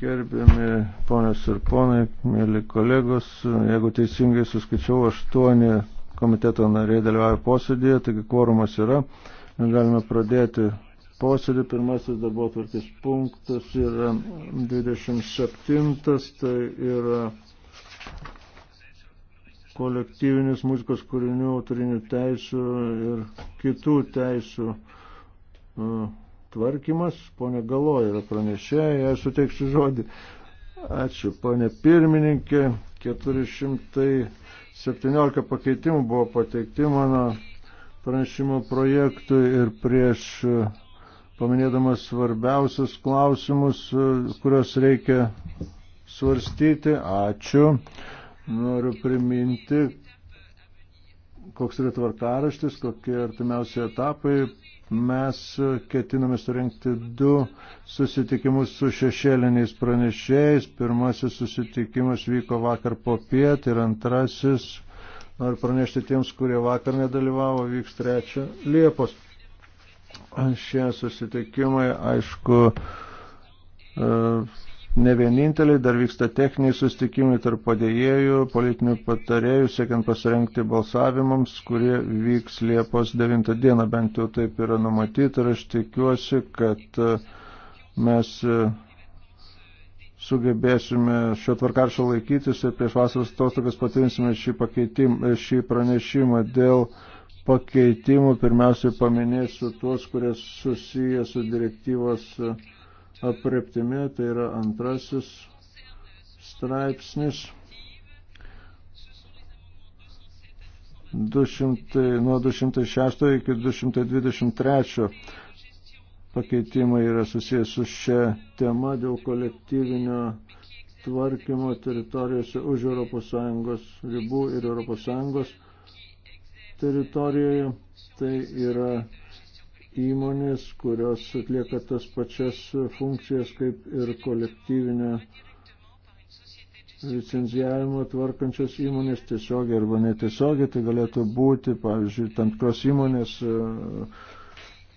Gerbiami ponios ir ponai, mėly kolegos, jeigu teisingai suskaičiau, aštuoni komiteto nariai dalyvauja posėdėje, taigi kvorumas yra. Galime pradėti posėdį. Pirmasis darbo tvarkės punktas yra 27, tai yra kolektyvinis muzikos kūrinių autorinių teisų ir kitų teisų. Uh, tvarkymas. Pone Galoja yra pranešėja, jai suteiksiu žodį. Ačiū, ponė pirmininkė. 417 pakeitimų buvo pateikti mano pranešimo projektui ir prieš e, paminėdamas svarbiausius klausimus, e, kuriuos reikia svarstyti. Ačiū. Noriu priminti, koks yra tvarkaraštis, kokie artimiausi etapai mes ketiname surenkti du susitikimus su šešėliniais pranešėjais. Pirmasis susitikimas vyko vakar po piet ir antrasis, noriu pranešti tiems, kurie vakar nedalyvavo, vyks trečią Liepos. Šie susitikimai, aišku, uh, ne vieninteliai, dar vyksta techniniai sustikimai tarp padėjėjų, politinių patarėjų, siekiant pasirengti balsavimams, kurie vyks Liepos 9 dieną, bent jau taip yra numatyta ir aš tikiuosi, kad e, mes e, sugebėsime šio tvarkaršio laikytis ir prieš vasaros atostogas patvirtinsime šį, e, šį pranešimą dėl pakeitimų. Pirmiausiai paminėsiu tuos, kurie susiję su direktyvos apreptimi, tai yra antrasis straipsnis. 200, nuo 206 iki 223 pakeitimai yra susijęs su šia tema dėl kolektyvinio tvarkymo teritorijose už ES ribų ir ES teritorijoje. Tai yra įmonės, kurios atlieka tas pačias funkcijas kaip ir kolektyvinę licenzijavimo tvarkančios įmonės tiesiogiai arba netiesiogiai, tai galėtų būti, pavyzdžiui, tam tikros įmonės e,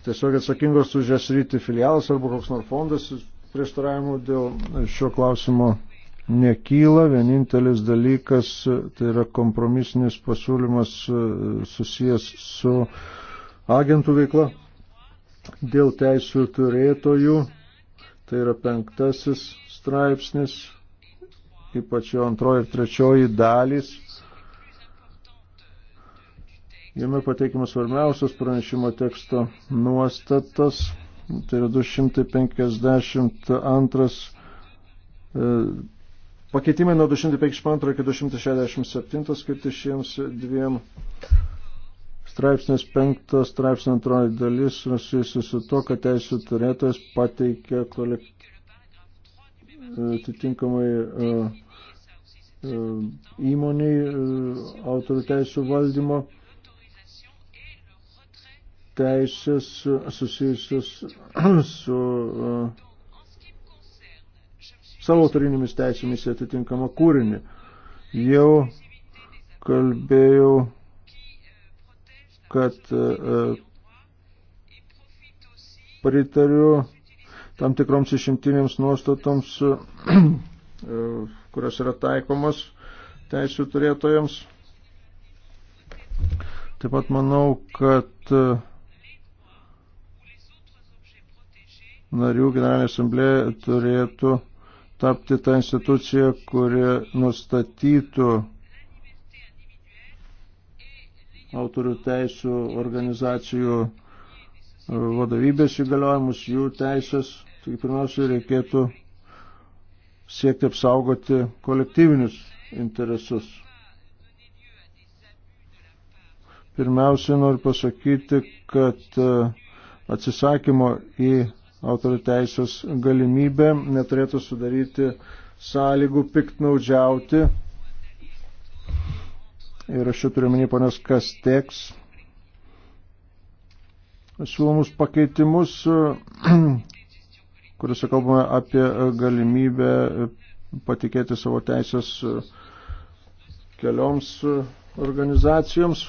tiesiog atsakingos už jas ryti filialas arba koks nors fondas prieštaravimų dėl šio klausimo nekyla, vienintelis dalykas tai yra kompromisinis pasiūlymas e, susijęs su agentų veikla dėl teisų turėtojų, tai yra penktasis straipsnis, ypač jo antroji ir trečioji dalys. Jame pateikimas svarbiausios pranešimo teksto nuostatas, tai yra 252 e, pakeitimai nuo 252 iki 267 skirti šiems dviem straipsnis penktas, straipsnio antroji dalis susijusi su to, kad teisų turėtojas pateikia kolek... atitinkamai e, e, įmoniai e, autorių teisų valdymo teisės susijusios su savo autorinėmis teisėmis atitinkamą kūrinį. Jau kalbėjau kad e, e, pritariu tam tikroms išimtinėms nuostatoms, e, kurios yra taikomos teisų turėtojams. Taip pat manau, kad narių generalinė asamblėja turėtų tapti tą instituciją, kuri nustatytų autorių teisų organizacijų e, vadovybės įgaliojimus, jų teisės. Taigi pirmiausia, reikėtų siekti apsaugoti kolektyvinius interesus. Pirmiausia, noriu pasakyti, kad e, atsisakymo į autorių teisės galimybę neturėtų sudaryti sąlygų piktnaudžiauti ir aš čia turiu minį ponios Kasteks siūlomus pakeitimus, kuriuose kalbame apie galimybę patikėti savo teisės kelioms organizacijoms.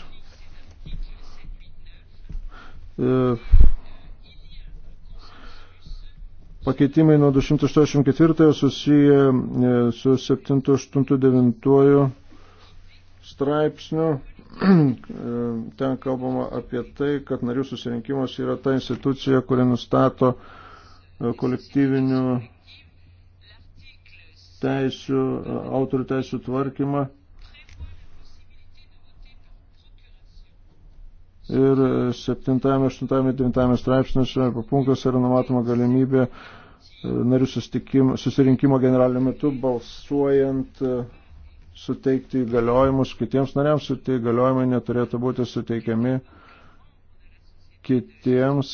Pakeitimai nuo 284 susiję su 789 straipsnių. Ten kalbama apie tai, kad narių susirinkimas yra ta institucija, kuri nustato e, kolektyvinių teisių, e, autorių teisių tvarkymą. Ir 7, 8, 9 straipsniuose papunktas yra numatoma galimybė e, narių susirinkimo generalinio metu balsuojant suteikti įgaliojimus, kitiems nariams suteikti įgaliojimai neturėtų būti suteikiami kitiems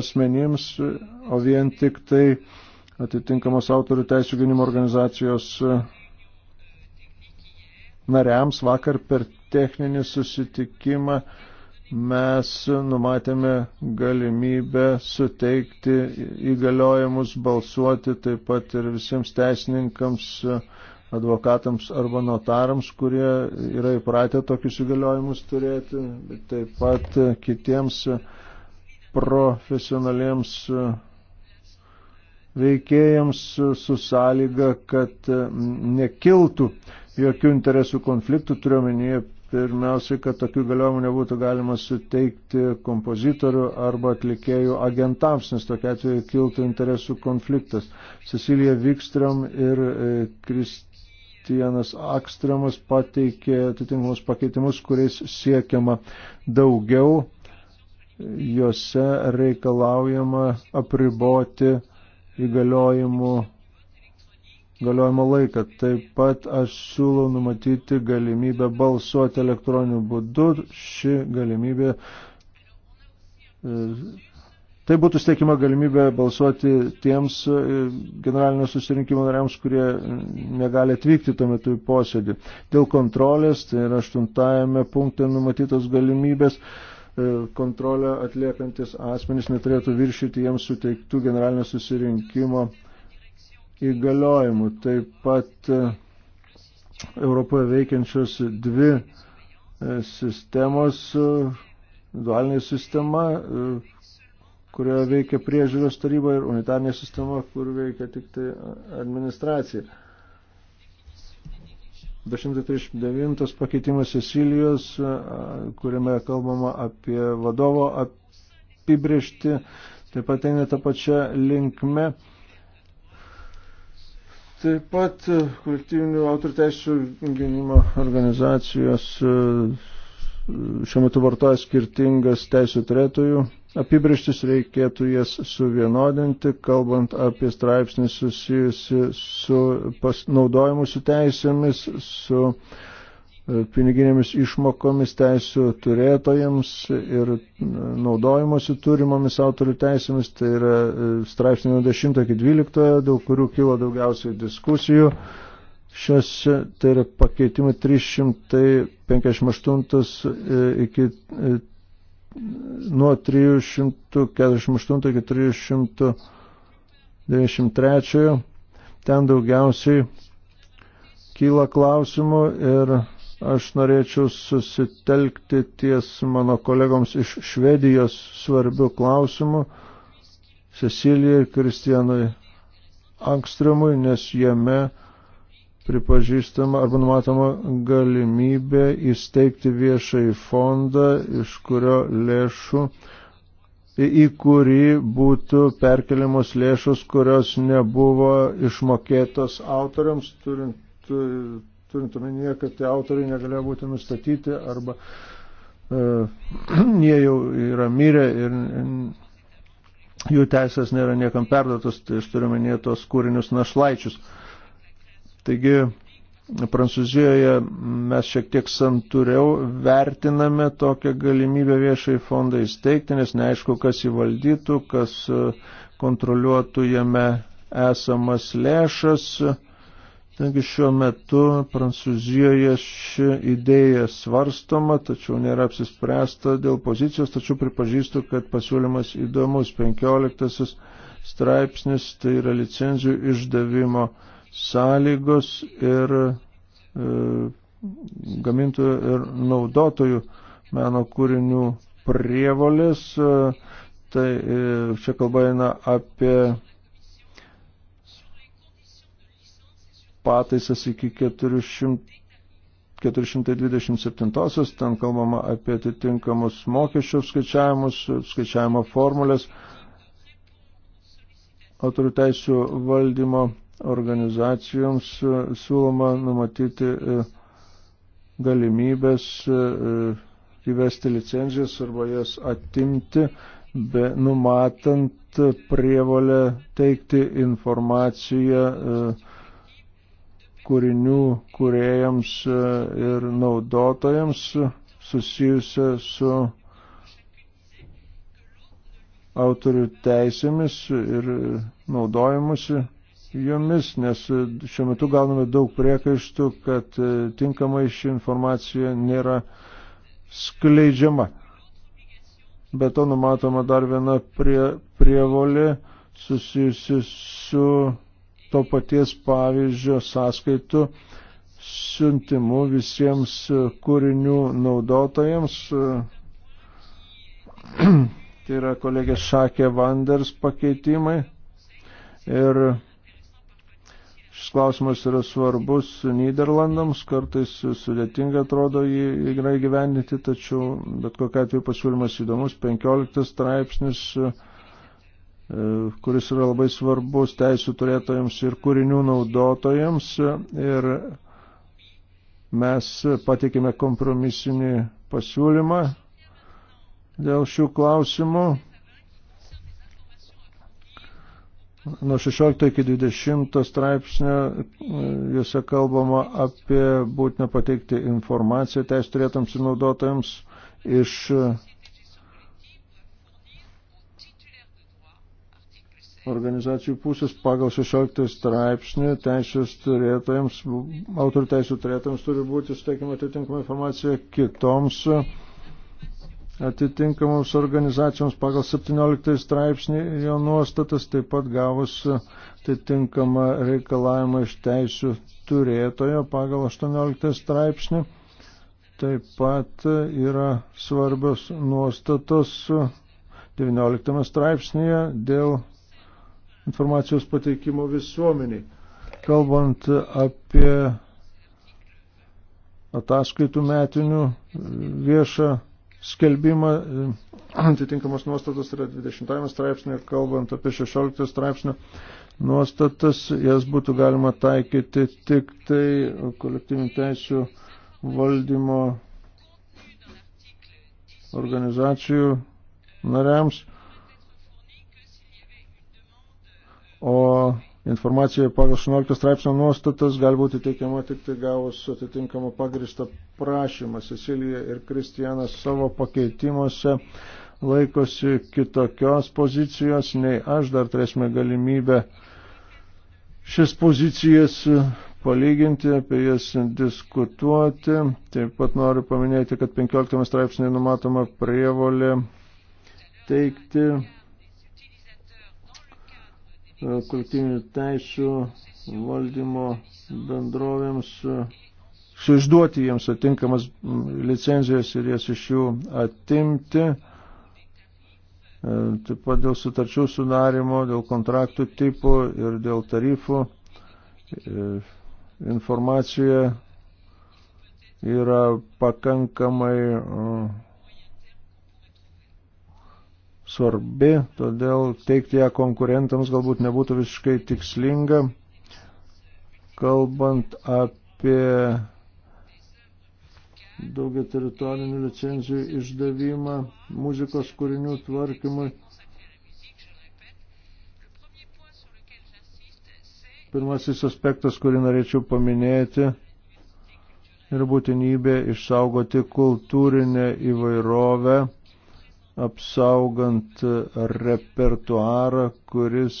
asmenims, o vien tik tai atitinkamos autorių teisų gynimo organizacijos nariams vakar per techninį susitikimą mes numatėme galimybę suteikti įgaliojimus balsuoti taip pat ir visiems teisininkams, advokatams arba notarams, kurie yra įpratę tokius įgaliojimus turėti, taip pat kitiems profesionaliems veikėjams su sąlyga, kad nekiltų jokių interesų konfliktų, turiuomenyje Pirmiausiai, kad tokių galiojimų nebūtų galima suteikti kompozitorių arba atlikėjų agentams, nes tokia atveju kiltų interesų konfliktas. Cecilija Vikstrom ir e, Kristijanas Akstremas pateikė atitinkamus pakeitimus, kuriais siekiama daugiau. Juose reikalaujama apriboti įgaliojimų galiojimo laiką. Taip pat aš siūlau numatyti galimybę balsuoti elektroniniu būdu. Ši galimybė. E, tai būtų steikima galimybė balsuoti tiems e, generalinio susirinkimo nariams, kurie negali atvykti tuo metu į posėdį. Dėl kontrolės, tai yra aštuntajame punkte numatytos galimybės e, kontrolę atliekantis asmenys neturėtų viršyti jiems suteiktų generalinio susirinkimo įgaliojimų. Taip pat e, Europoje veikiančios dvi e, sistemos, e, dualinė sistema, kurioje veikia priežiūros taryba ir unitarnė sistema, kur veikia tik tai administracija. 239 pakeitimas Cecilijos, kuriame kalbama apie vadovo apibriešti, taip pat eina tą pačią linkmę Taip pat e, kolektyvinių autorių teisų gynimo organizacijos e, šiuo metu vartoja skirtingas teisų turėtojų. Apibrištis reikėtų jas suvienodinti, kalbant apie straipsnį susijusi su pasinaudojimu su teisėmis, su uh, E, piniginėmis išmokomis teisų turėtojams ir e, naudojimuosi turimomis autorių teisėmis, tai yra e, straipsnio 10 iki 12, dėl kurių kilo daugiausiai diskusijų. Šios tai yra pakeitimai 358 iki nuo 348 iki 393. Ten daugiausiai kyla klausimų ir Aš norėčiau susitelkti ties mano kolegoms iš Švedijos svarbių klausimų, Cecilijai ir Kristijanui Angstremui, nes jame pripažįstama arba numatoma galimybė įsteigti viešai fondą, iš kurio lėšų, į kurį būtų perkeliamos lėšos, kurios nebuvo išmokėtos autoriams, turint turint omenyje, kad tie autoriai negalėjo būti nustatyti arba uh, jie jau yra mirę ir jų teisės nėra niekam perdotos, tai aš turiu omenyje tos kūrinius našlaičius. Taigi, Prancūzijoje mes šiek tiek santūriau vertiname tokią galimybę viešai fondą įsteigti, nes neaišku, kas jį valdytų, kas e, kontroliuotų jame esamas lėšas. Uh, Taigi šiuo metu Prancūzijoje ši idėja svarstoma, tačiau nėra apsispręsta dėl pozicijos, tačiau pripažįstu, kad pasiūlymas įdomus. 15 straipsnis tai yra licenzijų išdavimo sąlygos ir e, gamintojų ir naudotojų meno kūrinių prievolės. E, tai e, čia kalba eina apie pataisas iki 400. 427, ten kalbama apie atitinkamus mokesčių skaičiavimus, skaičiavimo formulės, autorių teisų valdymo organizacijoms e, siūloma numatyti e, galimybės e, įvesti licenzijas arba jas atimti, be numatant prievolę teikti informaciją uh, kūrinių kūrėjams e, ir naudotojams susijusią su autorių teisėmis ir naudojimusi jomis, nes šiuo metu gauname daug priekaištų, kad e, tinkamai ši informacija nėra skleidžiama. Be to numatoma dar viena prie, prievolė susijusi su to paties pavyzdžio sąskaitų siuntimu visiems e, kūrinių naudotojams. E, tai yra kolegė Šakė Vanders pakeitimai. Ir šis klausimas yra svarbus Niderlandams, kartais sudėtinga atrodo jį yra įgyvendinti, tačiau bet kokia atveju pasiūlymas įdomus. 15 straipsnis. Uh, E, kuris yra labai svarbus teisų turėtojams ir kūrinių naudotojams. Ir mes patikime kompromisinį pasiūlymą dėl šių klausimų. Nuo 16 iki 20 straipsnio e, juose kalbama apie būtinę pateikti informaciją teisų turėtams ir naudotojams iš organizacijų pusės pagal 16 straipsnį teisės turėtojams, autorių teisų turėtojams turi būti suteikima atitinkama informacija kitoms atitinkamoms organizacijoms pagal 17 straipsnį jo nuostatas, taip pat gavus atitinkamą reikalavimą iš teisų turėtojo pagal 18 straipsnį. Taip pat yra svarbios nuostatos 19 straipsnėje dėl informacijos pateikimo visuomeniai. Kalbant apie ataskaitų metinių e, viešą skelbimą, e, atitinkamas nuostatas yra 20 straipsnė, kalbant apie 16 straipsnio nuostatas, jas būtų galima taikyti tik tai kolektyvinių teisų valdymo organizacijų nariams. o informacija pagal 18 straipsnio nuostatas gali būti teikiama tik tai gavus atitinkamą pagristą prašymą. Cecilija ir Kristijanas savo pakeitimuose laikosi kitokios pozicijos, nei aš dar turėsime galimybę šias pozicijas palyginti, apie jas diskutuoti. Taip pat noriu paminėti, kad 15 straipsnėje numatoma prievolė teikti kolektyvinių teisų valdymo bendrovėms e, suizduoti jiems atinkamas licenzijas ir jas iš jų atimti. E, taip pat dėl sutarčių sudarimo, dėl kontraktų tipų ir dėl tarifų e, informacija yra pakankamai svarbi, todėl teikti ją konkurentams galbūt nebūtų visiškai tikslinga, kalbant apie daugia teritorinių licenzijų išdavimą muzikos kūrinių tvarkymui. Pirmasis aspektas, kurį norėčiau paminėti, yra būtinybė išsaugoti kultūrinę įvairovę apsaugant repertuarą, kuris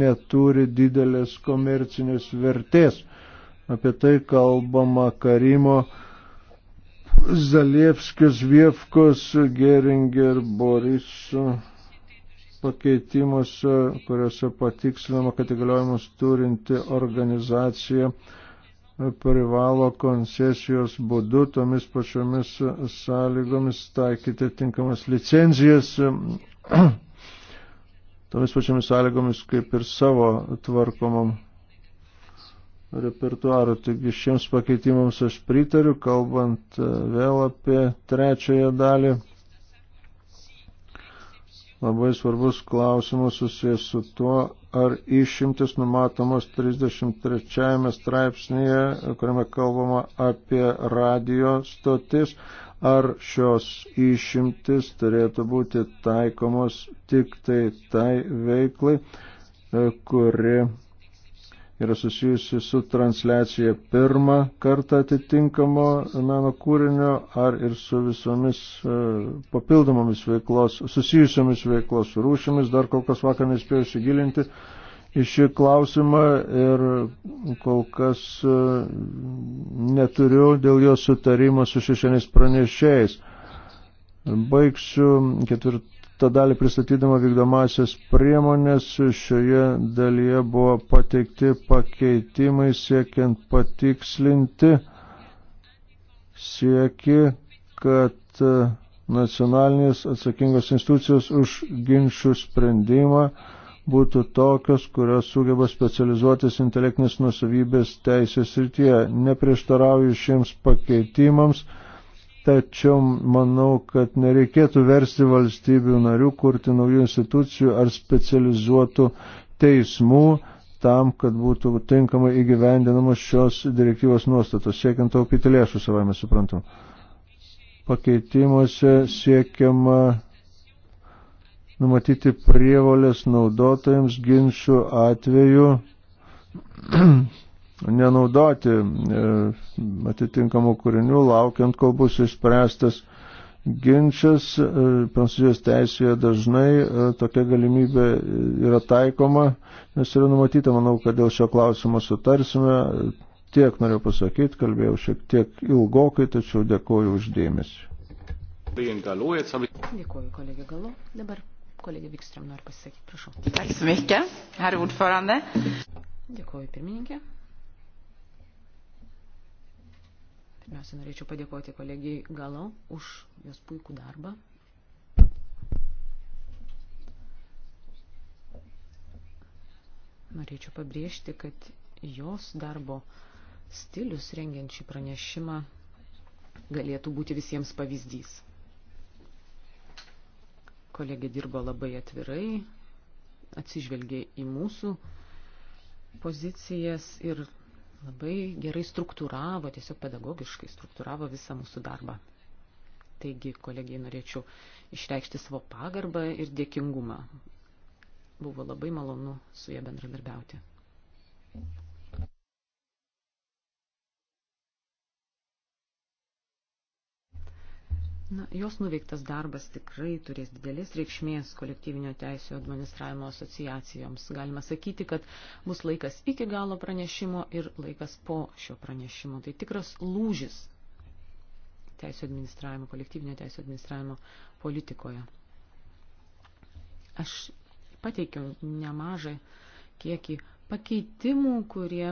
neturi didelės komercinės vertės. Apie tai kalbama Karimo Zalievskis, Vievkos, Geringer, Boris pakeitimuose, kuriuose patikslinama, kad įgaliojimus turinti organizacija privalo koncesijos būdu tomis pačiomis sąlygomis taikyti tinkamas licenzijas tomis pačiomis sąlygomis kaip ir savo tvarkomam repertuaru. Taigi šiems pakeitimams aš pritariu, kalbant e, vėl apie trečiąją dalį. Labai svarbus klausimas susijęs su tuo, ar išimtis numatomos 33 straipsnėje, kuriame kalbama apie radio stotis, ar šios išimtis turėtų būti taikomos tik tai tai veiklai, e, kuri yra susijusi su transliacija pirmą kartą atitinkamo meno kūrinio ar ir su visomis e, papildomomis veiklos, susijusiomis veiklos rūšimis. Dar kol kas vakar nespėjau įsigilinti į šį klausimą ir kol kas e, neturiu dėl jo sutarimo su šešiniais pranešėjais. Baigsiu ketvirt tą dalį pristatydama vykdomasias priemonės šioje dalyje buvo pateikti pakeitimai siekiant patikslinti sieki, kad nacionalinės atsakingos institucijos už ginčių sprendimą būtų tokios, kurios sugeba specializuotis intelektinės nusavybės teisės rytyje. Neprieštarauju šiems pakeitimams Tačiau manau, kad nereikėtų versti valstybių narių kurti naujų institucijų ar specializuotų teismų tam, kad būtų tinkamai įgyvendinamos šios direktyvos nuostatos, siekiant taupyti lėšų savame suprantam. Pakeitimuose siekiama numatyti prievolės naudotojams ginčių atveju nenaudoti e, atitinkamų kūrinių, laukiant, kol bus išspręstas ginčas. E, prancūzijos teisėje dažnai e, tokia galimybė yra taikoma, nes yra numatyta, manau, kad dėl šio klausimo sutarsime. Tiek noriu pasakyti, kalbėjau šiek tiek ilgokai, tačiau dėkoju uždėmesi. Dėkoju, kolegė Galo. Dabar kolegė Vikstram nori pasisakyti, prašau. Dėkoju, pirmininkė. Pirmiausia, norėčiau padėkoti kolegijai Galo už jos puikų darbą. Norėčiau pabrėžti, kad jos darbo stilius rengiant šį pranešimą galėtų būti visiems pavyzdys. Kolegė dirbo labai atvirai, atsižvelgė į mūsų pozicijas ir labai gerai struktūravo, tiesiog pedagogiškai struktūravo visą mūsų darbą. Taigi, kolegijai norėčiau išreikšti savo pagarbą ir dėkingumą. Buvo labai malonu su jie bendradarbiauti. Na, jos nuveiktas darbas tikrai turės didelės reikšmės kolektyvinio teisų administravimo asociacijoms. Galima sakyti, kad bus laikas iki galo pranešimo ir laikas po šio pranešimo. Tai tikras lūžis teisų administravimo, kolektyvinio teisų administravimo politikoje. Aš pateikiau nemažai kiekį pakeitimų, kurie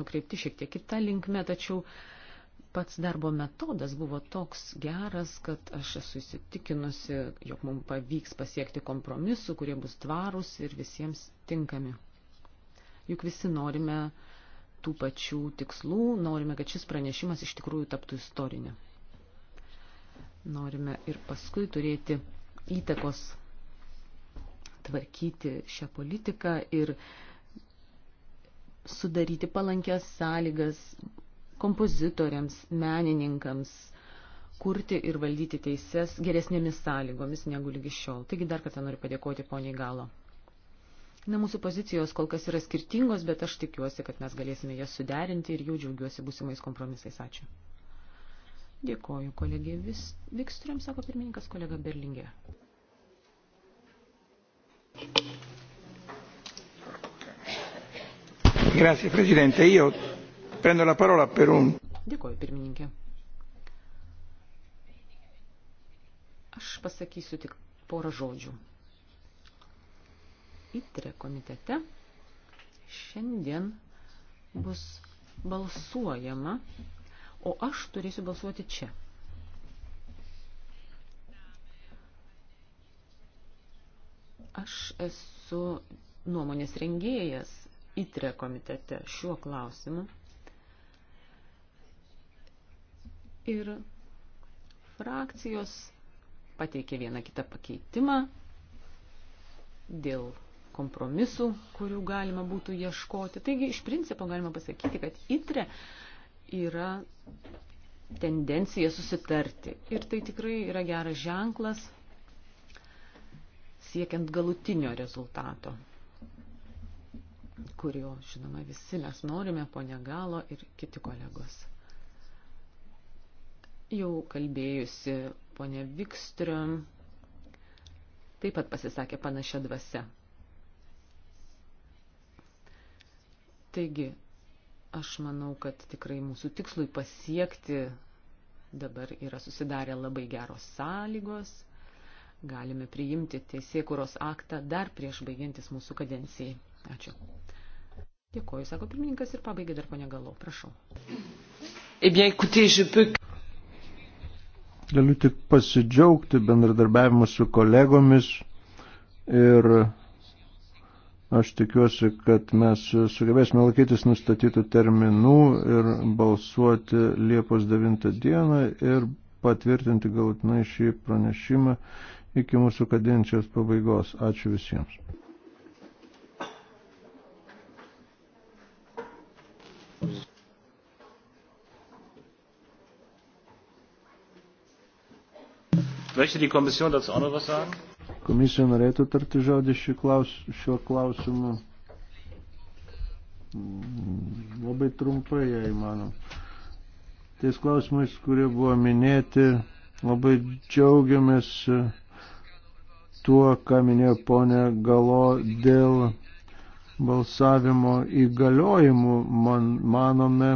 nukreipti šiek tiek kitą linkmę, tačiau uh, pats darbo metodas buvo toks geras, kad aš esu įsitikinusi, jog mums pavyks pasiekti kompromisų, kurie bus tvarūs ir visiems tinkami. Juk visi norime tų pačių tikslų, norime, kad šis pranešimas iš tikrųjų taptų istoriniu. Norime ir paskui turėti įtakos tvarkyti šią politiką ir sudaryti palankias sąlygas kompozitoriams, menininkams kurti ir valdyti teises geresnėmis sąlygomis negu lygi šiol. Taigi dar kartą noriu padėkoti poniai galo. Na, mūsų pozicijos kol kas yra skirtingos, bet aš tikiuosi, kad mes galėsime jas suderinti ir jau džiaugiuosi būsimais kompromisais. Ačiū. Dėkoju, kolegė Vis... Vikstriam, sako pirmininkas kolega Berlingė. Grazie, prezidente. Io Prendo la parola per un. Dėkoju, pirmininkė. Aš pasakysiu tik porą žodžių. ITRE komitete šiandien bus balsuojama, o aš turėsiu balsuoti čia. Aš esu nuomonės rengėjas ITRE komitete šiuo klausimu ir frakcijos pateikė vieną kitą pakeitimą dėl kompromisų, kurių galima būtų ieškoti. Taigi, iš principo galima pasakyti, kad ITRE yra tendencija susitarti. Ir tai tikrai yra geras ženklas siekiant galutinio rezultato, kurio, žinoma, visi mes norime, ponia Galo ir kiti kolegos jau kalbėjusi ponė Vikstrium taip pat pasisakė panašia dvasia. Taigi, aš manau, kad tikrai mūsų tikslui pasiekti dabar yra susidarę labai geros sąlygos, galime priimti teisėkuros aktą dar prieš baigiantis mūsų kadencijai. Ačiū. Dėkoju, sako pirmininkas ir pabaigė dar ponegalo, prašau. Eh bien, écoutez, je peux... Galiu tik pasidžiaugti bendradarbiavimu su kolegomis ir aš tikiuosi, kad mes sugebėsime laikytis nustatytų terminų ir balsuoti Liepos 9 dieną ir patvirtinti galutinai šį pranešimą iki mūsų kadencijos pabaigos. Ačiū visiems. Möchte die Kommission dazu auch noch was sagen? Komisija norėtų tarti žodį klaus, šiuo klausimu. Mm, labai trumpai, jei manau. Tais klausimais, kurie buvo minėti, labai džiaugiamės e, tuo, ką minėjo ponė Galo dėl balsavimo įgaliojimų. Man, manome,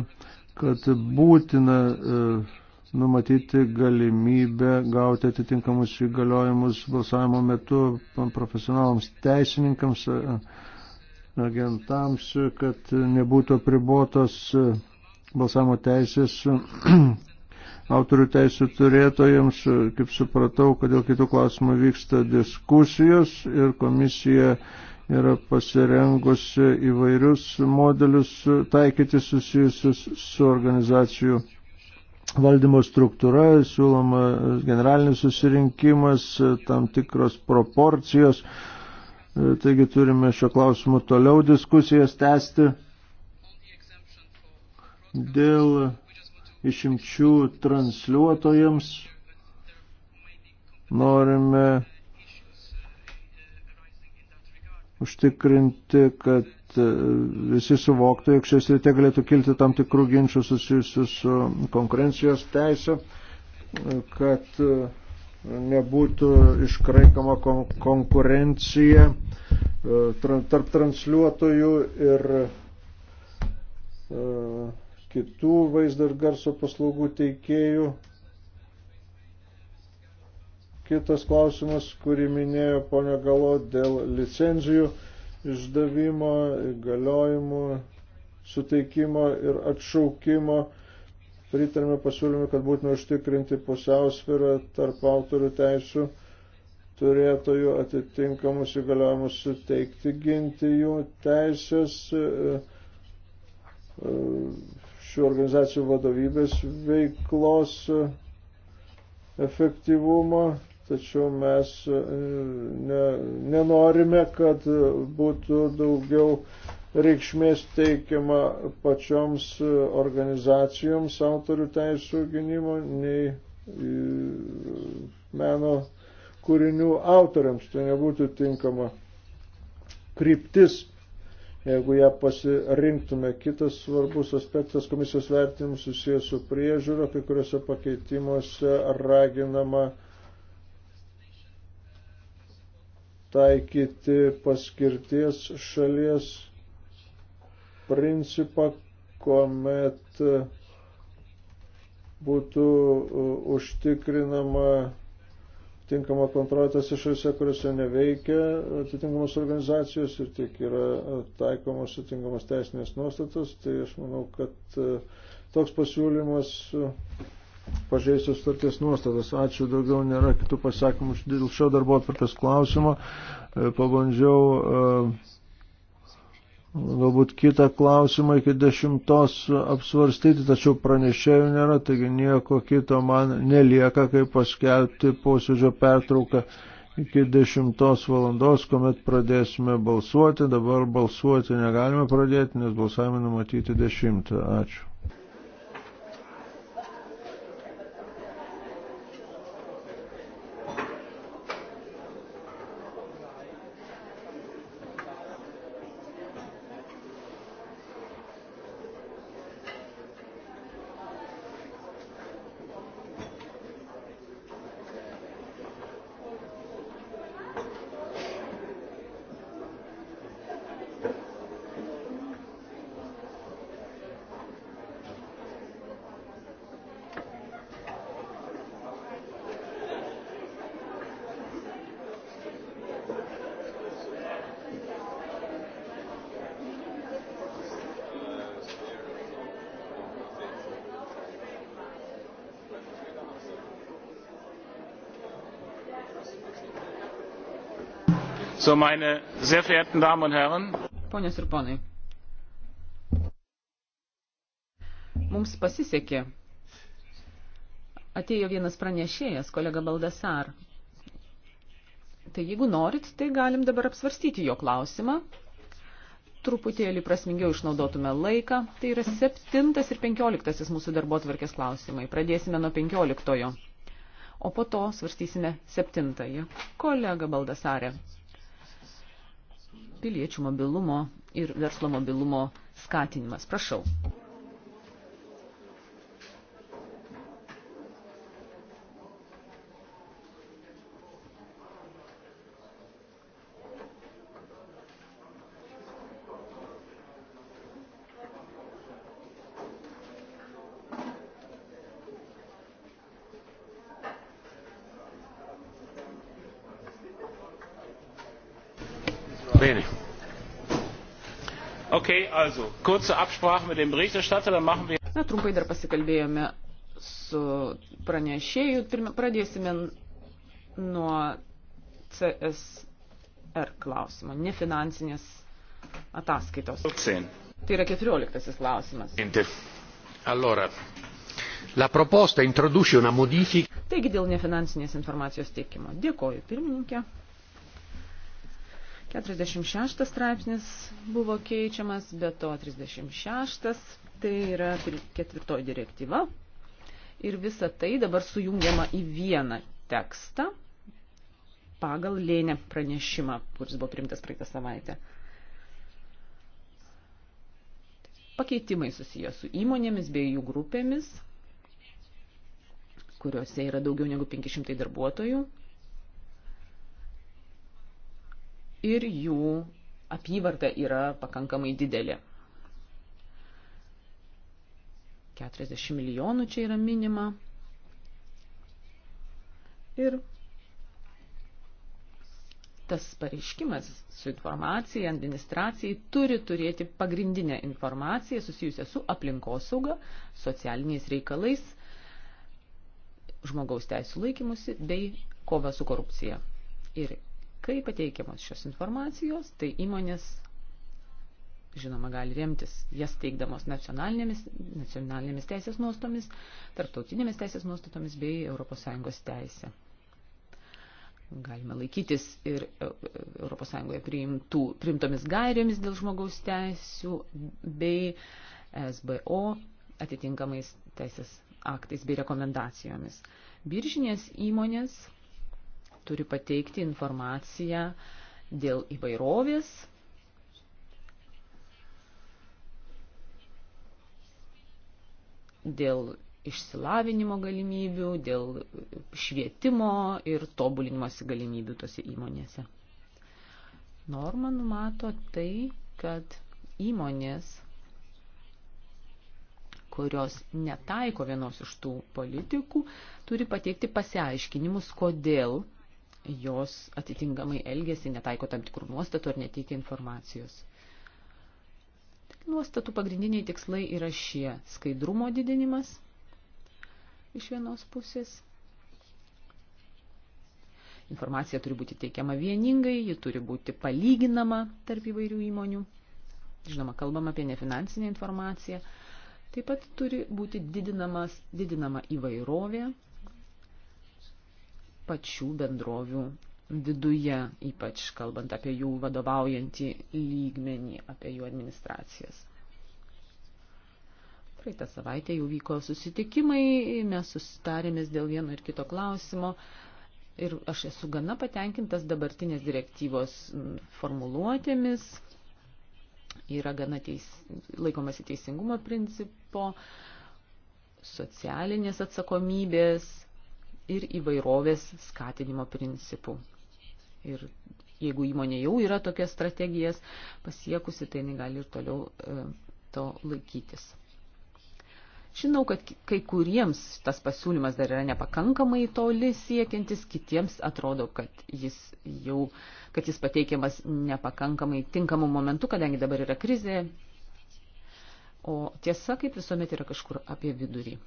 kad būtina uh, numatyti galimybę gauti atitinkamus įgaliojimus balsavimo metu profesionalams teisininkams, agentams, kad nebūtų pribotos balsavimo teisės autorių teisų turėtojams, kaip supratau, kad dėl kitų klausimų vyksta diskusijos ir komisija yra pasirengusi įvairius modelius taikyti susijusius su organizacijų valdymo struktūra, siūloma generalinis susirinkimas, tam tikros proporcijos. Taigi turime šio klausimu toliau diskusijas tęsti dėl išimčių transliuotojams. Norime užtikrinti, kad E, visi suvoktų, jog šios rytė galėtų kilti tam tikrų ginčių susijusių su konkurencijos teisė, e, kad e, nebūtų iškraikama konkurencija tarp transliuotojų ir kitų vaizdo ir garso paslaugų teikėjų. Kitas klausimas, kurį minėjo ponia Galo dėl licenzijų išdavimo, įgaliojimų suteikimo ir atšaukimo. Pritarėme pasiūlymui, kad būtina užtikrinti pusiausvyrą tarp autorių teisų turėtojų atitinkamus įgaliojimus suteikti, ginti jų teisės e, e, šių organizacijų vadovybės veiklos e, efektyvumo tačiau mes e, ne, nenorime, kad būtų daugiau reikšmės teikiama pačioms e, organizacijoms autorių teisų gynimo nei e, meno kūrinių autoriams. Tai nebūtų tinkama kryptis jeigu ją pasirinktume. Kitas svarbus aspektas komisijos vertinimus susijęs su priežiūra, kai kuriuose pakeitimuose raginama taikyti paskirties šalies principą, kuomet e, būtų e, užtikrinama tinkama kontrolė tose šalise, kuriuose neveikia atitinkamos organizacijos ir tiek yra e, taikomos atitinkamos teisinės nuostatos, tai aš manau, kad toks pasiūlymas pažeistų sutarties nuostatas. Ačiū, daugiau nėra kitų pasakymų dėl šio darbo atvarkės klausimo. E, pabandžiau e, galbūt kitą klausimą iki dešimtos apsvarstyti, tačiau pranešėjų nėra, taigi nieko kito man nelieka, kaip paskelbti posėdžio pertrauką iki 10 valandos, kuomet pradėsime balsuoti. Dabar balsuoti negalime pradėti, nes balsavimą numatyti 10. Ačiū. So, meine sehr verehrten Damen und Herren. Ponios ir ponai. Mums pasisekė. Atėjo vienas pranešėjas, kolega Baldasar. Tai jeigu norit, tai galim dabar apsvarstyti jo klausimą. Truputėlį prasmingiau išnaudotume laiką. Tai yra septintas ir penkioliktasis mūsų darbo tvarkės klausimai. Pradėsime nuo penkioliktojo. O po to svarstysime septintąjį. Kolega Baldasarė piliečių mobilumo ir verslo mobilumo skatinimas. Prašau. Also, kurze Absprache mit dem Berichterstatter, dann machen wir. Na, trumpai dar pasikalbėjome su pranešėju. Pirma, pradėsime nuo CSR klausimo, nefinansinės ataskaitos. 14. Tai yra 14 klausimas. Allora, la proposta introduce una modifica. Taigi dėl nefinansinės informacijos teikimo. Dėkoju, pirmininkė. 46 straipsnis buvo keičiamas, be to 36, tai yra ketvirtoji direktyva. Ir visa tai dabar sujungiama į vieną tekstą pagal lėnę pranešimą, kuris buvo primtas praeitą savaitę. Pakeitimai susijęs su įmonėmis bei jų grupėmis, kuriuose yra daugiau negu 500 darbuotojų, ir jų apyvarta yra pakankamai didelė. 40 milijonų čia yra minima. Ir tas pareiškimas su informacija administracijai turi turėti pagrindinę informaciją susijusią su aplinkosauga, socialiniais reikalais, žmogaus teisų laikymusi bei kova su korupcija. Ir Kai pateikiamas šios informacijos, tai įmonės, žinoma, gali remtis jas teikdamos nacionalinėmis, nacionalinėmis teisės nuostomis, tarptautinėmis teisės nuostatomis bei ES teisė. Galime laikytis ir e, ES priimtų, priimtomis gairėmis dėl žmogaus teisų bei SBO atitinkamais teisės aktais bei rekomendacijomis. Biržinės įmonės turi pateikti informaciją dėl įvairovės. Dėl išsilavinimo galimybių, dėl švietimo ir tobulinimosi galimybių tose įmonėse. Norma numato tai, kad įmonės, kurios netaiko vienos iš tų politikų, turi pateikti pasiaiškinimus, kodėl jos atitinkamai elgesi, netaiko tam tikrų nuostatų ar neteikia informacijos. Nuostatų pagrindiniai tikslai yra šie – skaidrumo didinimas iš vienos pusės. Informacija turi būti teikiama vieningai, ji turi būti palyginama tarp įvairių įmonių. Žinoma, kalbam apie nefinansinę informaciją. Taip pat turi būti didinamas, didinama įvairovė, pačių bendrovių viduje, ypač kalbant apie jų vadovaujantį lygmenį, apie jų administracijas. Praeitą savaitę jau vyko susitikimai, mes susitarėmės dėl vieno ir kito klausimo ir aš esu gana patenkintas dabartinės direktyvos formuluotėmis, yra gana teis, laikomasi teisingumo principo, socialinės atsakomybės ir įvairovės skatinimo principų. Ir jeigu įmonė jau yra tokias strategijas pasiekusi, tai jinai gali ir toliau e, to laikytis. Žinau, kad kai kuriems tas pasiūlymas dar yra nepakankamai toli siekiantis, kitiems atrodo, kad jis jau, kad jis pateikiamas nepakankamai tinkamu momentu, kadangi dabar yra krizė, o tiesa, kaip visuomet, yra kažkur apie vidurį.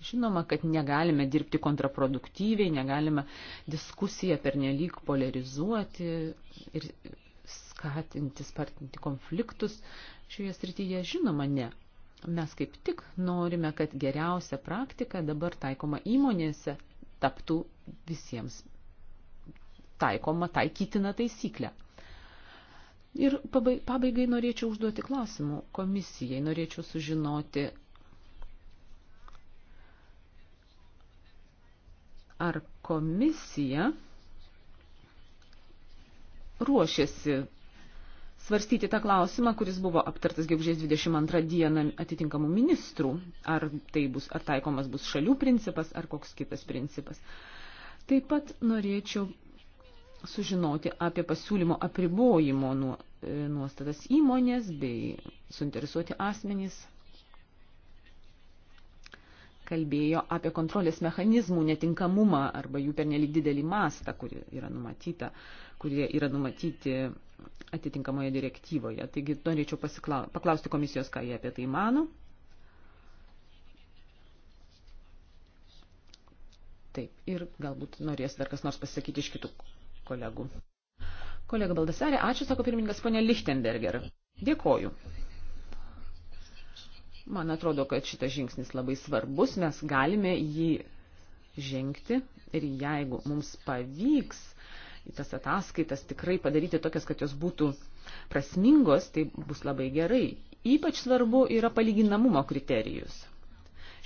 Žinoma, kad negalime dirbti kontraproduktyviai, negalime diskusiją pernelyg polarizuoti ir skatinti, spartinti konfliktus šioje srityje. Žinoma, ne. Mes kaip tik norime, kad geriausia praktika dabar taikoma įmonėse taptų visiems taikoma, taikytina taisyklė. Ir pabaigai norėčiau užduoti klausimų komisijai, norėčiau sužinoti, ar komisija ruošiasi svarstyti tą klausimą, kuris buvo aptartas gegužės 22 dieną atitinkamų ministrų, ar, tai bus, ar taikomas bus šalių principas, ar koks kitas principas. Taip pat norėčiau sužinoti apie pasiūlymo apribojimo e, nuostatas įmonės bei suinteresuoti asmenys kalbėjo apie kontrolės mechanizmų netinkamumą arba jų pernelyg didelį mastą, kurie yra, numatyta, kurie yra numatyti atitinkamoje direktyvoje. Taigi norėčiau pasiklau, paklausti komisijos, ką jie apie tai mano. Taip, ir galbūt norės dar kas nors pasakyti iš kitų kolegų. Kolega Baldasarė, ačiū, sako pirmininkas, ponė Lichtenberger. Dėkoju. Man atrodo, kad šitas žingsnis labai svarbus, mes galime jį žengti ir jeigu mums pavyks į tas ataskaitas tikrai padaryti tokias, kad jos būtų prasmingos, tai bus labai gerai. Ypač svarbu yra palyginamumo kriterijus.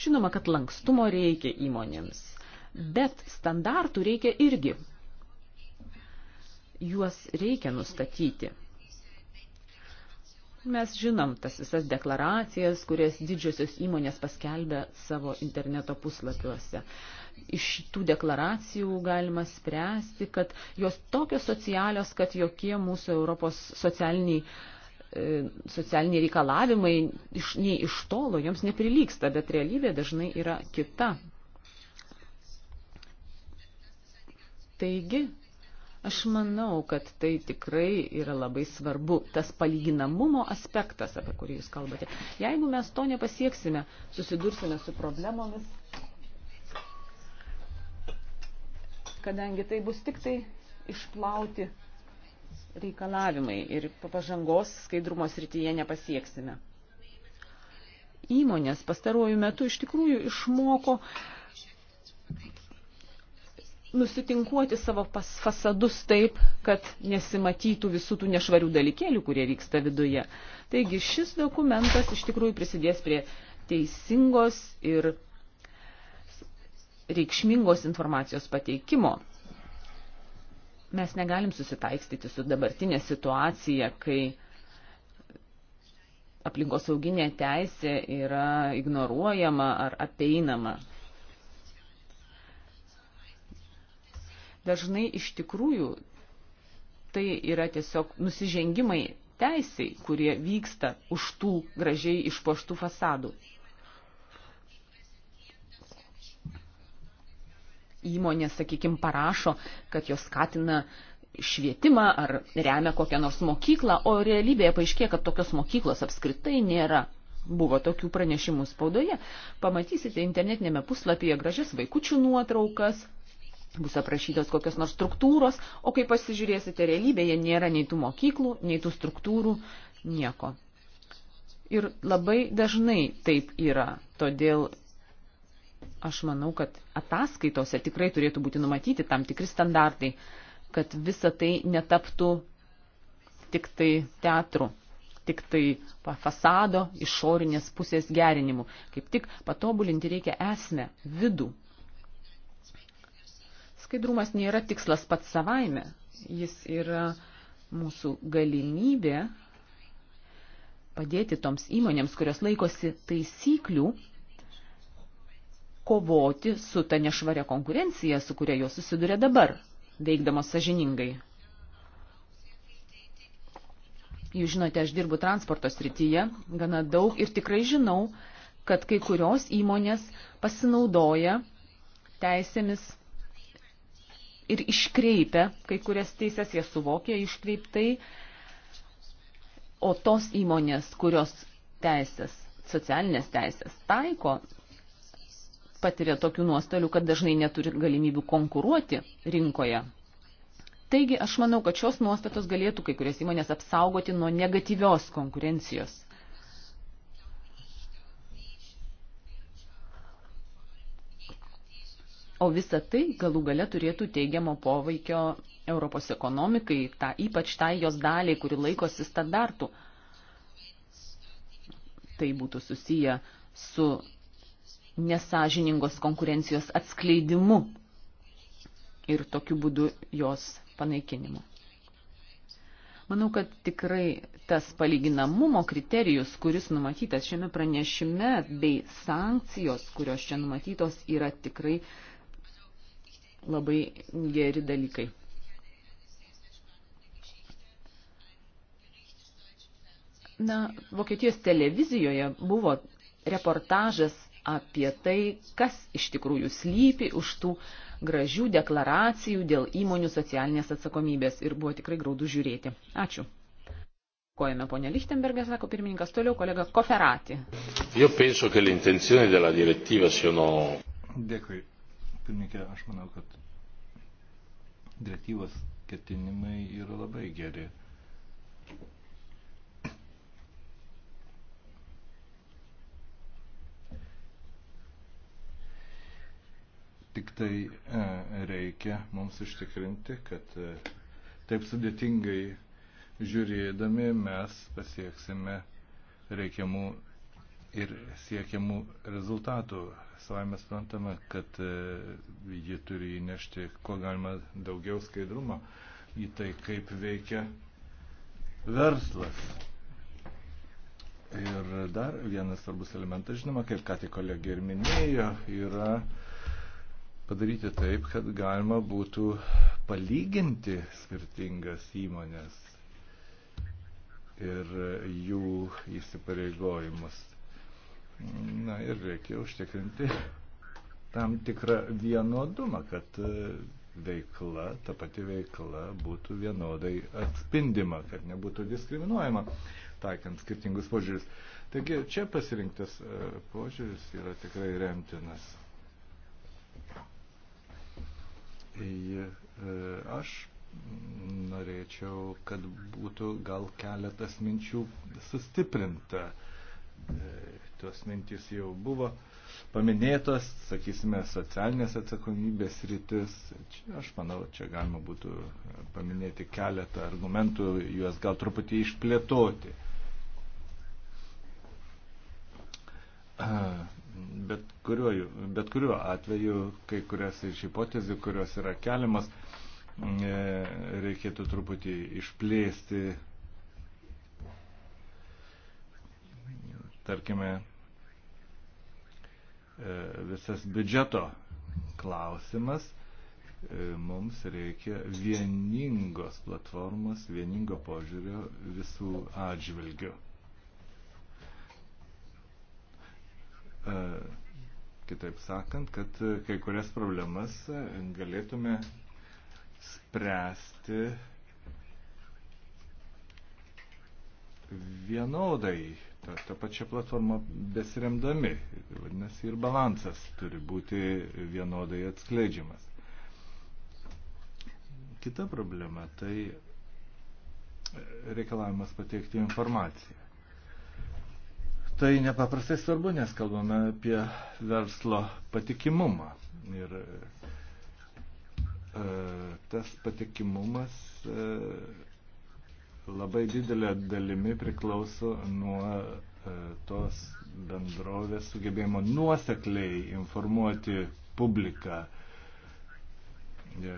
Žinoma, kad lankstumo reikia įmonėms, bet standartų reikia irgi. Juos reikia nustatyti. Mes žinom tas visas deklaracijas, kurias didžiosios įmonės paskelbė savo interneto puslapiuose. Iš tų deklaracijų galima spręsti, kad jos tokios socialios, kad jokie mūsų Europos socialiniai e, socialiniai reikalavimai iš, nei iš tolo joms neprilyksta, bet realybė dažnai yra kita. Taigi, Aš manau, kad tai tikrai yra labai svarbu, tas palyginamumo aspektas, apie kurį jūs kalbate. Jeigu mes to nepasieksime, susidursime su problemomis, kadangi tai bus tik tai išplauti reikalavimai ir pažangos skaidrumo srityje nepasieksime. Įmonės pastaruoju metu iš tikrųjų išmoko uh, nusitinkuoti savo fasadus taip, kad nesimatytų visų tų nešvarių dalykėlių, kurie vyksta viduje. Taigi šis dokumentas iš tikrųjų prisidės prie teisingos ir reikšmingos informacijos pateikimo. Mes negalim susitaikstyti su dabartinė situacija, kai aplinkosauginė teisė yra ignoruojama ar apeinama dažnai iš tikrųjų tai yra tiesiog nusižengimai teisiai, kurie vyksta už tų gražiai išpoštų fasadų. Įmonė, sakykime, parašo, kad jos skatina švietimą ar remia kokią nors mokyklą, o realybėje paaiškė, kad tokios mokyklos apskritai nėra. Buvo tokių pranešimų spaudoje. Pamatysite internetinėme puslapyje gražias vaikučių nuotraukas, bus aprašytos kokios nors struktūros, o kai pasižiūrėsite realybėje, nėra nei tų mokyklų, nei tų struktūrų, nieko. Ir labai dažnai taip yra, todėl aš manau, kad ataskaitose tikrai turėtų būti numatyti tam tikri standartai, kad visa tai netaptų tik tai teatru, tik tai fasado išorinės pusės gerinimu. Kaip tik patobulinti reikia esmę, vidų, Skaidrumas nėra tikslas pats savaime, jis yra mūsų galimybė padėti toms įmonėms, kurios laikosi taisyklių, kovoti su ta nešvaria konkurencija, su kuria jos susiduria dabar, veikdamos sažiningai. Jūs žinote, aš dirbu transporto srityje gana daug ir tikrai žinau, kad kai kurios įmonės pasinaudoja teisėmis ir iškreipia kai kurias teises, jie suvokia iškreiptai, o tos įmonės, kurios teisės, socialinės teisės taiko, patiria tokių nuostolių, kad dažnai neturi galimybių konkuruoti rinkoje. Taigi aš manau, kad šios nuostatos galėtų kai kurias įmonės apsaugoti nuo negatyvios konkurencijos. o visa tai galų gale turėtų teigiamo poveikio Europos ekonomikai, ta, ypač tai jos daliai, kuri laikosi standartų. Tai būtų susiję su nesažiningos konkurencijos atskleidimu ir tokiu būdu jos panaikinimu. Manau, kad tikrai tas palyginamumo kriterijus, kuris numatytas šiame pranešime, bei sankcijos, kurios čia numatytos, yra tikrai uh, labai geri dalykai. Na, Vokietijos televizijoje buvo reportažas apie tai, kas iš tikrųjų slypi už tų gražių deklaracijų dėl įmonių socialinės atsakomybės ir buvo tikrai graudu žiūrėti. Ačiū. Kojame ponė Lichtenbergė, sako pirmininkas, toliau kolega Koferati. Io penso che le intenzioni della direttiva siano... Dėkui. Pirmininkė, aš manau, kad direktyvos ketinimai yra labai geri. Tik tai e, reikia mums užtikrinti, kad e, taip sudėtingai žiūrėdami mes pasieksime reikiamų ir siekiamų rezultatų. Savame suprantama, kad e, ji turi įnešti kuo galima daugiau skaidrumo į tai, kaip veikia verslas. Ir dar vienas svarbus elementas, žinoma, kaip ką tik kolegė ir minėjo, yra padaryti taip, kad galima būtų palyginti skirtingas įmonės ir jų įsipareigojimus. Na ir reikia užtikrinti tam tikrą vienodumą, kad e, veikla, ta pati veikla būtų vienodai atspindima, kad nebūtų diskriminuojama, takiant skirtingus požiūris. Taigi čia pasirinktas e, požiūris yra tikrai remtinas. Ir e, aš norėčiau, kad būtų gal keletas minčių sustiprinta tos mintys jau buvo paminėtos, sakysime, socialinės atsakomybės rytis. Čia, aš manau, čia galima būtų paminėti keletą argumentų, juos gal truputį išplėtoti. Bet kuriuo, bet kuriuo atveju, kai kurias iš hipotezių, kurios yra keliamas, e, reikėtų truputį išplėsti, tarkime, E, visas biudžeto klausimas. E, mums reikia vieningos platformos, vieningo požiūrio visų atžvilgių. E, kitaip sakant, kad kai kurias problemas galėtume spręsti vienodai tą, tą pačią platformą besiremdami. Tai vadinasi, ir balansas turi būti vienodai atskleidžiamas. Kita problema tai reikalavimas pateikti informaciją. Tai nepaprastai svarbu, nes kalbame apie verslo patikimumą. Ir e, tas patikimumas e, labai didelė dalimi priklauso nuo e, tos bendrovės sugebėjimo nuosekliai informuoti publiką. E,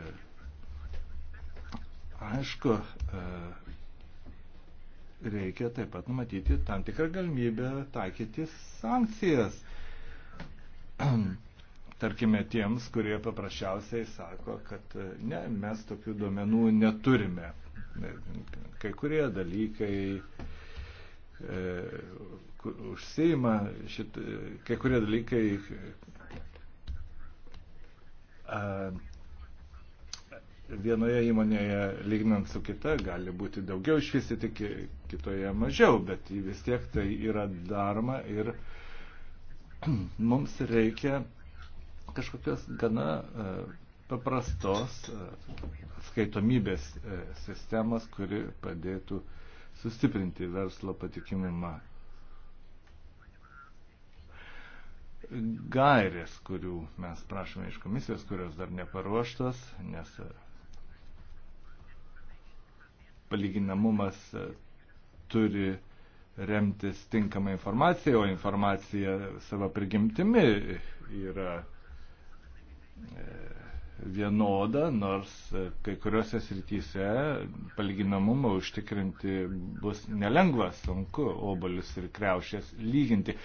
aišku, e, reikia taip pat numatyti tam tikrą galimybę taikyti sankcijas. Tarkime tiems, kurie paprasčiausiai sako, kad ne, mes tokių duomenų neturime. Kai kurie dalykai e, užsima, šit, kai kurie dalykai a, vienoje įmonėje, lygnant su kita, gali būti daugiau išvystyti, kitoje mažiau, bet vis tiek tai yra daroma ir mums reikia kažkokios gana e, paprastos e, skaitomybės e, sistemas, kuri padėtų sustiprinti verslo patikimumą. Gairės, kurių mes prašome iš komisijos, kurios dar neparuoštos, nes e, palyginamumas turi remtis tinkamą informaciją, o informacija savo prigimtimi yra vienoda, nors e, kai kuriuose srityse palyginamumą užtikrinti bus nelengva, sunku obolius ir kreušės lyginti.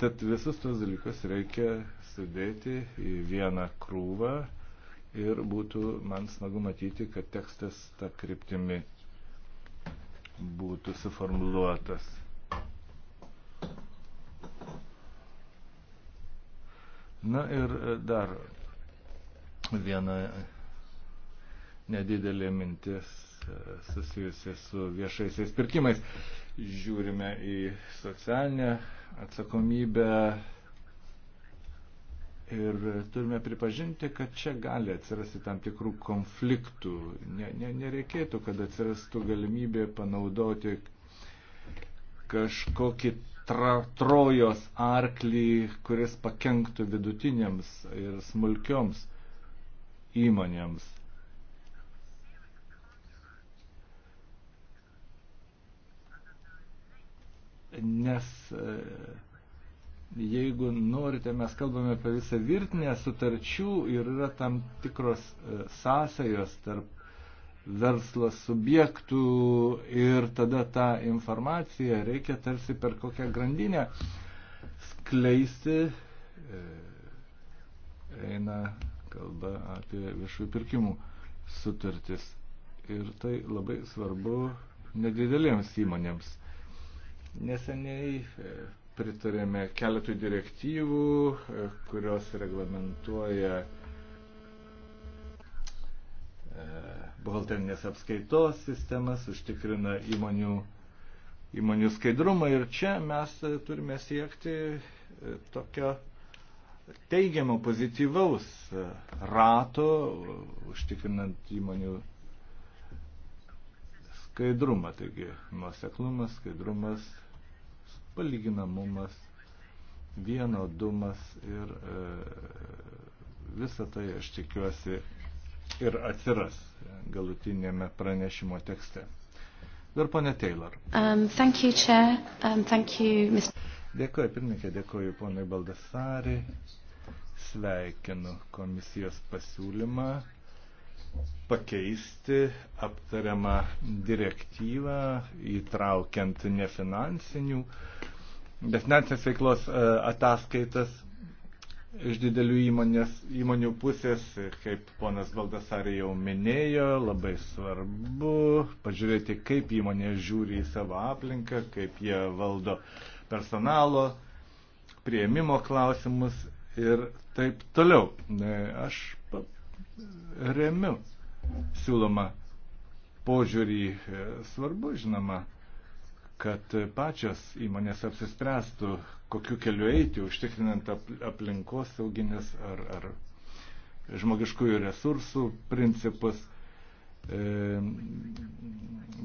Tad visus tos dalykus reikia sudėti į vieną krūvą ir būtų man smagu matyti, kad tekstas tą kryptimį būtų suformuluotas. Na ir e, dar viena nedidelė mintis e, susijusi su viešaisiais pirkimais. Žiūrime į socialinę atsakomybę ir turime pripažinti, kad čia gali atsirasti tam tikrų konfliktų. Ne, ne, nereikėtų, kad atsirastų galimybė panaudoti kažkokį tra, trojos arklį, kuris pakenktų vidutiniams ir smulkioms įmonėms. Nes e, jeigu norite, mes kalbame apie visą virtinę sutarčių ir yra tam tikros e, sąsajos tarp verslo subjektų ir tada tą informaciją reikia tarsi per kokią grandinę skleisti e, eina kalba apie viešųjų pirkimų sutartis. Ir tai labai svarbu nedidelėms įmonėms. Neseniai e, pritarėme keletui direktyvų, e, kurios reglamentuoja e, buhalterinės apskaitos sistemas, užtikrina įmonių, įmonių skaidrumą ir čia mes turime siekti tokio teigiamo, pozityvaus e, rato, užtikrinant įmonių skaidrumą. Taigi, nuoseklumas, skaidrumas, palyginamumas, vienodumas ir e, visą tai, aš tikiuosi, ir atsiras galutinėme pranešimo tekste. Dar ponė Taylor. Um, thank you, Chair. Um, thank you, Mr. Dėkoju, pirmininkė, dėkoju ponui Baldasari. Sveikinu komisijos pasiūlymą pakeisti aptariamą direktyvą, įtraukiant nefinansinių, besnetės veiklos e, ataskaitas iš didelių įmonės, įmonių pusės, kaip ponas Valdasarė jau minėjo, labai svarbu pažiūrėti, kaip įmonė žiūri į savo aplinką, kaip jie valdo uh, personalo, prieimimo klausimus ir taip toliau. Aš remiu siūloma požiūrį. Svarbu, žinoma, kad pačios įmonės apsispręstų, kokiu keliu eiti, užtikrinant aplinkos sauginis ar, ar žmogiškųjų resursų principus. E,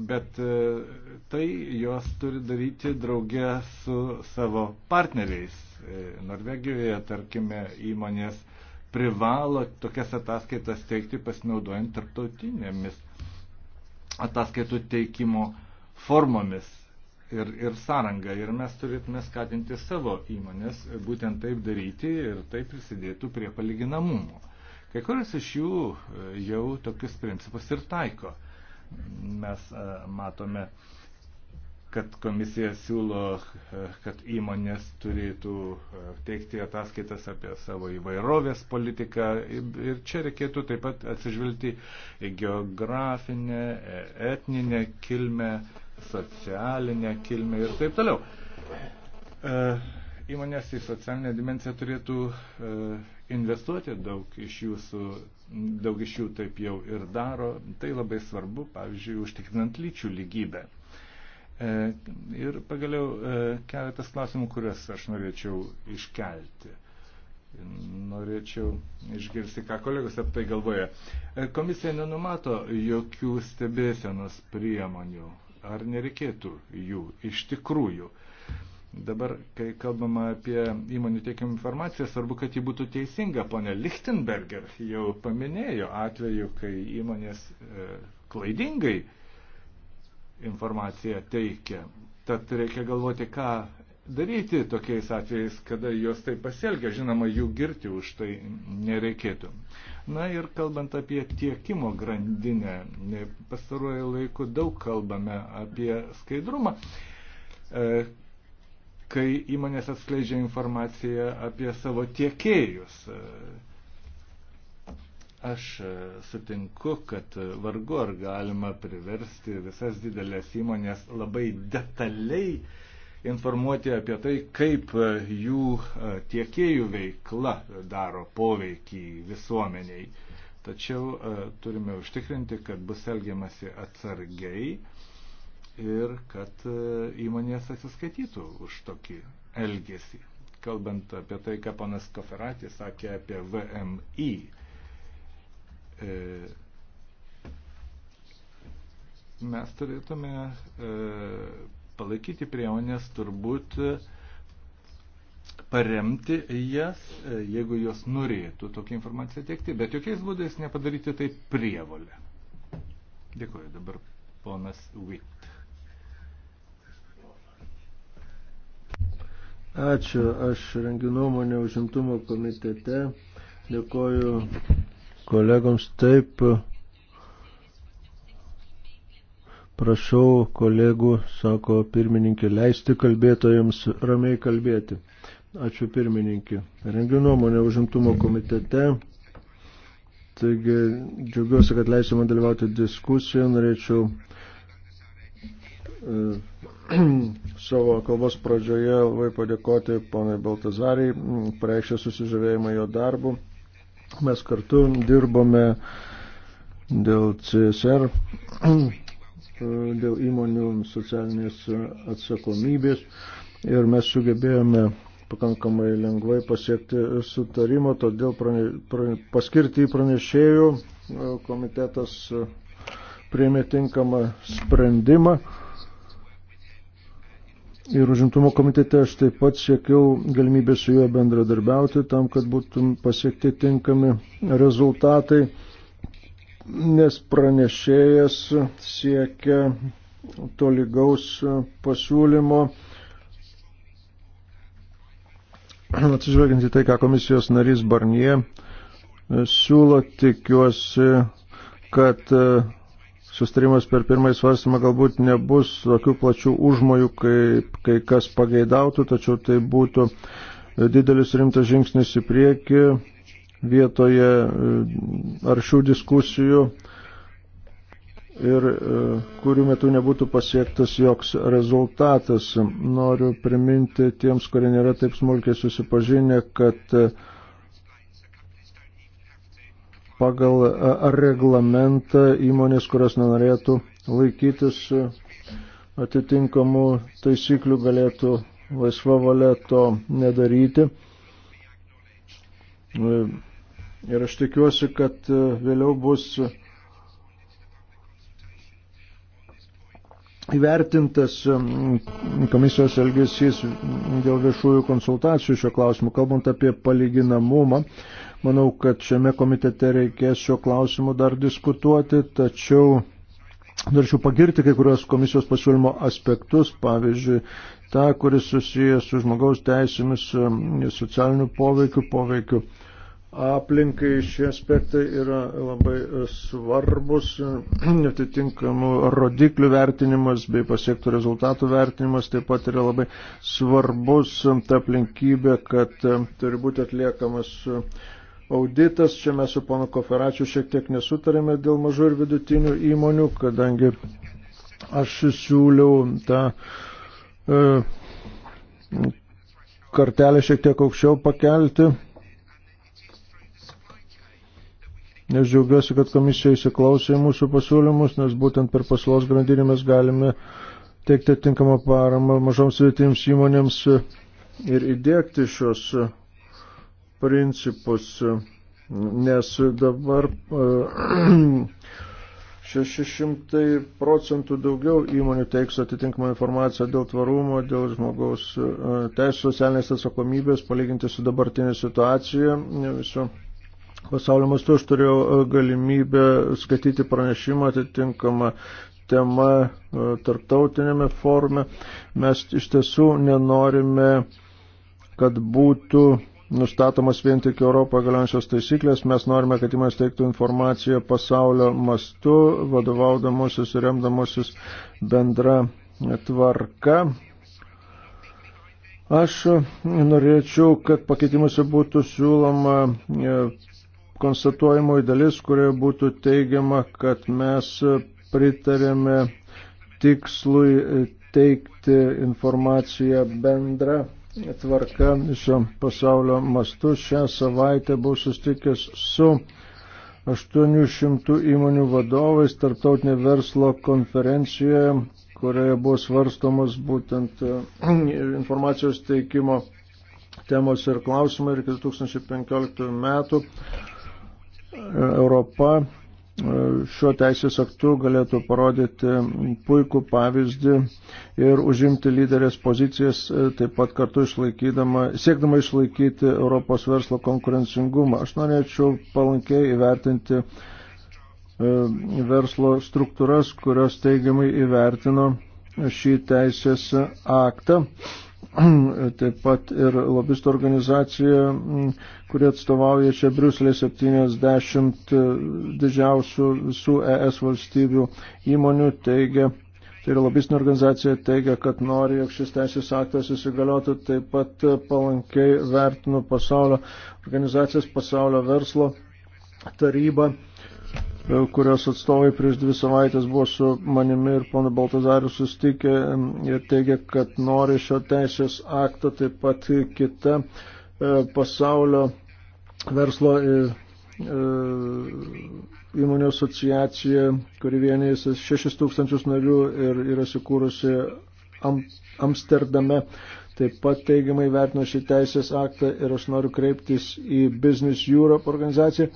bet e, tai jos turi daryti draugė su savo partneriais. E, Norvegijoje, tarkime, įmonės privalo tokias ataskaitas teikti pasinaudojant tarptautinėmis ataskaitų teikimo formomis ir, ir sąrangą. Ir mes turėtume skatinti savo įmonės būtent taip daryti ir tai prisidėtų prie palyginamumo. Kai kurias iš jų e, jau tokius principus ir taiko. Mes e, matome, kad komisija siūlo, e, kad įmonės turėtų teikti ataskaitas apie savo įvairovės politiką ir čia reikėtų taip pat atsižvelgti į geografinę, etninę kilmę, socialinę kilmę ir taip toliau. Įmonės į socialinę dimenciją turėtų investuoti, daug iš, jūsų, daug iš jų taip jau ir daro. Tai labai svarbu, pavyzdžiui, užtikrinant lyčių lygybę. E, ir pagaliau e, keletas klausimų, kuriuos aš norėčiau iškelti. Norėčiau išgirsti, ką kolegos apie tai galvoja. E, komisija nenumato jokių stebėsenos priemonių. Ar nereikėtų jų iš tikrųjų? Uh, Dabar, kai kalbama apie įmonių teikimą informaciją, svarbu, kad ji būtų teisinga. Pone Lichtenberger jau paminėjo atveju, kai įmonės e, klaidingai informaciją teikia. Tad reikia galvoti, ką daryti tokiais atvejais, kada jos tai pasielgia, žinoma, jų girti už tai nereikėtų. Na ir kalbant apie tiekimo grandinę, pastaruoju laiku daug kalbame apie skaidrumą. E, kai įmonės atskleidžia informaciją apie savo tiekėjus. Aš sutinku, kad vargu ar galima priversti visas didelės įmonės labai detaliai informuoti apie tai, kaip jų tiekėjų veikla daro poveikį visuomeniai. Tačiau e, turime užtikrinti, kad bus elgiamasi atsargiai ir kad e, įmonės atsiskaitytų už tokį elgesį. Kalbant apie tai, ką panas Koferatė sakė apie VMI, e, mes turėtume e, palaikyti priemonės turbūt paremti jas, e, jeigu jos norėtų tokią informaciją tiekti, bet jokiais būdais nepadaryti tai prievolę. Dėkuoju dabar ponas Witt. Ačiū, aš rengiu nuomonę užimtumo komitete. Dėkoju kolegoms taip. Prašau kolegų, sako pirmininkė, leisti kalbėtojams ramiai kalbėti. Ačiū pirmininkė. Rengiu nuomonę užimtumo komitete. Taigi džiaugiuosi, kad leisiu man dalyvauti diskusiją. Norėčiau e, savo kalbos pradžioje labai padėkoti ponai Baltazariai, mm, pareikšė susižavėjimą jo darbu. Mes kartu dirbome dėl CSR, e, dėl įmonių socialinės atsakomybės ir mes sugebėjome pakankamai lengvai pasiekti sutarimo, todėl prane, prane, paskirti į pranešėjų e, komitetas e, priėmė tinkamą sprendimą. Ir užimtumo komitete aš taip pat siekiau galimybę su juo bendradarbiauti tam, kad būtum pasiekti tinkami rezultatai, nes pranešėjas siekia tolygaus pasiūlymo, atsižvelgiant į tai, ką komisijos narys Barnie siūlo, tikiuosi, kad sustarimas per pirmąjį svarstymą galbūt nebus tokių plačių užmojų, kaip kai kas pageidautų, tačiau tai būtų e, didelis rimtas žingsnis į priekį vietoje e, aršių diskusijų ir e, kurių metu nebūtų pasiektas joks rezultatas. Noriu priminti tiems, kurie nėra taip smulkiai susipažinę, kad pagal reglamentą įmonės, kurios nenorėtų laikytis atitinkamų taisyklių, galėtų laisvą valią to nedaryti. Ir aš tikiuosi, kad vėliau bus įvertintas komisijos elgesys dėl viešųjų konsultacijų šio klausimu, kalbant apie palyginamumą, Manau, kad šiame komitete reikės šio klausimu dar diskutuoti, tačiau norėčiau pagirti kai kurios komisijos pasiūlymo aspektus, pavyzdžiui, tą, kuris susijęs su žmogaus teisėmis, um, socialiniu poveikiu, poveikiu aplinkai. Šie aspektai yra labai e, svarbus, netitinkamų rodiklių vertinimas bei pasiektų rezultatų vertinimas taip pat yra labai svarbus ta aplinkybė, kad e, turi būti atliekamas auditas. Čia mes su ponu Koferačiu šiek tiek nesutarėme dėl mažų ir vidutinių įmonių, kadangi aš siūliau tą e, kartelę šiek tiek aukščiau pakelti. Nes džiaugiuosi, kad komisija įsiklausė mūsų pasiūlymus, nes būtent per pasiūlos grandinį mes galime teikti tinkamą paramą mažoms vietims įmonėms ir įdėkti šios principus, nes dabar 600 procentų daugiau įmonių teiks atitinkamą informaciją dėl tvarumo, dėl žmogaus e, teisų socialinės atsakomybės, palyginti su dabartinė situacija. Viso pasaulio mastu aš turėjau e, galimybę skaityti pranešimą atitinkamą tema e, tarptautinėme forume. Mes iš tiesų nenorime, kad būtų nustatomas vien tik Europoje galiojančios taisyklės. Mes norime, kad įmonės teiktų informaciją pasaulio mastu, vadovaudamosis ir remdamosis bendra tvarka. Aš norėčiau, kad pakeitimuose būtų siūloma e, konstatuojamoji dalis, kurioje būtų teigiama, kad mes pritarėme tikslui teikti informaciją bendrą tvarka viso pasaulio mastu. Šią savaitę buvau sustikęs su 800 įmonių vadovais tarptautinė verslo konferencijoje, kurioje buvo svarstomas būtent eh, informacijos teikimo temos ir klausimai ir iki 2015 metų eh, Europa šiuo teisės aktu galėtų parodyti puikų pavyzdį ir užimti lyderės pozicijas, e, taip pat kartu išlaikydama, siekdama išlaikyti Europos verslo konkurencingumą. Aš norėčiau palankiai įvertinti e, verslo struktūras, kurios teigiamai įvertino šį teisės aktą. taip pat ir lobistų organizacija, mm, kurie atstovauja čia Briuselė 70 e, didžiausių visų ES valstybių įmonių, teigia, tai yra lobistinė organizacija, teigia, kad nori, jog šis teisės aktas įsigaliotų, taip pat e, palankiai vertinu pasaulio organizacijas, pasaulio verslo tarybą E, kurios atstovai prieš dvi savaitės buvo su manimi ir ponu Baltazariu sustikę ir teigia, kad nori šio teisės akto taip pat kita e, pasaulio verslo e, įmonių asociacija, kuri vienys 6 tūkstančius narių ir yra sikūrusi Am Amsterdame. Taip pat teigiamai vertino šį teisės aktą ir aš noriu kreiptis į Business Europe organizaciją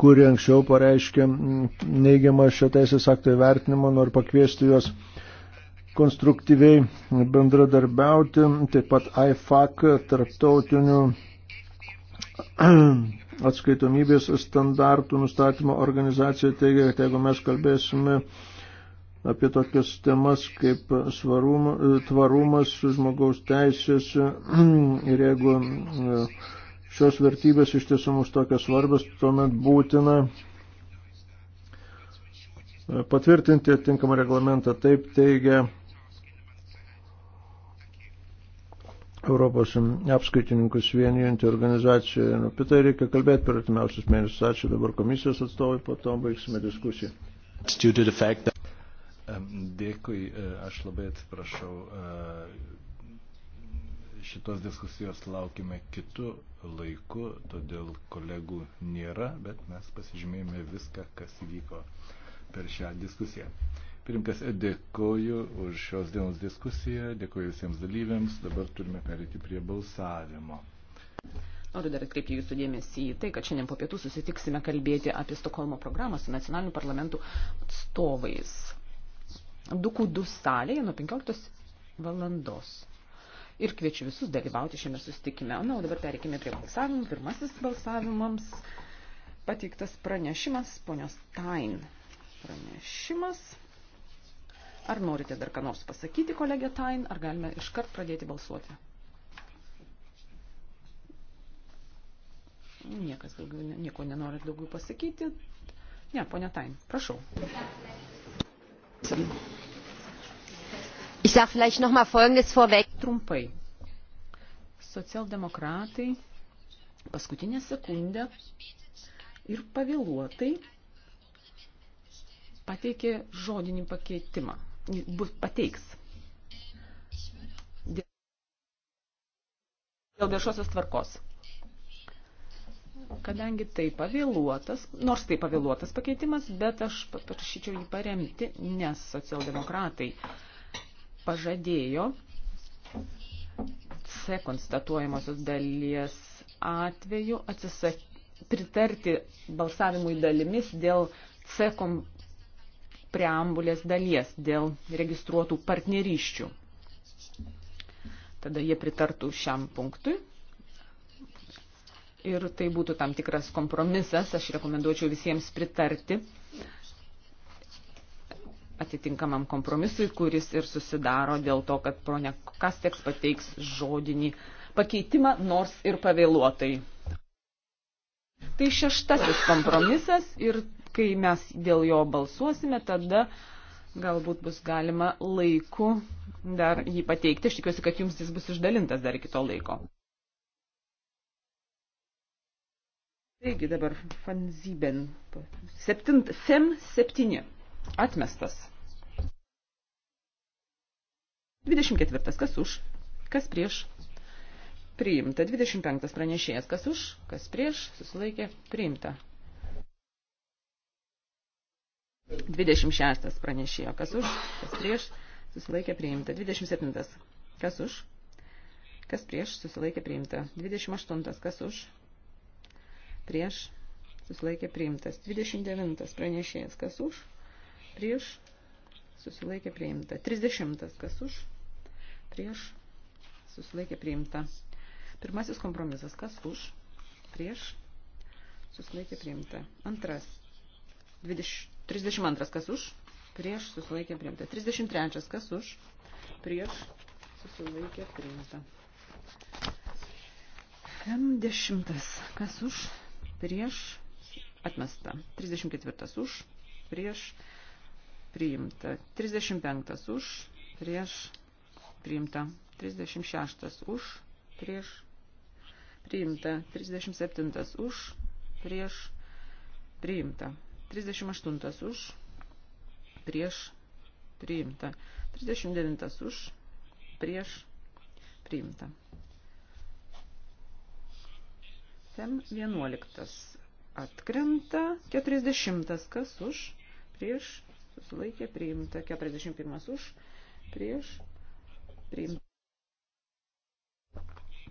kuri anksčiau pareiškė mm, neigiamą šio teisės akto įvertinimą, noriu pakviesti juos konstruktyviai bendradarbiauti, taip pat IFAC tarptautinių atskaitomybės standartų nustatymo organizacija teigia, kad jeigu mes kalbėsime apie tokias temas kaip svarum, tvarumas žmogaus teisės ir jeigu uh, šios vertybės iš tiesų mums tokios svarbios, tuomet būtina e, patvirtinti atitinkamą reglamentą. Taip teigia Europos apskaitininkus vienijantį organizaciją. Nu, apie tai reikia kalbėti per atimiausius mėnesius. Ačiū dabar komisijos atstovai, po to baigsime diskusiją. Dėkui, e, aš labai atsiprašau. E, šitos diskusijos laukime kitų laiku, todėl kolegų nėra, bet mes pasižymėjome viską, kas vyko per šią diskusiją. Pirmkas, dėkoju už šios dienos diskusiją, dėkoju visiems dalyviams, dabar turime perėti prie balsavimo. Noriu dar atkreipti jūsų dėmesį į tai, kad šiandien po pietų susitiksime kalbėti apie Stokholmo programą su nacionaliniu parlamentu atstovais. Dukų du salėje nuo 15 valandos ir kviečiu visus dalyvauti šiame susitikime. Na, o dabar pereikime prie balsavimų. Pirmasis balsavimams pateiktas pranešimas, ponios Tain pranešimas. Ar norite dar ką nors pasakyti, kolegė Tain, ar galime iškart pradėti balsuoti? Niekas daugiau, nieko nenorit daugiau pasakyti. Ne, ponia Tain, prašau. Salim sage vielleicht noch mal Folgendes vorweg. Trumpai. Socialdemokratai paskutinę sekundę ir pavėluotai pateikė žodinį pakeitimą. Bus pateiks. Dėl viešosios tvarkos. Kadangi tai pavėluotas, nors tai pavėluotas pakeitimas, bet aš paprašyčiau jį paremti, nes socialdemokratai uh, pažadėjo C konstatuojamosios dalies atveju atsisak, pritarti balsavimui dalimis dėl C kom, preambulės dalies, dėl registruotų partnerysčių. Tada jie pritartų šiam punktui. Ir tai būtų tam tikras kompromisas, aš rekomenduočiau visiems pritarti atitinkamam kompromisui, kuris ir susidaro dėl to, kad ponia Kasteks pateiks žodinį pakeitimą, nors ir pavėluotai. Tai šeštasis kompromisas ir kai mes dėl jo balsuosime, tada galbūt bus galima laiku dar jį pateikti. Aš tikiuosi, kad jums jis bus išdalintas dar iki to laiko. Taigi dabar fanzyben. Septint, fem septyni. Atmestas. 24. Kas už? Kas prieš? Priimta. 25. Pranešėjas. Kas už? Kas prieš? Susilaikė. Priimta. 26. Pranešėjo. Kas už? Kas prieš? Susilaikė. Priimta. 27. Kas už? Kas prieš? Susilaikė. Priimta. 28. Kas už? Prieš? Susilaikė. Priimtas. 29. Pranešėjas. Kas už? prieš, susilaikė priimta. 30. Kas už, prieš, susilaikė priimta. Pirmasis kompromisas. Kas už, prieš, susilaikė priimta. Antras. 20, 32. Kas už, prieš, susilaikė priimta. 33. Kas už, prieš, susilaikė priimta. M10. Kas už, prieš, atmesta. 34. Už, prieš, priimta. 35 už, prieš, priimta. 36 už, prieš, priimta. 37 už, prieš, priimta. 38 už, prieš, priimta. 39 už, prieš, priimta. Fem 11 atkrenta, 40 kas už, prieš, susilaikė, priimta 41 už, prieš, priimta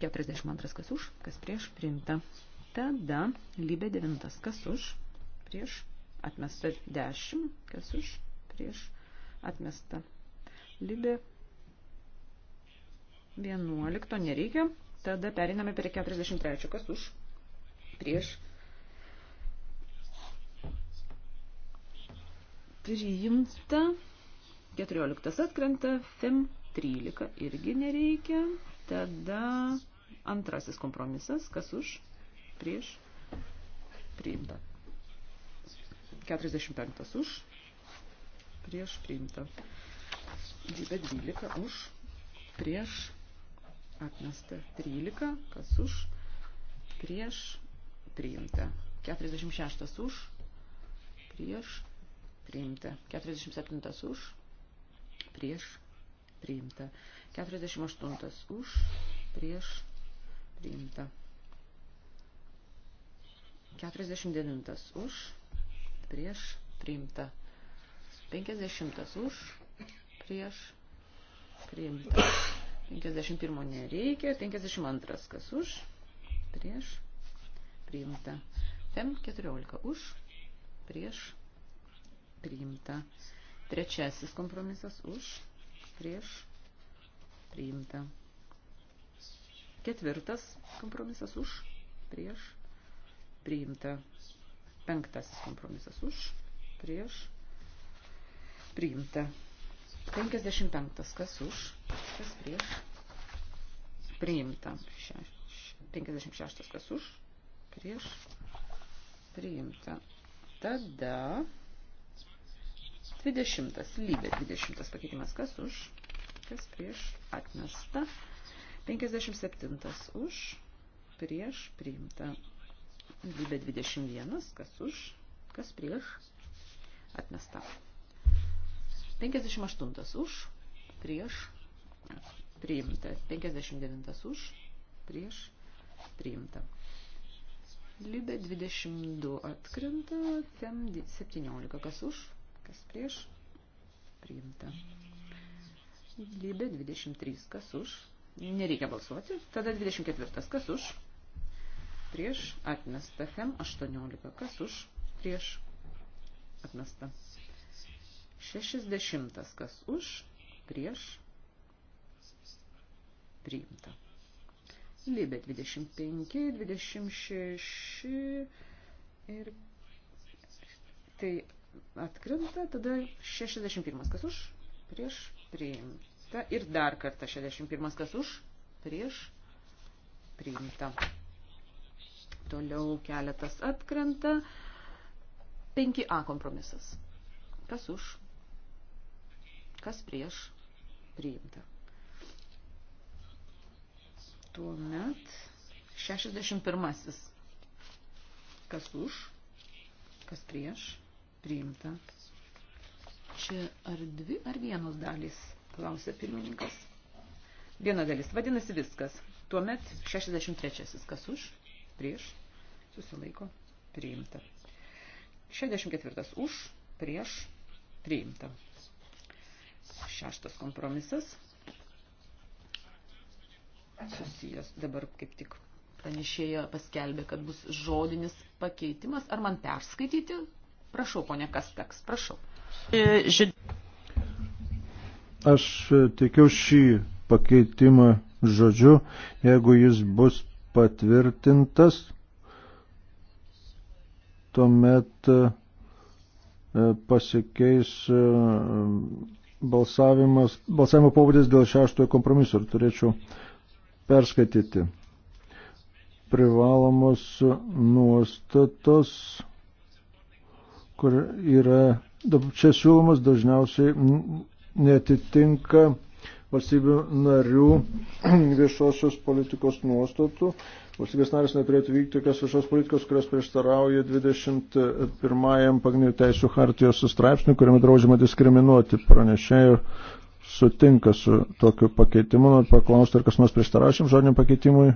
42 kas už, kas prieš, priimta. Tada lybė 9 kas už, prieš, atmesta 10 kas už, prieš, atmesta. Lybė 11 nereikia, tada periname prie 43 kas už, prieš, prieš priimta. 14 atkrenta, FEM 13 irgi nereikia. Tada antrasis kompromisas, kas už, prieš, priimta. 45 už, prieš, priimta. 12 už, prieš, atmesta. 13, kas už, prieš, priimta. 46 už, prieš, priimta priimta. 47 už, prieš, priimta. 48 už, prieš, priimta. 49 už, prieš, priimta. 50 už, prieš, priimta. 51 nereikia, 52 kas už, prieš, priimta. Fem 14 už, prieš, priimta priimta. Trečiasis kompromisas už, prieš, priimta. Ketvirtas kompromisas už, prieš, priimta. Penktasis kompromisas už, prieš, priimta. 55. Kas už, kas prieš, priimta. 56. Kas už, prieš, priimta. Tada 20. Lybė 20 pakeitimas. Kas už? Kas prieš? Atmesta. 57. Už. Prieš. Priimta. Lybė 21. Kas už? Kas prieš? Atmesta. 58. Už. Prieš. Priimta. 59. Už. Prieš. Priimta. Lybė 22 atkrinta, 17 kas už, kas prieš, priimta. Lybė 23, kas už, nereikia balsuoti. Tada 24, kas už, prieš, atmesta. Fem 18, kas už, prieš, atmesta. 60, kas už, prieš, priimta. Libė 25, 26 ir tai atkrinta, tada 61 kas už, prieš priimta. Ir dar kartą 61 kas už, prieš priimta. Toliau keletas atkrenta. 5A kompromisas. Kas už, kas prieš priimta. Tuomet 61. Kas už, kas prieš priimta. Čia ar dvi, ar vienos dalys, klausė pirmininkas. Viena dalis, vadinasi viskas. Tuomet 63. Kas už, prieš, susilaiko, priimta. 64. Už, prieš, priimta. Šeštas kompromisas. Susijęs dabar kaip tik pranešėja paskelbė, kad bus žodinis pakeitimas. Ar man perskaityti Prašau, ponė Kasteks, prašau. E, Aš e, teikiau šį pakeitimą žodžiu, jeigu jis bus patvirtintas, tuomet e, pasikeis balsavimas, balsavimo pobūdis dėl šeštojo kompromiso ir turėčiau perskaityti. Privalomos nuostatos kur yra čia siūlomas, dažniausiai netitinka valstybių narių viešosios politikos nuostatų. Valstybės narės neturėtų vykti tokios viešos politikos, kurios prieštarauja 21 pagrindinių teisų hartijos straipsnių, kuriame draudžiama diskriminuoti pranešėjų sutinka su tokiu pakeitimu. Noriu paklausti, ar kas nors prieštaraušim žodiniam pakeitimui.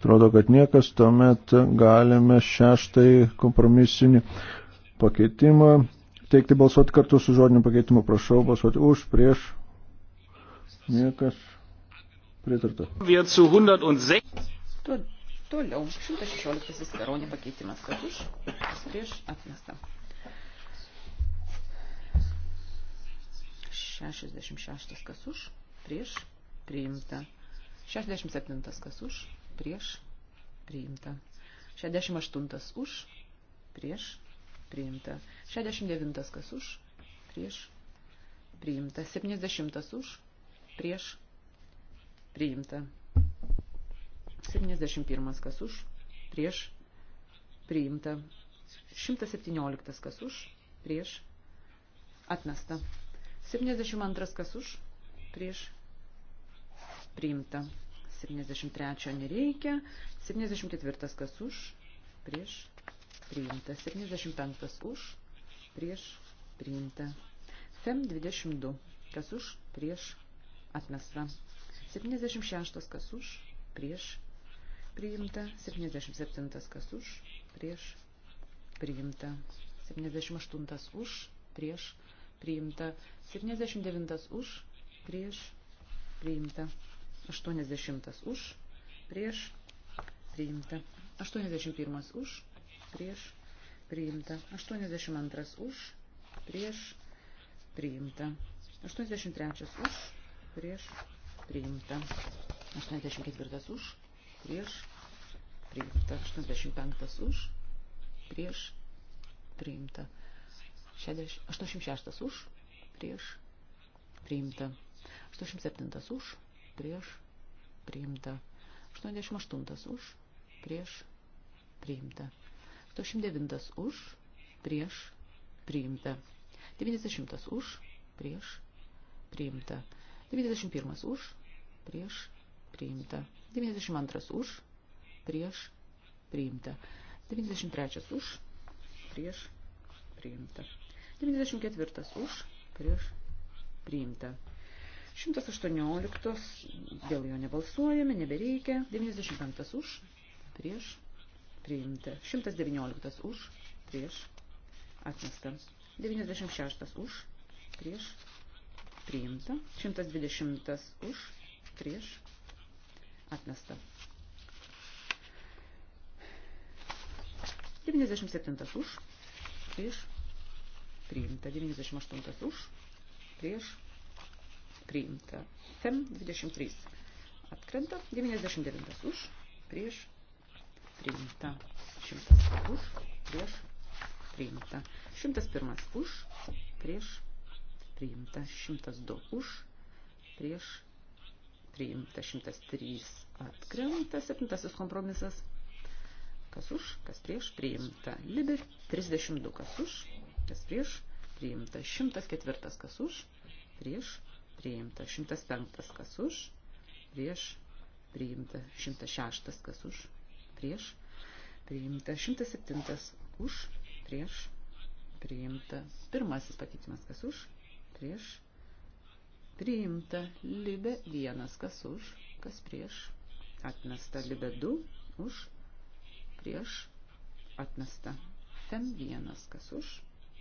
Atrodo, kad niekas, tuomet galime šeštai kompromisinį pakeitimą. Teikti balsuoti kartu su žodiniu pakeitimu. Prašau balsuoti už, prieš. Niekas. Pritarta. Toliau 116 veronė pakeitimas, kad už prieš atmestą. 66 kas už, prieš priimta. 67 kas už, prieš priimta. 68 už, prieš priimta. 69 kas už, prieš, priimta. 70 už, prieš, priimta. 71 kas už, prieš, priimta. 117 kas už, prieš, atmesta. 72 kas už, prieš, priimta. 73 nereikia. 74 kas už, prieš, priimta. 75 už, prieš, priimta. FEM 22, kas už, prieš, atmesta. 76, kas už, prieš, priimta. 77, kas už, prieš, priimta. 78 už, prieš, priimta. 79 už, prieš, priimta. 80 už, prieš, priimta. 81 už, prieš priimta. 82 už prieš priimta. 83 už prieš priimta. 84 už prieš priimta. 85 už prieš priimta. 86 už prieš priimta. 87 už prieš priimta. 88 už prieš priimta. 109 už, prieš, priimta. 90 už, prieš, priimta. 91 už, prieš, priimta. 92 už, prieš, priimta. 93 už, prieš, priimta. 94 už, prieš, priimta. 118 dėl jo nebalsuojame, nebereikia. 95 už, prieš, priimti. 119 už, prieš, atmesta. 96 už, prieš, priimta. 120 už, prieš, atmesta. 97 už, prieš, priimta. 98 už, prieš, priimta. FEM 23 atkrenta. 99 už, prieš, priimta priimta. Šimtas už, prieš, priimta. Šimtas pirmas už, prieš, priimta. Šimtas du už, prieš, priimta. Šimtas trys atkrenta. Septintasis kompromisas. Kas už, kas prieš, priimta. Libi 32, kas už, kas prieš, priimta. Šimtas ketvirtas, kas už, prieš, priimta. Šimtas penktas, kas už, prieš, priimta. Šimtas šeštas, kas už, prieš, priimta. 107 už, prieš, priimta. Pirmasis pakeitimas, kas už, prieš, priimta. Libe 1, kas už, kas prieš, atmesta. Libe 2, už, prieš, atmesta. Fem 1, kas už,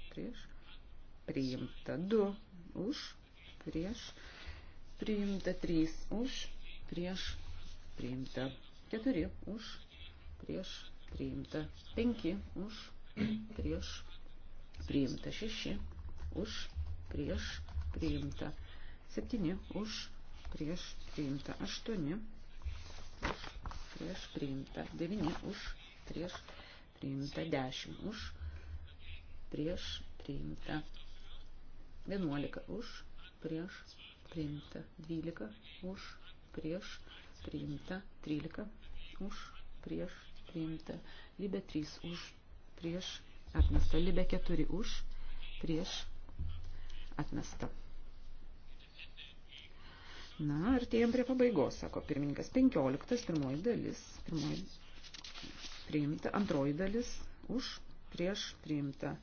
prieš, priimta. 2, už, prieš, priimta. 3, už, prieš, priimta. 4, už, prieš priimta 5 už prieš priimta 6 už prieš priimta 7 už prieš priimta 8 už prieš priimta 9 už prieš priimta 10 už prieš priimta 11 už prieš priimta 12 už prieš priimta 13 už prieš priimta. Libė 3 už, prieš, atmesta. Libė 4 už, prieš, atmesta. Na, artėjom prie pabaigos, sako pirmininkas. 15, pirmoji dalis, pirmoji priimta, antroji dalis, už, prieš, priimta.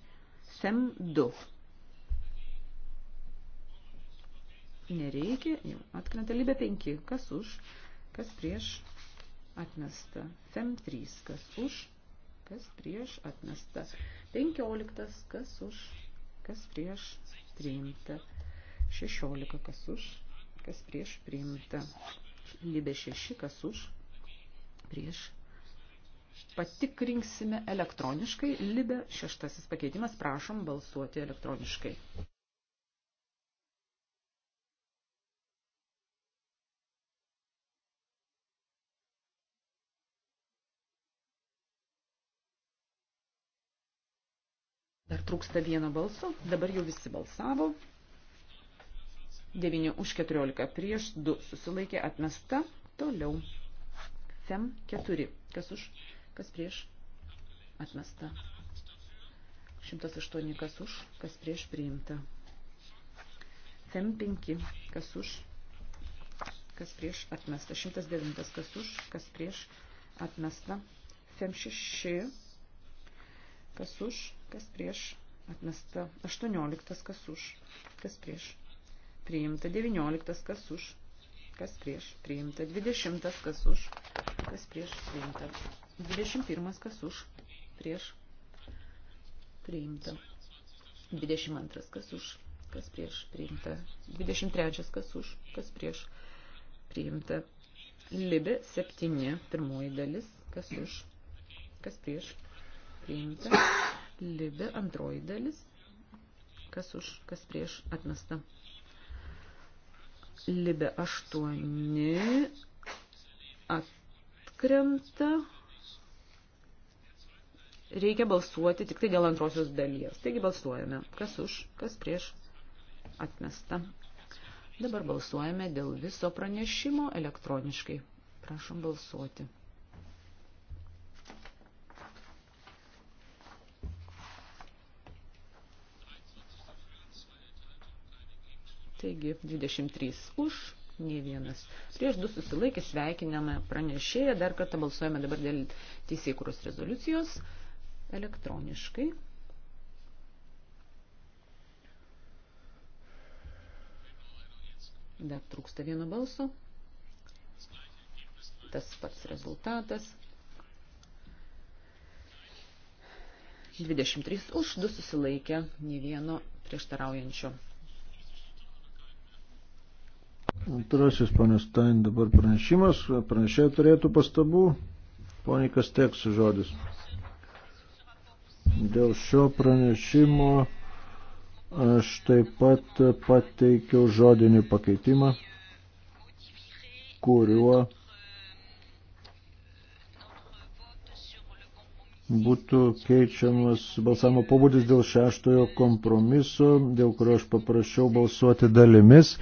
Sem 2. Nereikia, jau atkrenta lybė 5, kas už, kas prieš, atmesta. FEM 3, kas už, kas prieš, atmesta. 15, kas už, kas prieš, priimta. 16, kas už, kas prieš, priimta. Lybė 6, kas už, prieš. Patikrinksime elektroniškai. Libė šeštasis pakeitimas, prašom balsuoti elektroniškai. trūksta vieno balso, dabar jau visi balsavo. 9 už 14 prieš, 2 susilaikė, atmesta, toliau. Fem 4, kas už, kas prieš, atmesta. 108 kas už, kas prieš priimta. Fem 5, kas už, kas prieš atmesta. 109 kas už, kas prieš atmesta. Fem 6, kas už, kas prieš, atmesta 18, kas už, kas prieš, priimta 19, kas už, kas prieš, priimta 20, kas už, kas prieš, priimta 21, kas už, prieš, priimta 22, kas už, kas prieš, priimta 23, kas už, kas prieš, priimta Libi 7, pirmoji dalis, kas už, kas prieš, priimta Libė antroji dalis, kas už, kas prieš atmesta. Libė 8 atkrenta. Reikia balsuoti tik tai dėl antrosios dalies. Taigi balsuojame, kas už, kas prieš atmesta. Dabar balsuojame dėl viso pranešimo elektroniškai. Prašom balsuoti. Taigi 23 už, nei vienas. Prieš du susilaikė sveikiname pranešėją, dar kartą balsuojame dabar dėl teisėkūros rezoliucijos elektroniškai. Dar trūksta vieno balso. Tas pats rezultatas. 23 už, 2 susilaikę, nei vieno prieštaraujančio. Antrasis ponės Stein dabar pranešimas. Pranešėjai turėtų pastabų. Ponikas Teks žodis. Dėl šio pranešimo aš taip pat pateikiau žodinį pakeitimą, kuriuo būtų keičiamas balsavimo pobūdis dėl šeštojo kompromiso, dėl kurio aš paprašiau balsuoti dalimis.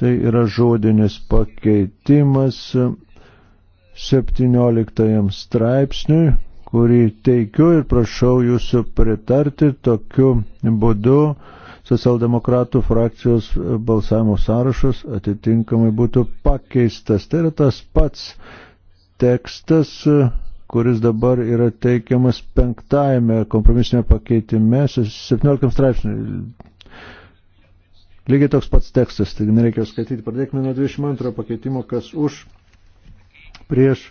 Tai yra žodinis pakeitimas 17 straipsniui, kurį teikiu ir prašau jūsų pritarti tokiu būdu. Socialdemokratų frakcijos balsavimo sąrašas atitinkamai būtų pakeistas. Tai yra tas pats tekstas, kuris dabar yra teikiamas penktajame kompromisinėme pakeitime, 17 straipsniui. Lygiai toks pats tekstas, taigi nereikia skaityti. Pradėkime nuo 22 pakeitimo, kas už, prieš,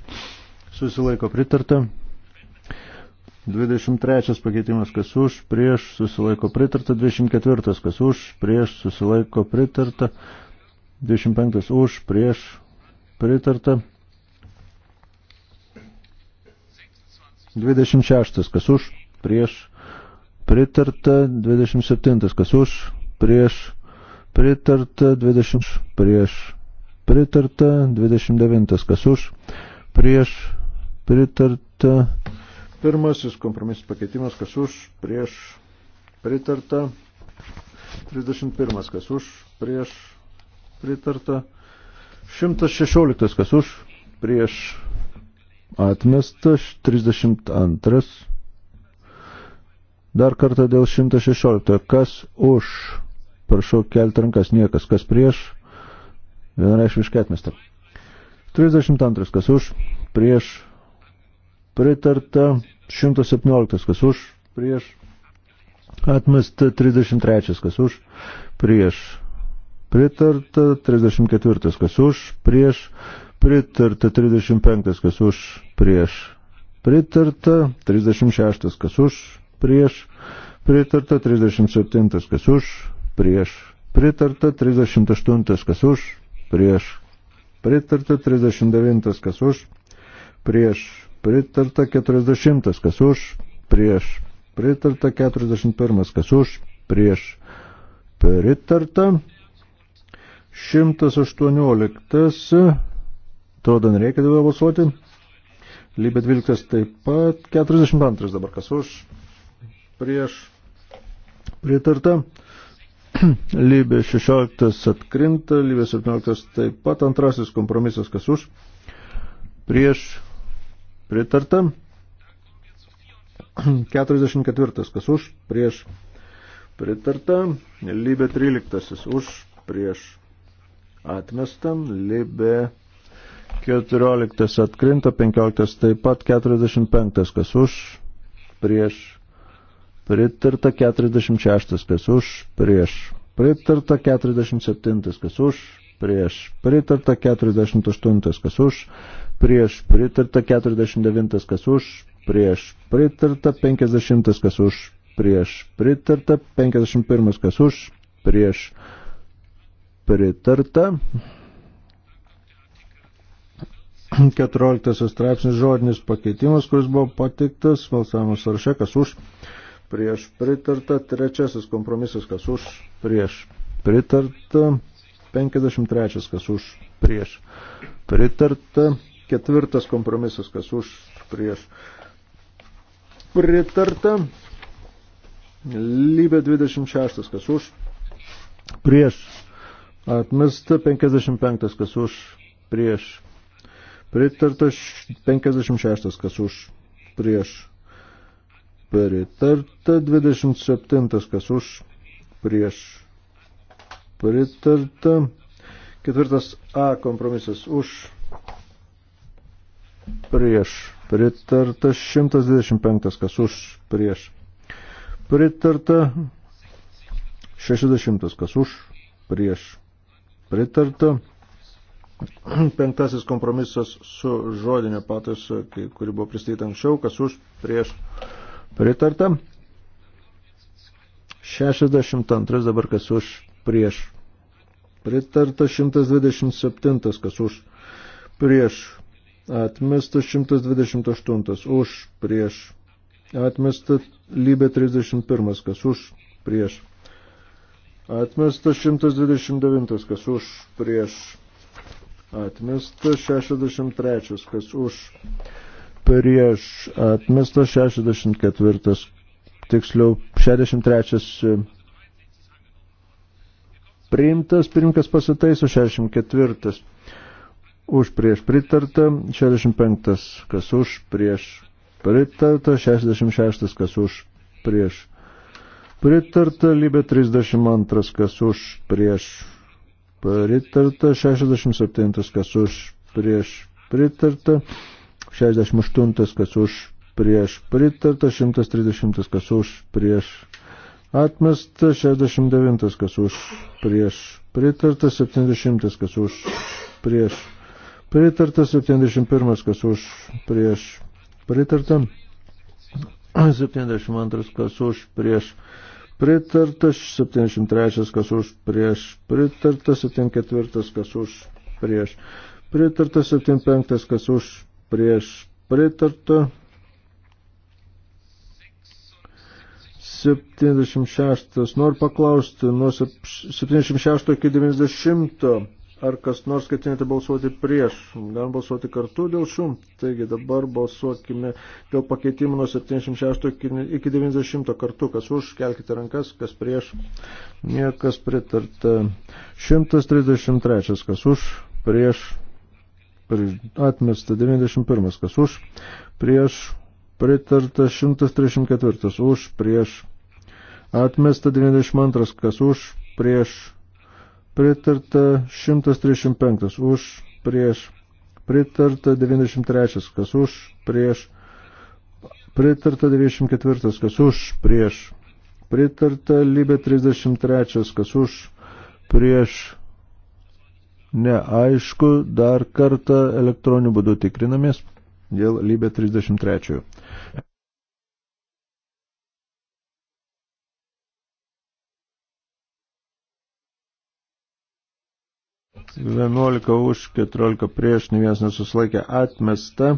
susilaiko pritarta. 23 pakeitimas, kas už, prieš, susilaiko pritarta. 24, kas už, prieš, susilaiko pritarta. 25, už, prieš, pritarta. 26, kas už, prieš, pritarta. 27, kas už, prieš, pritarta pritarta 20 prieš pritarta 29 kas už prieš pritarta pirmasis kompromisų pakeitimas kas už prieš pritarta 31 kas už prieš pritarta 116 kas už prieš atmestas 32 Dar kartą dėl 116. Kas už Prašau kelti rankas niekas, kas prieš, vienareiškiškai atmesta. 32. Kas už, prieš, pritarta. 117. Kas už, prieš, atmesta. 33. Kas už, prieš, pritarta. 34. Kas už, prieš, pritarta. 35. Kas už, prieš, pritarta. 36. Kas už, prieš, pritarta. 37. Kas už, prieš pritarta, 38 kas už, prieš pritarta, 39 kas už, prieš pritarta, 40 kas už, prieš pritarta, 41 kas už, prieš pritarta, 118, to dar reikia dabar balsuoti, Lybė 12 taip pat, 42 dabar kas už, prieš pritarta, Lybė 16 atkrinta, Lybė 17 taip pat antrasis kompromisas, kas už, prieš pritarta, 44 kas už, prieš pritarta, Lybė 13 už, prieš atmestam, Lybė 14 atkrinta, 15 taip pat, 45 kas už, prieš pritarta 46, kas už, prieš, pritarta 47, kas už, prieš, pritarta 48, kas už, prieš, pritarta 49, kas už, prieš, pritarta 50, kas už, prieš, pritarta 51, kas už, prieš, pritarta. 14 straipsnis žodinis pakeitimas, kuris buvo pateiktas, balsavimo sąraše, kas už, prieš pritarta, trečiasis kompromisas, kas už, prieš pritarta, 53, kas už, prieš pritarta, ketvirtas kompromisas, kas už, prieš pritarta, lybė 26, kas už, prieš atmesta, 55, kas už, prieš pritarta, 56, kas už, prieš pritarta, 27 kas už, prieš pritarta, ketvirtas A kompromisas už, prieš pritarta, 125 kas už, prieš pritarta, 60 kas už, prieš pritarta. Penktasis kompromisas su žodinė pataisa, kuri buvo pristatyta anksčiau, kas už prieš Pritarta. 62 dabar kas už prieš. Pritarta 127 kas už prieš. Atmesta 128 už prieš. Atmesta lybė 31 kas už prieš. Atmesta 129 kas už prieš. Atmesta 63 kas už prieš prieš atmestą 64, tiksliau 63 e, priimtas, pirmkas pasitaiso 64 už prieš pritarta, 65 kas už prieš pritarta, 66 kas už prieš pritarta, lybė 32 kas už prieš pritarta, 67 kas už prieš pritarta. 68 kas už prieš pritarta, 130 kas už prieš atmesta, 69 kas už prieš pritarta, 70 kas už prieš pritarta, 71 kas už prieš pritarta, 72 kas už prieš pritarta, 73 kas už prieš pritarta, 74 kas už prieš pritarta, 75 kas už prieš pritarta. 76. Noriu paklausti, nuo 76 iki 90. Ar kas nors ketinate balsuoti prieš? Galim balsuoti kartu dėl šių. Taigi dabar balsuokime dėl pakeitimų nuo 76 iki 90 kartu. Kas už, kelkite rankas, kas prieš. Niekas pritarta. 133. Kas už, prieš atmesta 91, kas už, prieš pritarta 134, už, prieš atmesta 92, kas už, prieš pritarta 135, už, prieš pritarta 93, kas už, prieš pritarta 94, kas už, prieš pritarta libė 33, kas už, prieš neaišku, dar kartą elektroniniu būdu tikrinamės dėl lybė 33. Vienuolika už, keturiolika prieš, ne vienas nesuslaikė atmesta.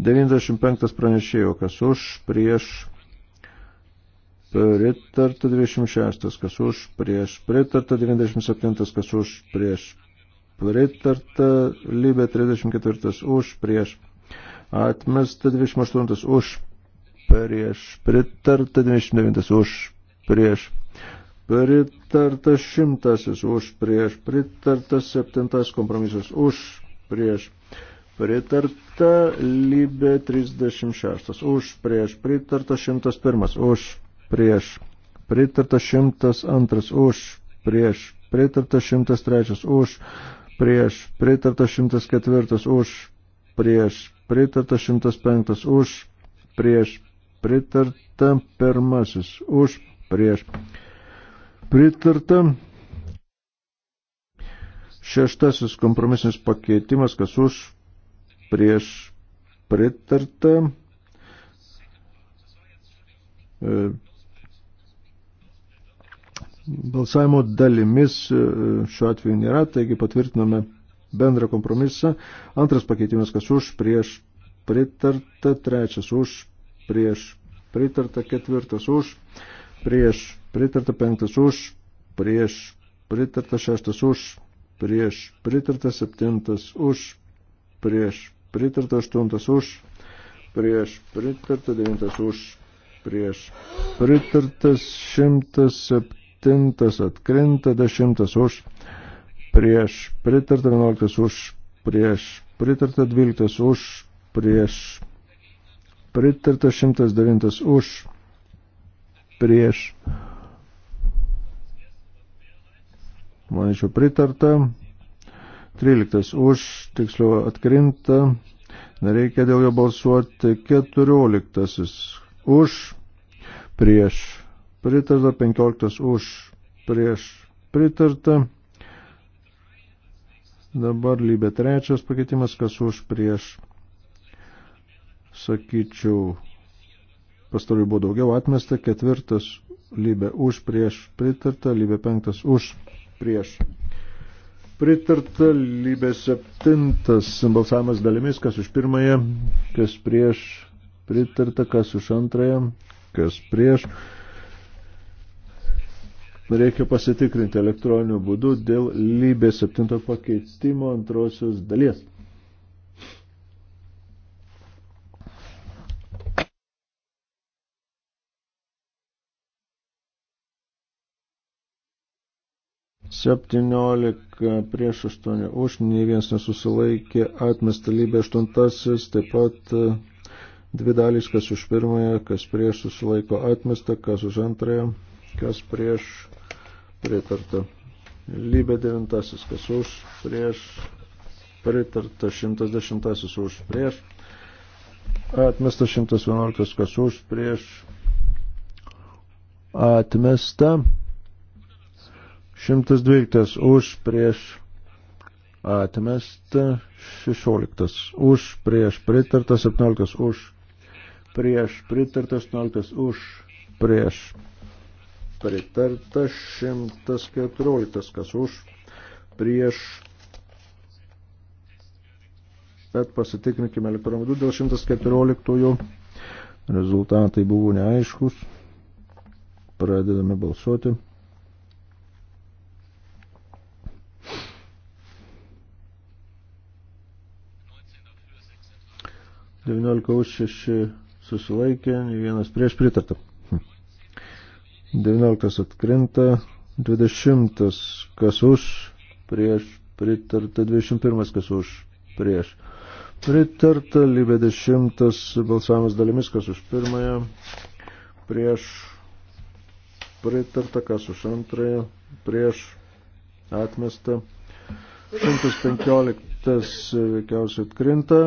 95 pranešėjo, kas už, prieš, pritarta 26, kas už, prieš, pritarta 97, kas už, prieš, pritarta, lybė 34 už, prieš atmesta 28 už, prieš pritarta 29 už, prieš pritarta 100 už, prieš pritarta 7 kompromisas už, prieš pritarta lybė 36 už, prieš pritarta 101 už, prieš pritarta 102 už, prieš pritarta 103 už, prieš, pritarta 104 už, prieš, pritarta 105 už, prieš, pritarta pirmasis už, prieš, pritarta šeštasis kompromisinis pakeitimas, kas už, prieš, pritarta. E, balsavimo dalimis e, šiuo atveju nėra, taigi patvirtiname bendrą kompromisą. Antras pakeitimas, kas už, prieš, pritarta, trečias už, prieš, pritarta, ketvirtas už, prieš, pritarta, penktas už, prieš, pritarta, šeštas už, prieš, pritarta, septintas už, prieš, pritarta, aštuntas už, prieš, pritarta, devintas už, prieš, pritartas, šimtas septintas septintas atkrinta, dešimtas už prieš pritartą, vienuoliktas už prieš pritartą, dvyliktas už prieš pritartą, šimtas devintas už prieš. Manyčiau pritarta. 13 už, tiksliau atkrinta, nereikia dėl jo balsuoti, 14 už, prieš pritarta, 15 už prieš pritarta. Dabar lybė trečias pakeitimas, kas už prieš, sakyčiau, pastarųjų buvo daugiau atmesta, ketvirtas lybė už prieš pritarta, lybė penktas už prieš pritarta, lybė septintas balsavimas dalimis, kas už pirmąją, kas prieš pritarta, kas už antrąją, kas prieš pritarta reikia pasitikrinti elektroniniu būdu dėl lybės 7 pakeitimo antrosios dalies. Septyniolika prieš aštuoni už, nei vienas nesusilaikė, atmesta lybė aštuntasis, taip pat e, dvi dalys, kas už pirmąją, kas prieš susilaiko atmesta, kas už antrąją, kas prieš pritarta. Lybė devintasis, kas už, prieš, pritarta, šimtas dešimtasis už, prieš, atmesta šimtas vienuoliktas, kas už, prieš, atmesta, šimtas dvyliktas už, prieš, atmesta, šešioliktas už, prieš, pritarta, septynioliktas už, prieš, pritarta, aštuonioliktas už, prieš pritarta 114, kas už, prieš, bet pasitikrinkime elektroniniu būdu dėl 114, rezultatai buvo neaiškus, pradedame balsuoti. Devyniolika už šeši susilaikė, vienas prieš pritartą. 19 atkrinta, 20 kas už, prieš, pritarta 21 kas už, prieš. Pritarta lybė 10 balsavimas dalimis kas už pirmąją, prieš, pritarta kas už antrąją, prieš, atmesta. 115 veikiausiai atkrinta.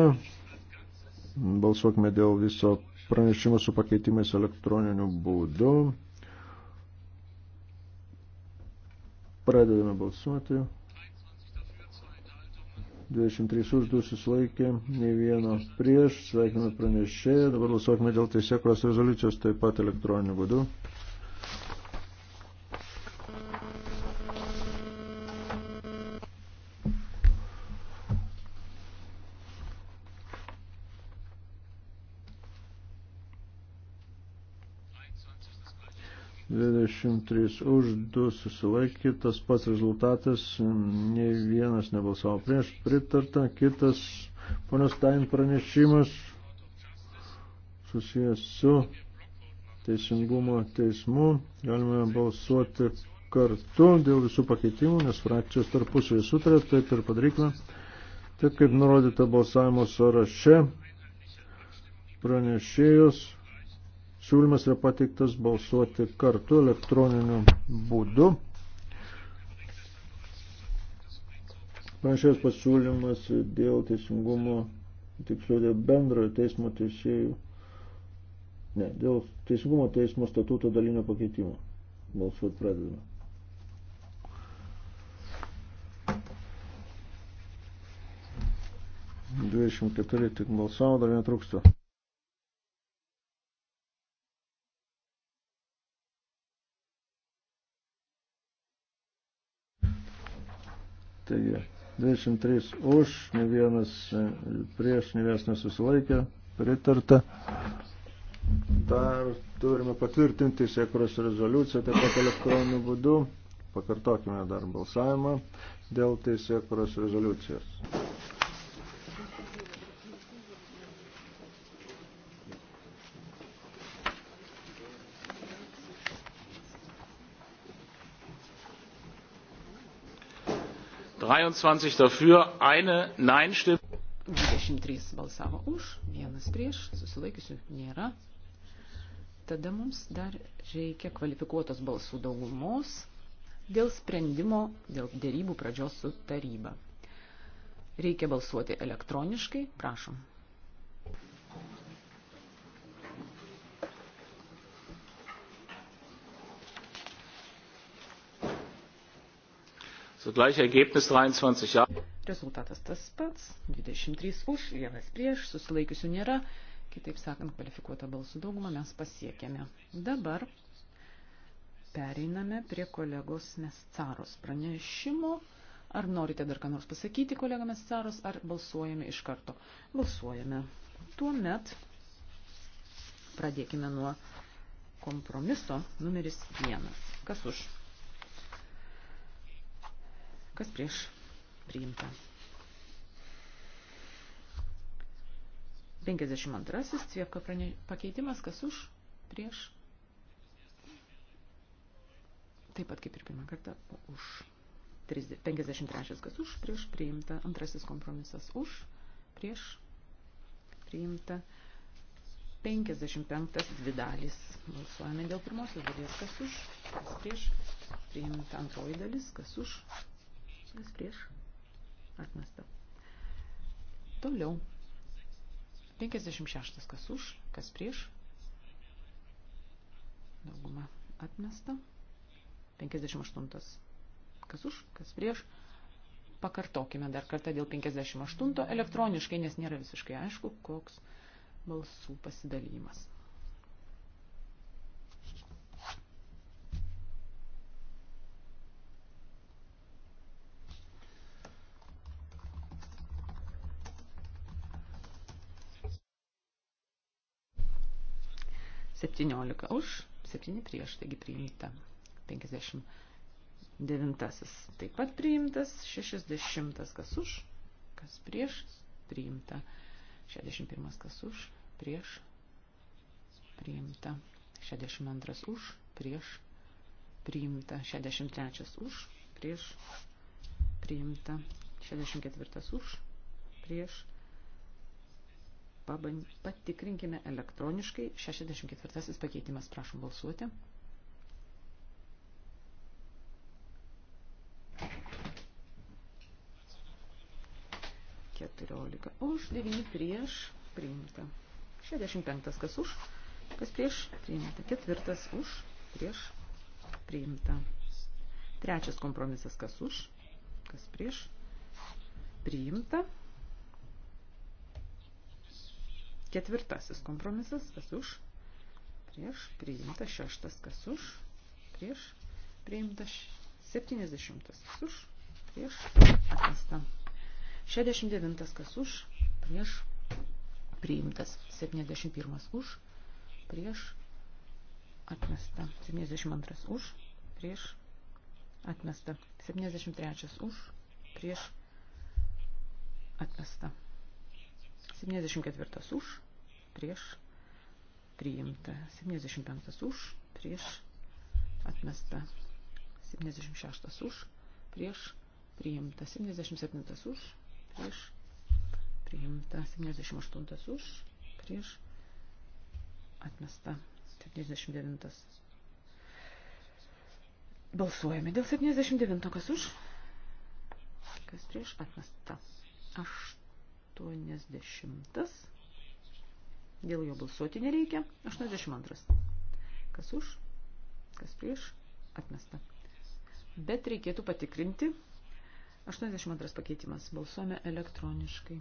Balsuokime dėl viso pranešimo su pakeitimais elektroniniu būdu. Pradedame balsuoti. 23 už 2 susilaikė, nei vieno prieš, sveikiname pranešėją, dabar balsuokime dėl teisėkros rezoliucijos taip pat elektroniniu būdu. 23 už, 2 susilaikė, tas pats rezultatas, nei vienas nebalsavo prieš, pritarta, kitas ponios Tain pranešimas susijęs su teisingumo teismu, galime balsuoti kartu dėl visų pakeitimų, nes frakcijos tarpusai sutarė, taip ir padarykime. Taip kaip nurodyta balsavimo sąraše, pranešėjus Siūlymas yra pateiktas balsuoti kartu elektroniniu būdu. Panašios pasiūlymas dėl teisingumo, tiksliau dėl bendrojo teismo teisėjų, ne, dėl teisingumo teismo statuto dalinio pakeitimo. Balsuoti pradedame. Dvidešimt keturi tik balsavo, dar netrūksta. Taigi, 23 už, ne vienas e, prieš, ne vienas nesusilaikė, pritarta. Dar turime patvirtinti sėkros rezoliuciją, taip pat elektroniniu būdu. Pakartokime dar balsavimą dėl teisėkuros rezoliucijos. dreiundzwanzig dafür eine nein stimme dvidešimt trys balsavo už vienas prieš susilaikiusių nėra tada mums dar reikia kvalifikuotos balsų daugumos dėl sprendimo dėl derybų pradžios su taryba reikia balsuoti elektroniškai prašom Sugleiche Ergebnis 23 ja. Rezultatas tas pats, 23 už, vienas prieš, susilaikiusių nėra, kitaip sakant, kvalifikuotą balsų daugumą mes pasiekėme. Dabar pereiname prie kolegos Mescaros pranešimo. Ar norite dar ką nors pasakyti, kolega Mescaros, ar balsuojame iš karto? Balsuojame. Tuomet pradėkime nuo kompromiso numeris vienas. Kas už? Kas prieš? Priimta. 52. Cviepka pakeitimas. Kas už? Prieš? Taip pat kaip ir pirmą kartą. Už. 53. Kas už? Prieš? Priimta. Antrasis kompromisas. Už? Prieš? Priimta. 55 dvi dalys. Balsuojame dėl pirmosios dalies. Kas už, kas prieš. Priimta antroji dalis. Kas už, Kas prieš? Atmesta. Toliau. 56. Kas už? Kas prieš? Dauguma atmesta. 58. Kas už? Kas prieš? Pakartokime dar kartą dėl 58 elektroniškai, nes nėra visiškai aišku, koks balsų pasidalymas. 17 už, 7 prieš, taigi priimta. 59 taip pat priimtas, 60 kas už, kas prieš, priimta. 61 kas už, prieš, priimta. 62 už, prieš, priimta. 63 už, prieš, priimta. 64 už, prieš, priimta Patikrinkime elektroniškai. 64 pakeitimas, prašom balsuoti. Keturiolika už, devyni prieš, priimta. 65 kas už, kas prieš, priimta. Ketvirtas už, prieš, priimta. Trečias kompromisas kas už, kas prieš, priimta. Ketvirtasis kompromisas, kas už, prieš, priimta. Šeštas, kas už, prieš, priimta. Septyniasdešimtas, kas už, prieš, atmesta. Šešiasdešimt devintas, kas už, prieš, priimtas. Septyniasdešimt pirmas, už, prieš, atmesta. 72 už, prieš, atmesta. 73 už, prieš, atmesta. 74 už, prieš priimta, 75 už, prieš atmesta, 76 už, prieš priimta, 77 už, prieš priimta, 78 už, prieš atmesta, 79. Balsuojame dėl 79, kas už, kas prieš atmesta. 80 Dėl jo balsuoti nereikia. 82. Kas už, kas prieš, atmesta. Bet reikėtų patikrinti. 82 pakeitimas. Balsuome elektroniškai.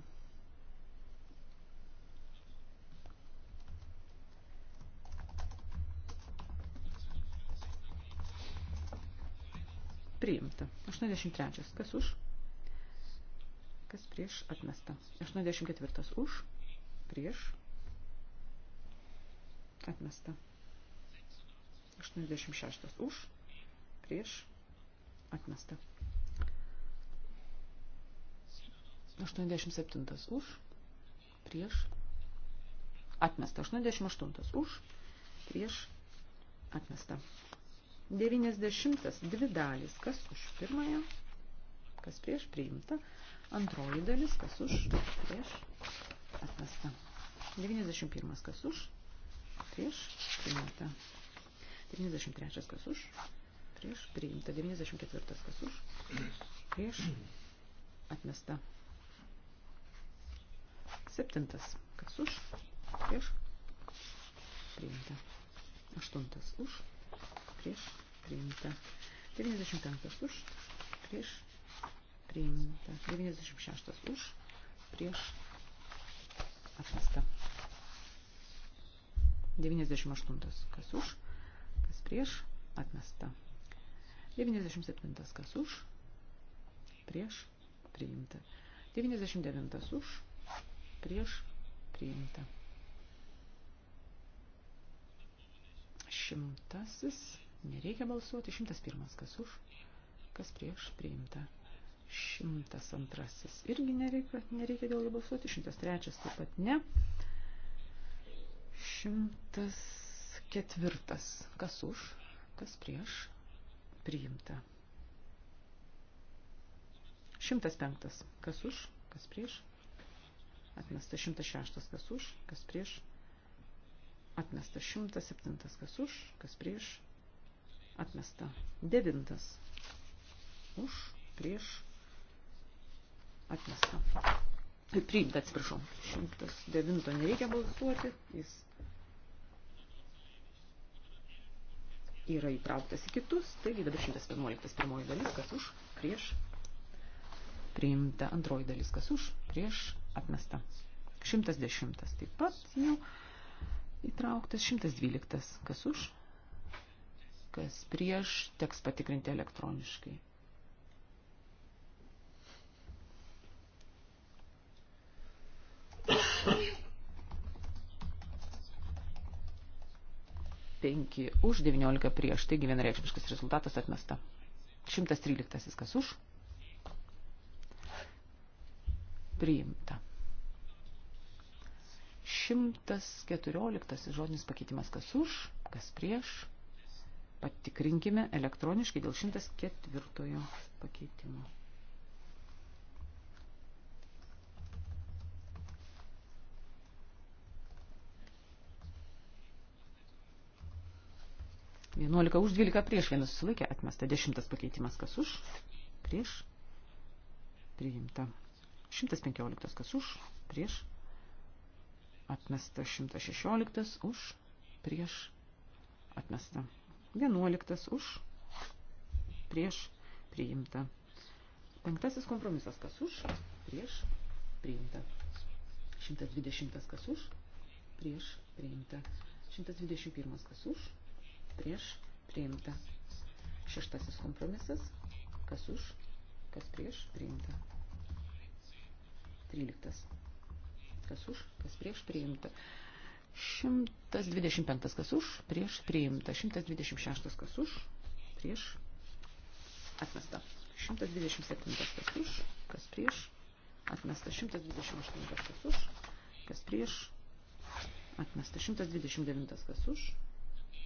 Priimta. 83. Kas už? Kas prieš atmesta. 84. Už. Prieš Atmesta. 86 už. Prieš. Atmesta. 87 už. Prieš. Atmesta. 88 už. Prieš. Atmesta. 90 dvi dalys. Kas už pirmąją? Kas prieš priimta? Antroji dalis. Kas už? Prieš. Atmesta. 91 kas už? prieš priimta. 93 kas už, prieš priimta. 94 kas už, prieš atmesta. 7 kas už, prieš priimta. 8 už, prieš priimta. 95 už, prieš priimta. 96 už, prieš atmesta. 98 kas už, kas prieš, atmesta. 97 kas už, prieš, priimta. 99 už, prieš, priimta. Šimtasis, nereikia balsuoti, šimtas pirmas kas už, kas prieš, priimta. 102 irgi nereikia, nereikia dėl jo balsuoti, 103 taip pat ne, Šimtas ketvirtas. Kas už, kas prieš, priimta. Šimtas penktas. Kas už, kas prieš, atmesta. Šimtas šeštas. Kas už, kas prieš, atmesta. Šimtas septintas. Kas už, kas prieš, atmesta. Devintas. Už, prieš, atmesta priimta, atsiprašau. 109 nereikia balsuoti, jis yra įtrauktas į kitus. Taigi dabar 111 pirmoji dalis, kas už, prieš, priimta. Antroji dalis, kas už, prieš, atmesta. 110 taip pat jau įtrauktas. 112 kas už, kas prieš, teks patikrinti elektroniškai. 5 už, 19 prieš, taigi vienareikšmiškas rezultatas atmesta. 113 kas už. Priimta. 114 žodinis pakeitimas kas už, kas prieš. Patikrinkime elektroniškai dėl 104 pakeitimo. 11 už, 12 prieš, vienas susilaikė, atmesta. Dešimtas pakeitimas, kas už, prieš, priimta. 115 kas už, prieš, atmesta. 116 už, prieš, atmesta. 11 už, prieš, priimta. Penktasis kompromisas, kas už, prieš, priimta. 120 kas už, prieš, priimta. 121 kas už, prieš, priimta. Šeštasis kompromisas, kas už, kas prieš, priimta. Tryliktas, kas už, kas prieš, priimta. 125 kas už, prieš priimta. 126 kas už, prieš atmesta. 127 kas už, kas prieš atmesta. 128 kas už, kas prieš atmesta. 129 kas už,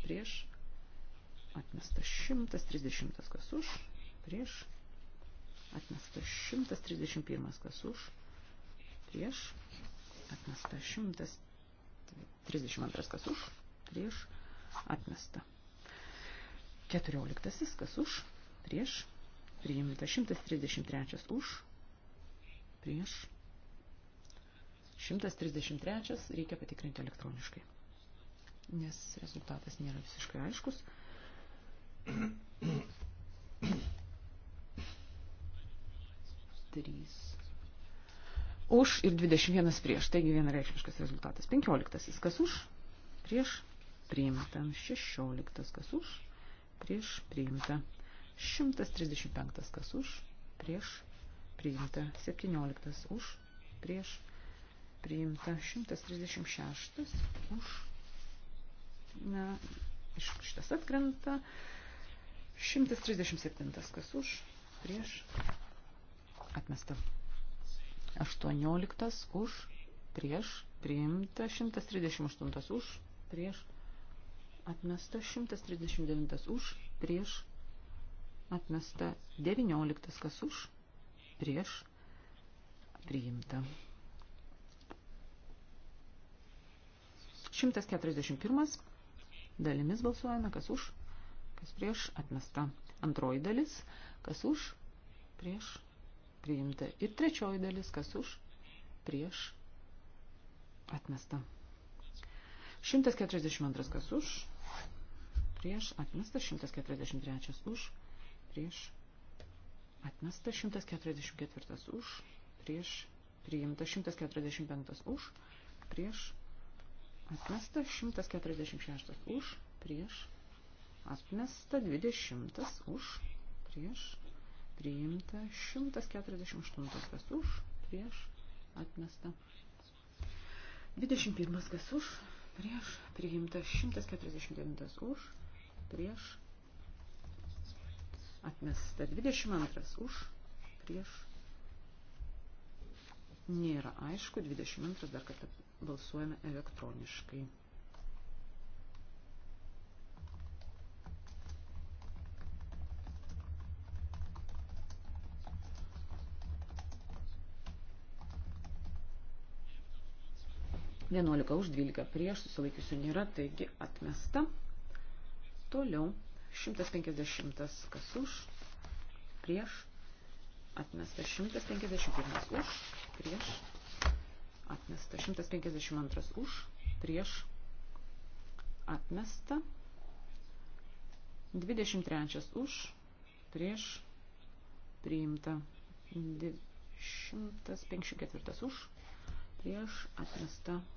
prieš Atmestas 130 kas už, prieš. Atmestas 131 kas už, prieš. Atmestas 132 kas už, prieš. Atmesta. 14 kas už, prieš. Priimta 133 už, prieš. 133 reikia patikrinti elektroniškai, nes rezultatas nėra visiškai aiškus. Trys. Už ir 21 prieš. Taigi vienareikšmiškas rezultatas. 15. Kas už? Prieš priimta. 16. Kas už? Prieš priimta. 135. Kas už? Prieš priimta. 17. Už? Prieš priimta. 136. Už? Na, iš šitas atkrenta. 137. Kas už? Prieš. Atmesta. 18. Už. Prieš. Priimta. 138. Už. Prieš. Atmesta. 139. Už. Prieš. Atmesta. 19. Kas už? Prieš. Priimta. 141. Dalimis balsuojame. Kas už? kas prieš atmesta. Antroji dalis, kas už, prieš priimta. Ir trečioji dalis, kas už, prieš atmesta. 142 kas už, prieš atmesta, 143 už, prieš atmesta, 144 už, prieš priimta, 145 už, prieš atmesta, 146 už, prieš Atmesta 20 už, prieš, priimta 148 kas už, prieš, atmesta. 21 kas už, prieš, priimta 149 už, prieš, atmesta. 22 už, prieš, nėra aišku, 22 dar kartą balsuojame elektroniškai. 11 už 12 prieš susilaikiusių nėra, taigi atmesta. Toliau 150 kas už, prieš, atmesta 151 už, prieš, atmesta 152 už, prieš, atmesta 23 už, prieš, priimta 154 už, prieš, atmesta 152.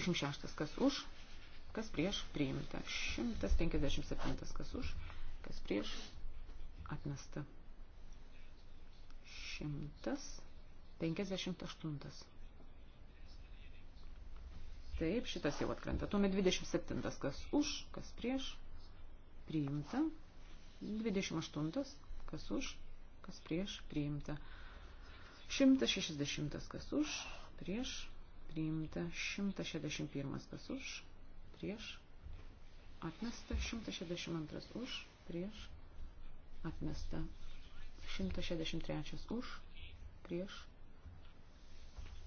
126 kas už, kas prieš priimta. 157 kas už, kas prieš atmesta. 158. Taip, šitas jau atkrenta. Tuomet 27 kas už, kas prieš priimta. 28 kas už, kas prieš priimta. 160 kas už, prieš priimta 161 kas už, prieš, atmesta 162 už, prieš, atmesta 163 už, prieš,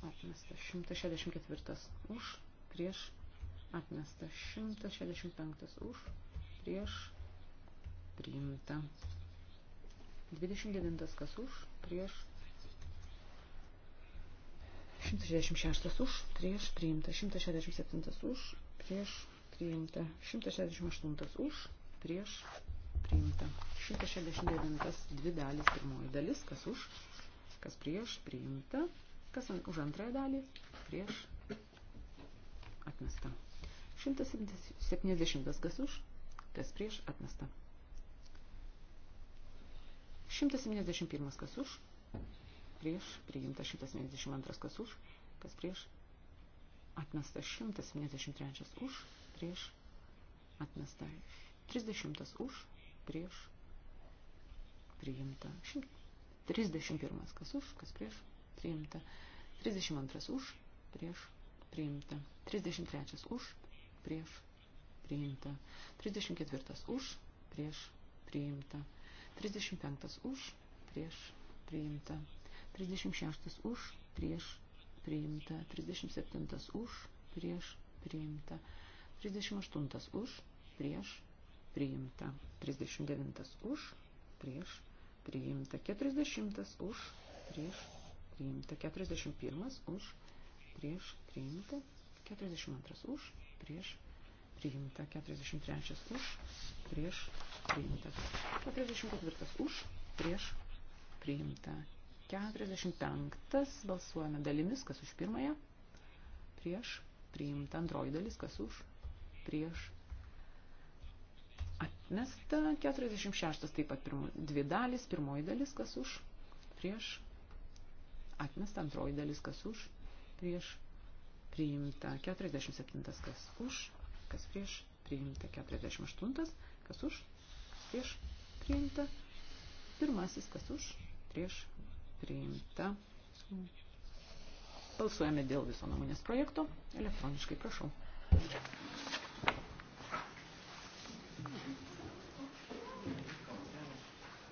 atmesta 164 už, prieš, atmesta 165 už, prieš, priimta 29 kas už, prieš, 166 už, prieš priimta, 167 už, prieš priimta, 168 už, prieš priimta, 169 dvi dalis, pirmoji dalis, kas už, kas prieš priimta, kas už antrąją dalį, prieš atmesta. 170 kas už, kas prieš atmesta. 171 kas už, prieš, priimta 172 kas už, kas prieš, atmesta 173 už, prieš, atmesta 30 už, prieš, priimta 31 kas už, kas prieš, priimta 32 už, prieš, priimta 33 už, prieš, priimta 34 už, prieš, priimta 35 už, prieš, priimta 36 už, prieš, priimta. 37 už, prieš, priimta. 38 už, prieš, priimta. 39 už, prieš, priimta. 40 už, prieš, priimta. 41 už, prieš, priimta. 42 už, prieš, priimta. 43 už, prieš, priimta. 44 už, prieš, priimta. 45 balsuojame dalimis, kas už pirmąją, prieš, priimta antroji dalis, kas už, prieš, atmesta, 46 taip pat pirmo, dvi dalis, pirmoji dalis, kas už, prieš, atmesta, antroji dalis, kas už, prieš, priimta, 47 kas už, kas prieš, priimta, 48 kas už, prieš, priimta, pirmasis kas už, prieš, priimta. Balsuojame dėl viso nuomonės projekto. Elektroniškai prašau.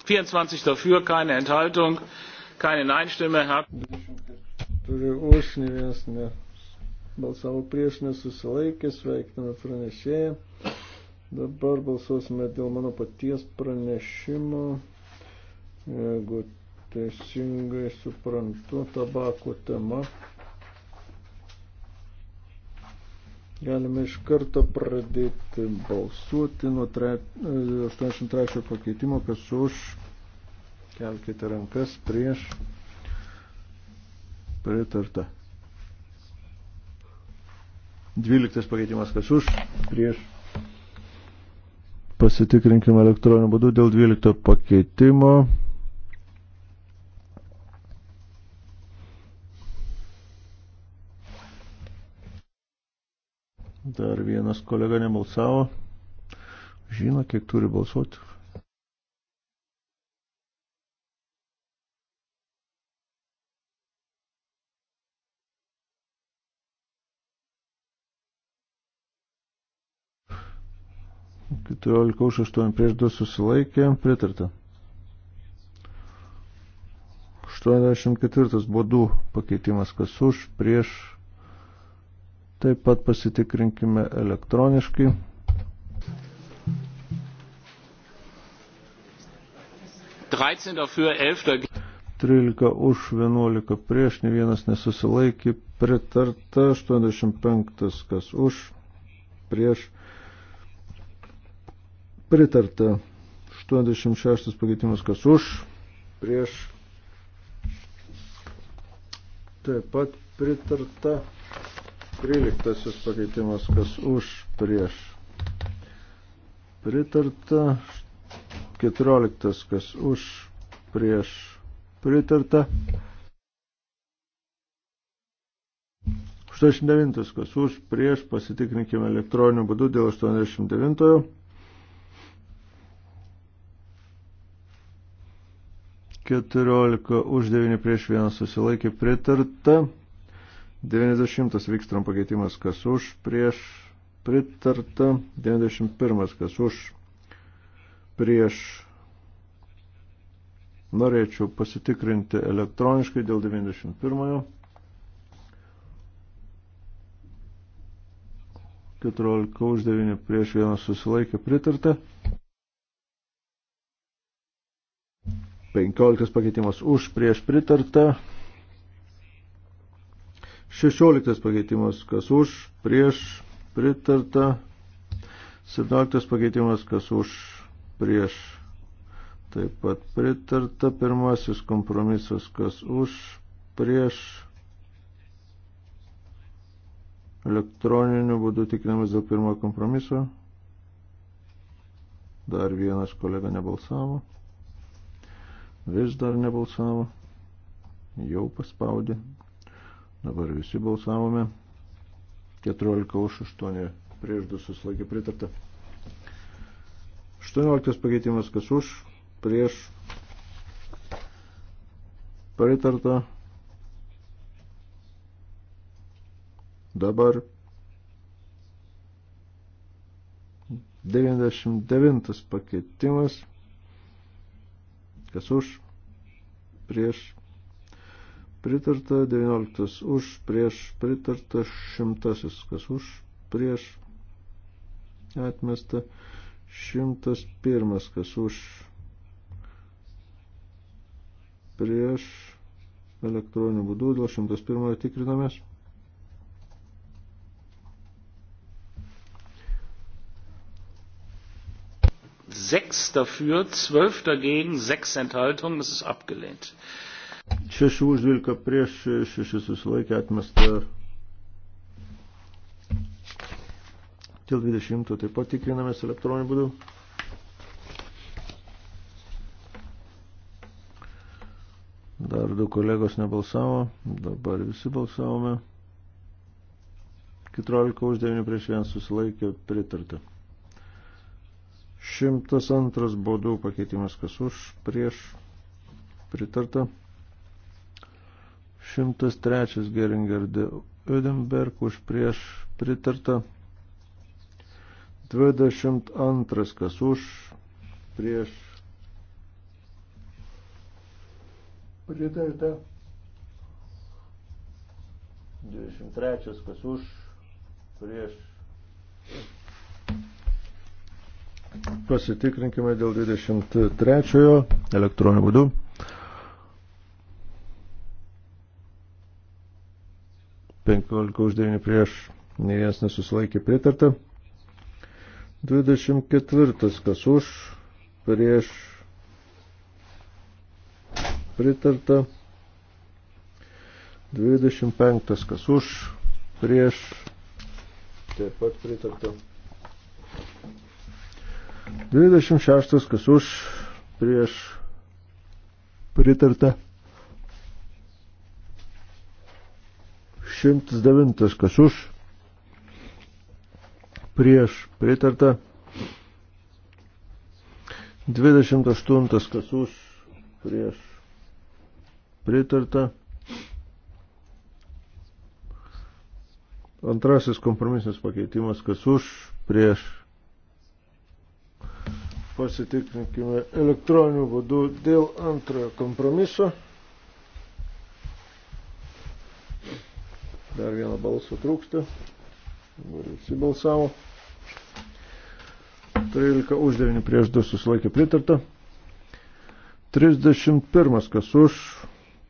dafür, keine Enthaltung, keine Nein-Stimme. Turiu už, ne vienas ne. Balsavo prieš, nesusilaikė, sveikiname pranešėją. Dabar balsuosime dėl mano paties pranešimo. Jeigu teisingai suprantu tabako temą, galime iš karto pradėti balsuoti nuo 83 e, pakeitimo, kas už, kelkite rankas prieš, pritarta. 12 pakeitimas, kas už, prieš. Pasitikrinkime elektroniniu būdu dėl 12 pakeitimo. Vienas kolega nebalsavo. Žino, kiek turi balsuoti. Keturiolika už aštuoni prieš du susilaikė, pritarta. 84 bodų pakeitimas, kas už, prieš Taip pat pasitikrinkime elektroniškai. Dafür, 11 už, 11 prieš, ne vienas nesusilaikė, pritarta 85, kas už, prieš, pritarta 86 pakeitimas, kas už, prieš, taip pat pritarta 13 pakeitimas, kas už, prieš. Pritarta. 14, kas už, prieš. Pritarta. 89, kas už, prieš, pasitikrinkime elektroniniu būdu dėl 89. Keturiolika už devyni prieš vieną susilaikė pritarta. 90 vykstram pakeitimas, kas už, prieš, pritarta, 91 kas už, prieš, norėčiau pasitikrinti elektroniškai dėl 91. 14 už 9 prieš 1 susilaikė pritarta. 15 pakeitimas už prieš pritarta. 16 pakeitimas, kas už, prieš, pritarta. 17 pakeitimas, kas už, prieš, taip pat pritarta. Pirmasis kompromisas, kas už, prieš. Elektroniniu būdu tikrinamas dėl pirmo kompromiso. Dar vienas kolega nebalsavo. Vis dar nebalsavo. Jau paspaudė Dabar visi balsavome. 14 už 8 prieš 2 susilaikė pritarta. 18 pakeitimas kas už, prieš pritarta. Dabar 99 pakeitimas kas už, prieš pritarta pritarta, 19 už, prieš pritarta, 100 kas už, prieš atmesta, 101 kas už, prieš elektroniniu būdu, dėl 101 tikrinamės. Sechs dafür, zwölf dagegen, sechs Enthaltungen, das ist abgelehnt. 6 už 12 prieš 6 susilaikė atmesta. Dėl 20 taip pat tikrinamės elektroniniu būdu. Dar du kolegos nebalsavo, dabar visi balsavome. 14 už 9 prieš 1 susilaikė pritarta. 102 baudų pakeitimas kas už prieš pritarta. 103 Geringardė Udenberg už prieš pritarta. 22 kas už prieš pritarta. 23 kas už prieš Pasitikrinkime dėl 23 elektroninių būdų. 15 už 9 prieš, nei vienas nesusilaikė pritarta. 24 kas už, prieš pritarta. 25 kas už, prieš taip pat pritarta. 26 kas už, prieš pritarta. 109 kas už, prieš pritarta, 28 kas už, prieš pritarta. Antrasis kompromisinis pakeitimas, kas už, prieš. Pasitikrinkime elektroniniu būdu dėl antrojo kompromiso. Dar vieną balsą trūksta. Dabar visi balsavo. 13 už 9 prieš 2 susilaikė pritarta. 31 kas už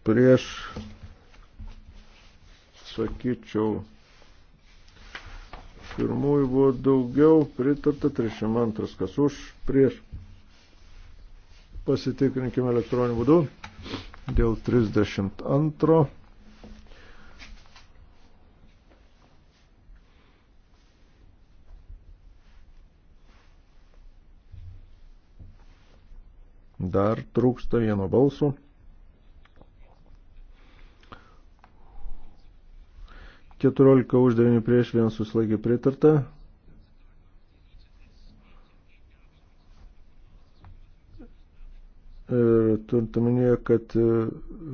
prieš, sakyčiau, pirmųjų buvo daugiau, pritarta 32 kas už prieš. Pasitikrinkime elektroniniu būdu dėl 32. Dar trūksta vieno balso. Keturiolika už devynių prieš vienas susilaikė pritarta. Ir turint omenyje, kad e,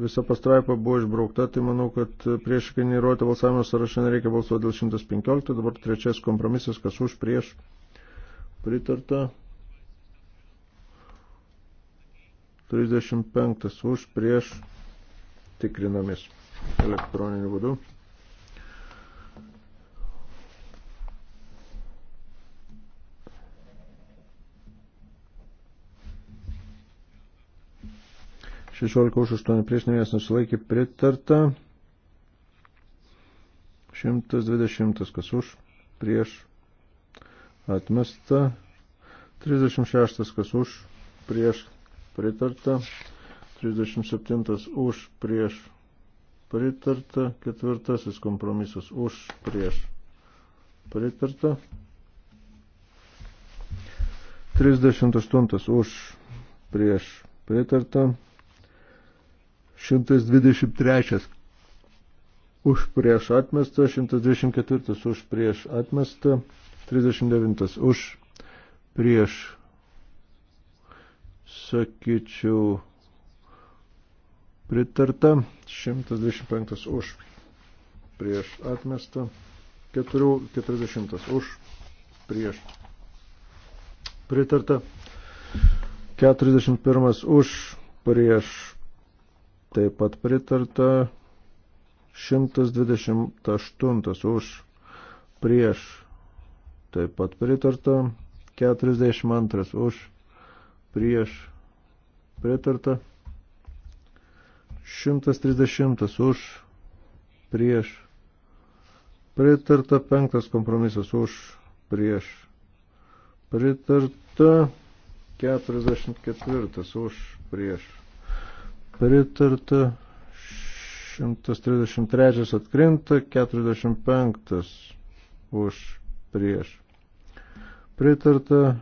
visa pastraipa buvo išbraukta, tai manau, kad prieš kai neįrodė balsavimo sąrašą nereikia balsuoti dėl 115, dabar trečias kompromisas, kas už prieš pritarta. 35 už prieš tikrinamis elektroniniu būdu. Šešiolika už aštuoni prieš nevės nusilaikė pritarta. 120 kas už prieš atmesta. 36 kas už prieš pritarta, 37 už prieš pritarta, ketvirtasis kompromisas už prieš pritarta, 38 už prieš pritarta, 123 už prieš atmestą, 124 už prieš atmestą, 39 už prieš sakyčiau, pritarta. 125 už prieš atmestą. 40 už prieš pritarta. 41 už prieš taip pat pritarta. 128 už prieš taip pat pritarta. 42 už prieš pritarta. 130 už prieš pritarta. Penktas kompromisas už prieš pritarta. 44 už prieš pritarta. 133 atkrinta, 45 už prieš. Pritarta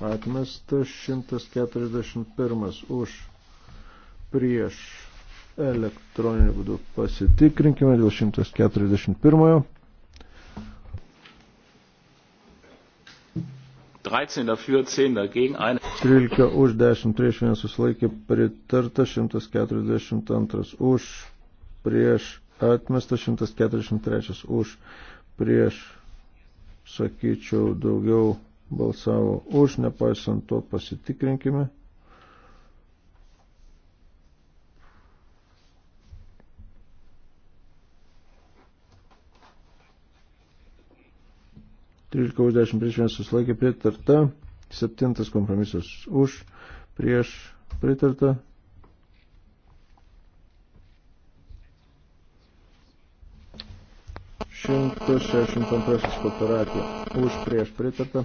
atmestas 141 už prieš elektroninį būdų pasitikrinkime dėl 141. 13 dafür, 10 dagegen, 1. 13 už 10 prieš 1 susilaikė pritarta 142 už prieš atmestas 143 už prieš sakyčiau daugiau balsavo už, nepaisant to pasitikrinkime. Trylika už dešimt prieš vienas susilaikė pritarta, septintas kompromisas už, prieš pritarta. Šimtas šešimt antrasis kooperatė už prieš pritarta.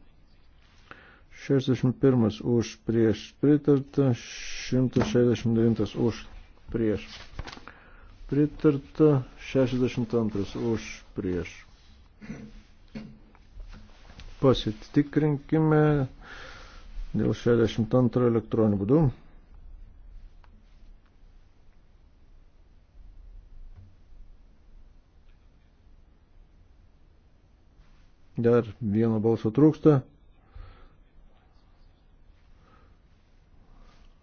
61 už prieš pritarta, 169 už prieš pritarta, 62 už prieš. Pasitikrinkime dėl 62 elektroninių būdų. Dar vieno balso trūksta.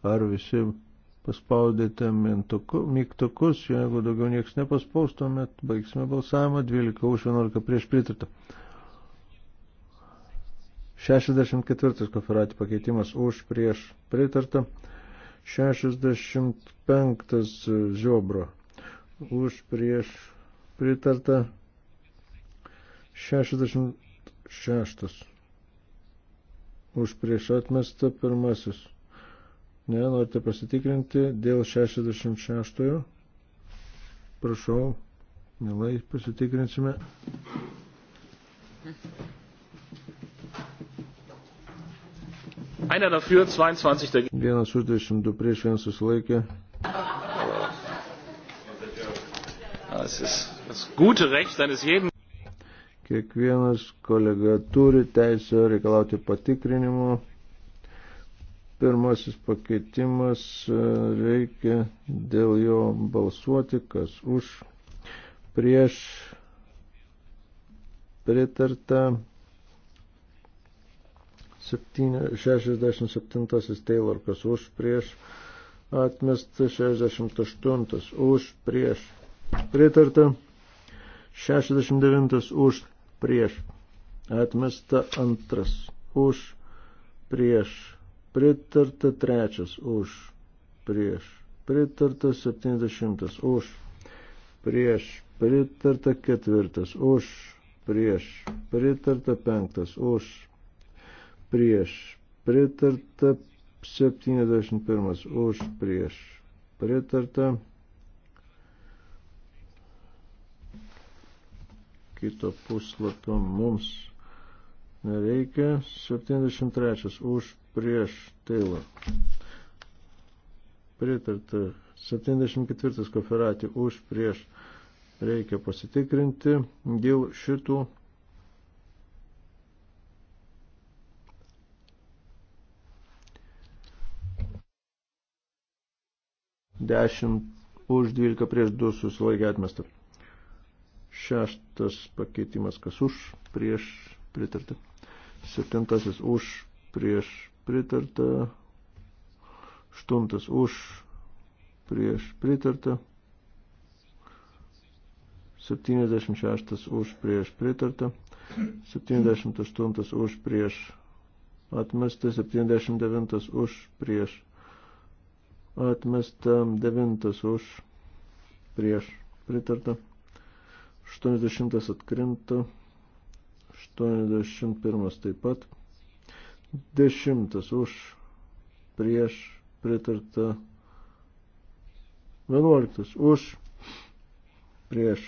Ar visi paspaudėte mintuku, mygtukus, jeigu daugiau niekas nepaspaus, tuomet baigsime balsavimą 12 už 11 prieš pritartą. 64 koferatį pakeitimas už prieš pritartą. 65 žiobro už prieš pritartą. 66 už prieš atmestą pirmasis Ne, norite pasitikrinti dėl 66. Prašau, mielai pasitikrinsime. Einer dafür, 22 dagegen. Vienas už 22 prieš, vienas susilaikė. Das ist das gute Recht eines jeden. Kiekvienas kolega turi teisę reikalauti patikrinimo. Pirmasis pakeitimas e, reikia dėl jo balsuoti, kas už, prieš, pritarta. 67 Taylor, kas už, prieš, atmesta 68, už, prieš, pritarta. 69 už, prieš, atmesta antras, už, prieš pritarta trečias už, prieš, pritarta septyniasdešimtas už, prieš, pritarta ketvirtas už, prieš, pritarta penktas už, prieš, pritarta septyniasdešimt pirmas už, prieš, pritarta. Kito puslapio mums Nereikia. 73 už prieš Taylor. Pritarta. 74 koferatį už prieš. Reikia pasitikrinti dėl šitų. Dešimt už 12 prieš 2 susilaikė atmestą. Šeštas pakeitimas kas už prieš pritartą. Septintasis už prieš pritarta. Aštuntas už prieš pritarta. 76 už prieš pritarta. 78 už prieš atmesta. 79 už prieš atmesta. 9 už prieš pritarta. 80 atkrinta. 81 taip pat. 10 už prieš pritarta. 11 už prieš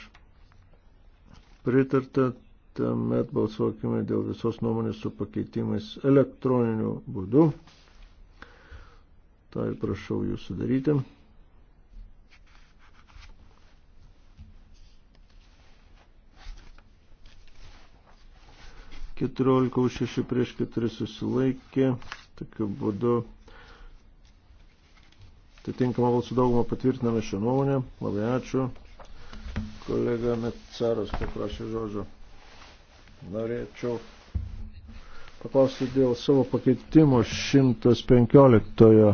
pritarta. Tuomet balsuokime dėl visos nuomonės su pakeitimais elektroniniu būdu. Tai prašau jūsų daryti. 14 už 6 prieš 4 susilaikė. Tokiu būdu atitinkamą balsų daugumą patvirtiname šią nuomonę. Labai ačiū. Kolega Mecaras paprašė žodžio. Norėčiau paklausyti dėl savo pakeitimo 115. -ojo.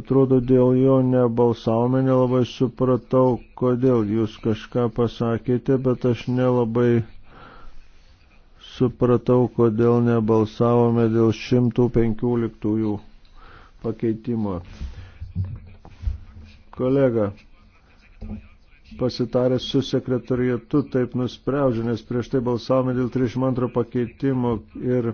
Atrodo, dėl jo nebalsavome, nelabai supratau, kodėl jūs kažką pasakėte, bet aš nelabai supratau, kodėl nebalsavome dėl 115 pakeitimo. Kolega, pasitaręs su sekretorijatu, taip nusprendžiu, nes prieš tai balsavome dėl 32 pakeitimo ir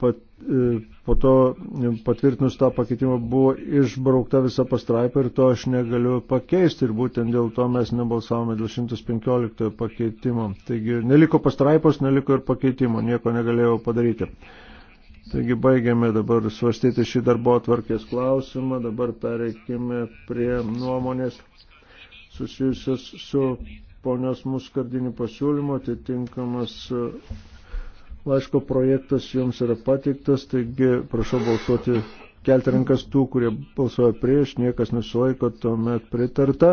pat, e, po to e, patvirtinus tą pakeitimą buvo išbraukta visa pastraipa ir to aš negaliu pakeisti ir būtent dėl to mes nebalsavome dėl 115 pakeitimo. Taigi neliko pastraipos, neliko ir pakeitimo, nieko negalėjau padaryti. Taigi baigiame dabar svarstyti šį darbo atvarkės klausimą, dabar pereikime prie nuomonės susijusios su ponios muskardinių pasiūlymo atitinkamas Laiško projektas jums yra pateiktas, taigi prašau balsuoti, kelti rankas tų, kurie balsuoja prieš, niekas nesilaiko, tuomet pritarta.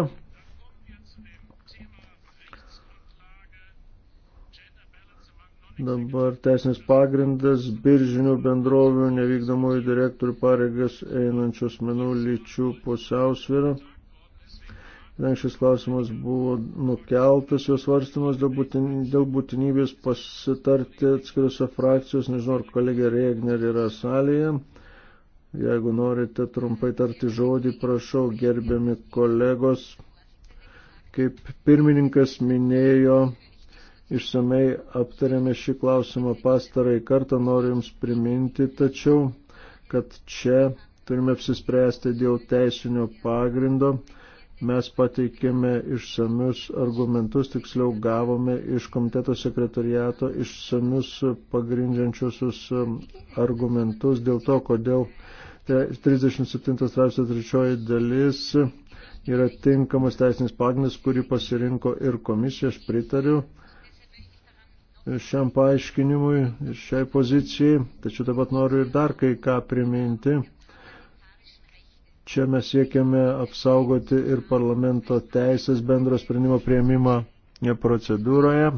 Dabar teisinis pagrindas biržinių bendrovių nevykdomųjų direktorių pareigas einančios menų lyčių pusiausvėra kadangi šis klausimas buvo nukeltas, jos svarstymas dėl, būtin, dėl būtinybės pasitarti atskiriuose frakcijos, nežinau, ar kolegė Regner yra salėje. Jeigu norite trumpai tarti žodį, prašau, gerbiami kolegos, kaip pirmininkas minėjo, išsamei aptarėme šį klausimą pastarai kartą, noriu Jums priminti, tačiau, kad čia turime apsispręsti dėl teisinio pagrindo mes pateikėme išsamius argumentus, tiksliau gavome iš komiteto sekretariato išsamius pagrindžiančiusius argumentus dėl to, kodėl 37 straipsnio trečioji dalis yra tinkamas teisinis pagrindas, kurį pasirinko ir komisija, aš pritariu šiam paaiškinimui ir šiai pozicijai, tačiau taip pat noriu ir dar kai ką priminti Čia mes siekiame apsaugoti ir parlamento teisės bendro sprendimo prieimimo procedūroje.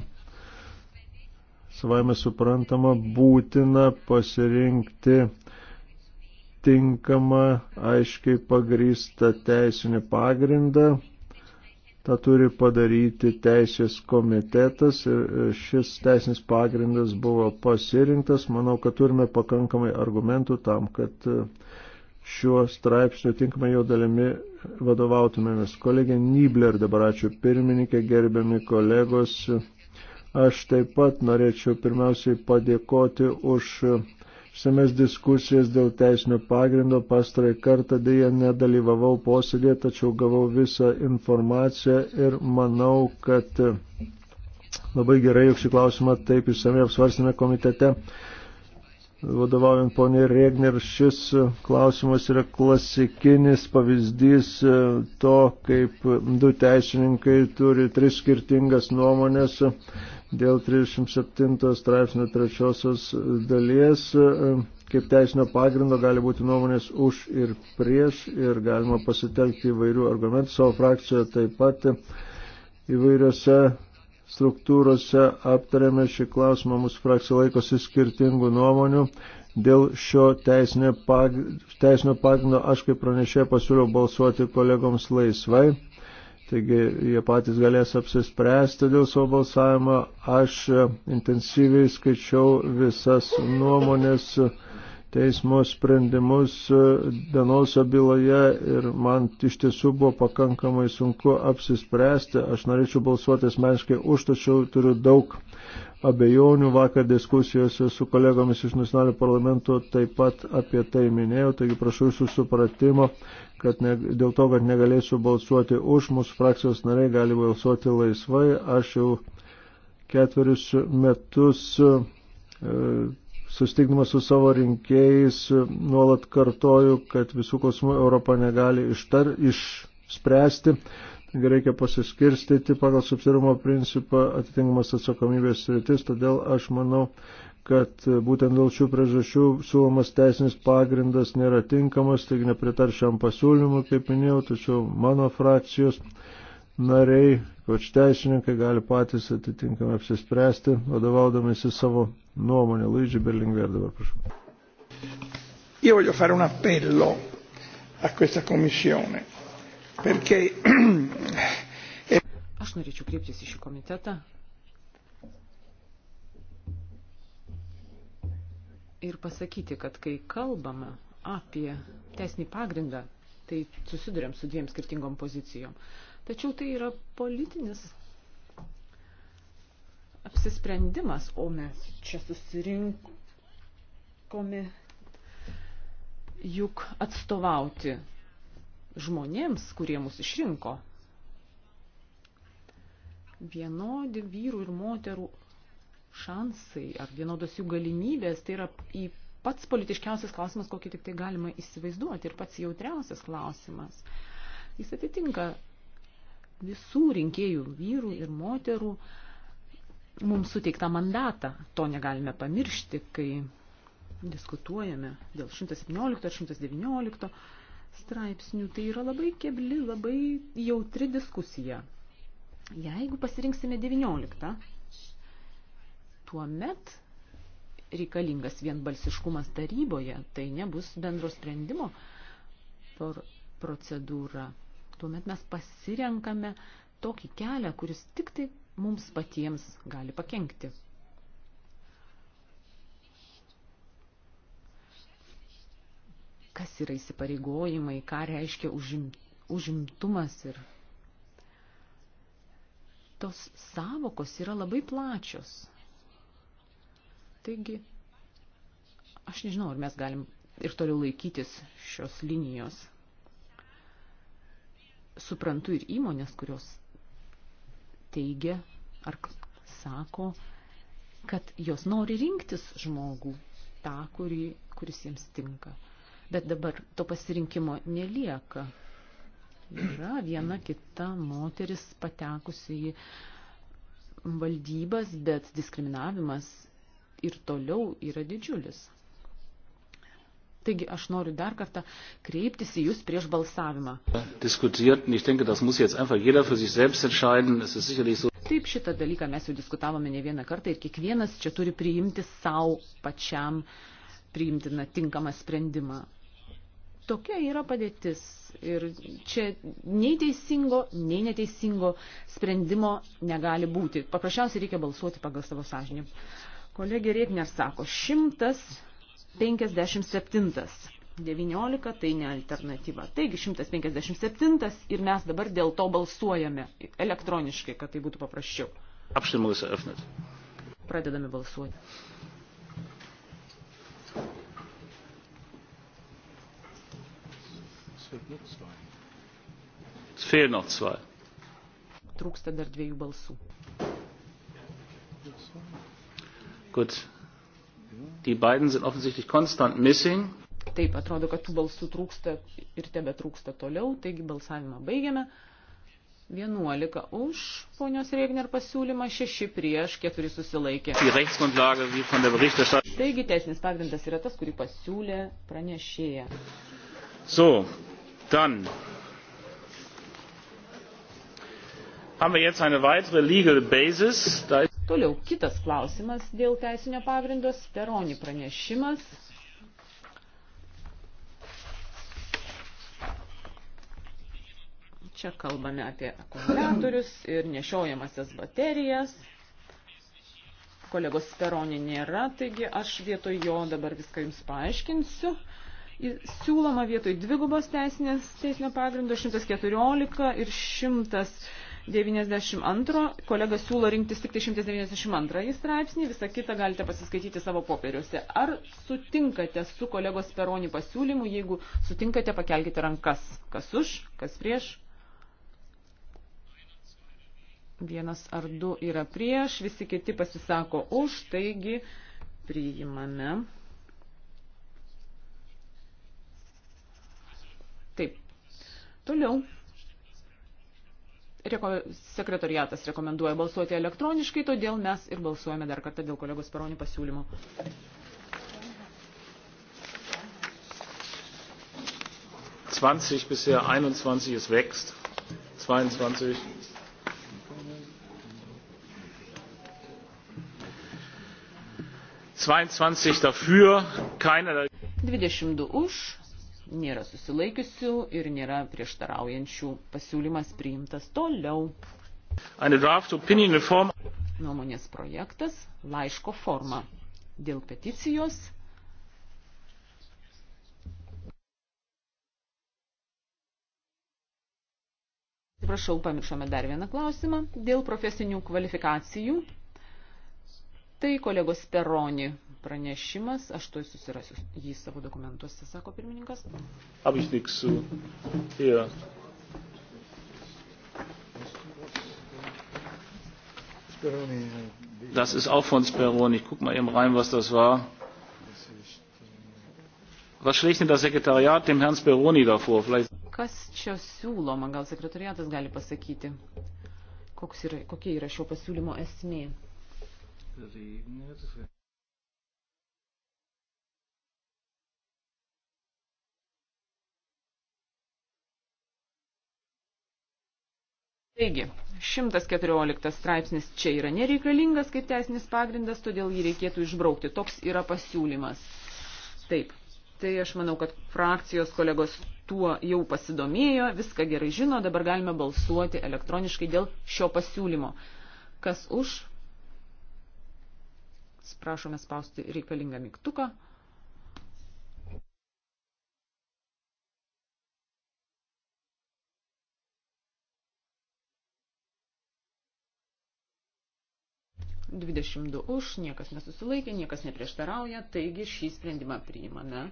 Savaime suprantama, būtina pasirinkti tinkamą, aiškiai pagrįstą teisinį pagrindą. Ta turi padaryti teisės komitetas ir e, šis teisinis pagrindas buvo pasirinktas. Manau, kad turime pakankamai argumentų tam, kad uh, šiuo straipsniu tinkamai jo dalimi vadovautumėmės. Kolegė Nibler, dabar ačiū pirmininkė, gerbiami kolegos. Aš taip pat norėčiau pirmiausiai padėkoti už Semes diskusijas dėl teisinio pagrindo pastarai kartą dėja nedalyvavau posėdėje, tačiau gavau visą informaciją ir manau, kad labai gerai, jog šį klausimą taip išsamei apsvarstėme komitete vadovaujant ponė Regner, šis klausimas yra klasikinis pavyzdys e, to, kaip du teisininkai turi tris skirtingas nuomonės dėl 37 straipsnio trečiosios dalies. E, kaip teisinio pagrindo gali būti nuomonės už ir prieš ir galima pasitelkti įvairių argumentų savo frakcijoje taip pat įvairiose struktūrose aptarėme šį klausimą, mūsų frakcija laikosi skirtingų nuomonių. Dėl šio teisinio pagrindo aš kaip pranešė pasiūliau balsuoti kolegoms laisvai. Taigi jie patys galės apsispręsti dėl savo balsavimo. Aš intensyviai skaičiau visas nuomonės teismo sprendimus e, Denoso byloje ir man iš tiesų buvo pakankamai sunku apsispręsti. Aš norėčiau balsuoti asmeniškai už, tačiau turiu daug abejonių. Vakar diskusijose su kolegomis iš nacionalinio parlamento taip pat apie tai minėjau, taigi prašau jūsų supratimo, kad ne, dėl to, kad negalėsiu balsuoti už, mūsų frakcijos nariai gali balsuoti laisvai. Aš jau ketverius metus. E, sustikdamas su savo rinkėjais nuolat kartoju, kad visų klausimų Europa negali ištar, išspręsti. Reikia pasiskirstyti pagal subsidarumo principą atitinkamas atsakomybės sritis, todėl aš manau, kad būtent dėl šių priežasčių siūlomas teisinis pagrindas nėra tinkamas, taigi nepritaršiam pasiūlymui, kaip minėjau, tačiau mano frakcijos nariai, ypač teisininkai, gali patys atitinkamai apsispręsti, vadovaudamasi savo nuomonę. Luigi Berlingver dabar, prašau. Io voglio fare un appello a questa commissione, perché... Aš norėčiau kreiptis į šį komitetą ir pasakyti, kad kai kalbame apie teisinį pagrindą, tai susidurėm su dviem skirtingom pozicijom. Tačiau tai yra politinis apsisprendimas, o mes čia susirinkome juk atstovauti žmonėms, kurie mus išrinko. Vienodi vyrų ir moterų šansai ar vienodos jų galimybės, tai yra į pats politiškiausias klausimas, kokį tik tai galima įsivaizduoti ir pats jautriausias klausimas. Jis atitinka visų rinkėjų, vyrų ir moterų, mums suteiktą mandatą. To negalime pamiršti, kai diskutuojame dėl 117 ar 119 straipsnių. Tai yra labai kebli, labai jautri diskusija. Jeigu pasirinksime 19, tuomet reikalingas vienbalsiškumas taryboje, tai nebus bendro sprendimo procedūra tuomet mes pasirenkame tokį kelią, kuris tik tai mums patiems gali pakengti. Kas yra įsipareigojimai, ką reiškia užim, užimtumas ir tos savokos yra labai plačios. Taigi, aš nežinau, ar mes galim ir toliau laikytis šios linijos suprantu ir įmonės, kurios teigia ar sako, kad jos nori rinktis žmogų tą, kurį, kuris jiems tinka. Bet dabar to pasirinkimo nelieka. Yra viena kita moteris patekusi į valdybas, bet diskriminavimas ir toliau yra didžiulis. Taigi aš noriu dar kartą kreiptis į Jūs prieš balsavimą. Taip šitą dalyką mes jau diskutavome ne vieną kartą ir kiekvienas čia turi priimti savo pačiam priimtiną tinkamą sprendimą. Tokia yra padėtis ir čia nei teisingo, nei neteisingo sprendimo negali būti. Paprasčiausiai reikia balsuoti pagal savo sąžinį. Kolegė Rėkner sako, šimtas 157. 19 tai ne alternatyva. Taigi 157 ir mes dabar dėl to balsuojame elektroniškai, kad tai būtų paprasčiau. Apštimus eröffnet. Pradedame balsuoti. Es fehlen noch zwei. Trūksta dar dviejų balsų. Gut, Die beiden sind offensichtlich constant missing. Taip, atrodo, kad tų balsų trūksta ir tebe trūksta toliau, taigi balsavimą baigiame. 11 už ponios Regner pasiūlymą, 6 prieš, 4 susilaikė. Taigi teisinis pagrindas yra tas, kurį pasiūlė pranešėja. So, dann haben wir jetzt eine weitere legal basis. Da Toliau kitas klausimas dėl teisinio pagrindos. Peroni pranešimas. Čia kalbame apie akumuliatorius ir nešiojamasias baterijas. Kolegos Peroni nėra, taigi aš vietoj jo dabar viską jums paaiškinsiu siūloma vietoj dvigubos teisinės teisinio pagrindo 114 ir 100. 92, kolega siūlo rinktis tik 192 tai straipsnį, visą kitą galite pasiskaityti savo popieriuose. Ar sutinkate su kolegos Peroni pasiūlymu, jeigu sutinkate, pakelkite rankas. Kas už, kas prieš? Vienas ar du yra prieš, visi kiti pasisako už, taigi priimame. Taip. Toliau reko, sekretariatas rekomenduoja balsuoti elektroniškai, todėl mes ir balsuojame dar kartą dėl kolegos Peronį pasiūlymo. zwanzig bisher einundzwanzig es wächst zweiundzwanzig zweiundzwanzig dafür keine dagegen nėra susilaikiusių ir nėra prieštaraujančių. Pasiūlymas priimtas toliau. Nuomonės projektas laiško forma dėl peticijos. Atsiprašau, pamiršome dar vieną klausimą dėl profesinių kvalifikacijų. Tai kolegos Peroni pranešimas, aš tuoj susirasiu jį savo dokumentuose, sako pirmininkas. Abištiksiu. E, yeah. Das ist auch von Speroni. Ich guck mal eben rein, was das war. Was schlägt denn das Sekretariat dem Herrn Speroni davor? Vielleicht Kas čia siūloma, gal sekretariatas gali pasakyti, koks yra, kokia yra šio pasiūlymo esmė? Regnet. Taigi, 114 straipsnis čia yra nereikalingas kaip teisinis pagrindas, todėl jį reikėtų išbraukti. Toks yra pasiūlymas. Taip. Tai aš manau, kad frakcijos kolegos tuo jau pasidomėjo, viską gerai žino, dabar galime balsuoti elektroniškai dėl šio pasiūlymo. Kas už? Prašome spausti reikalingą mygtuką. 22 už, niekas nesusilaikė, niekas neprieštarauja, taigi šį sprendimą priimame.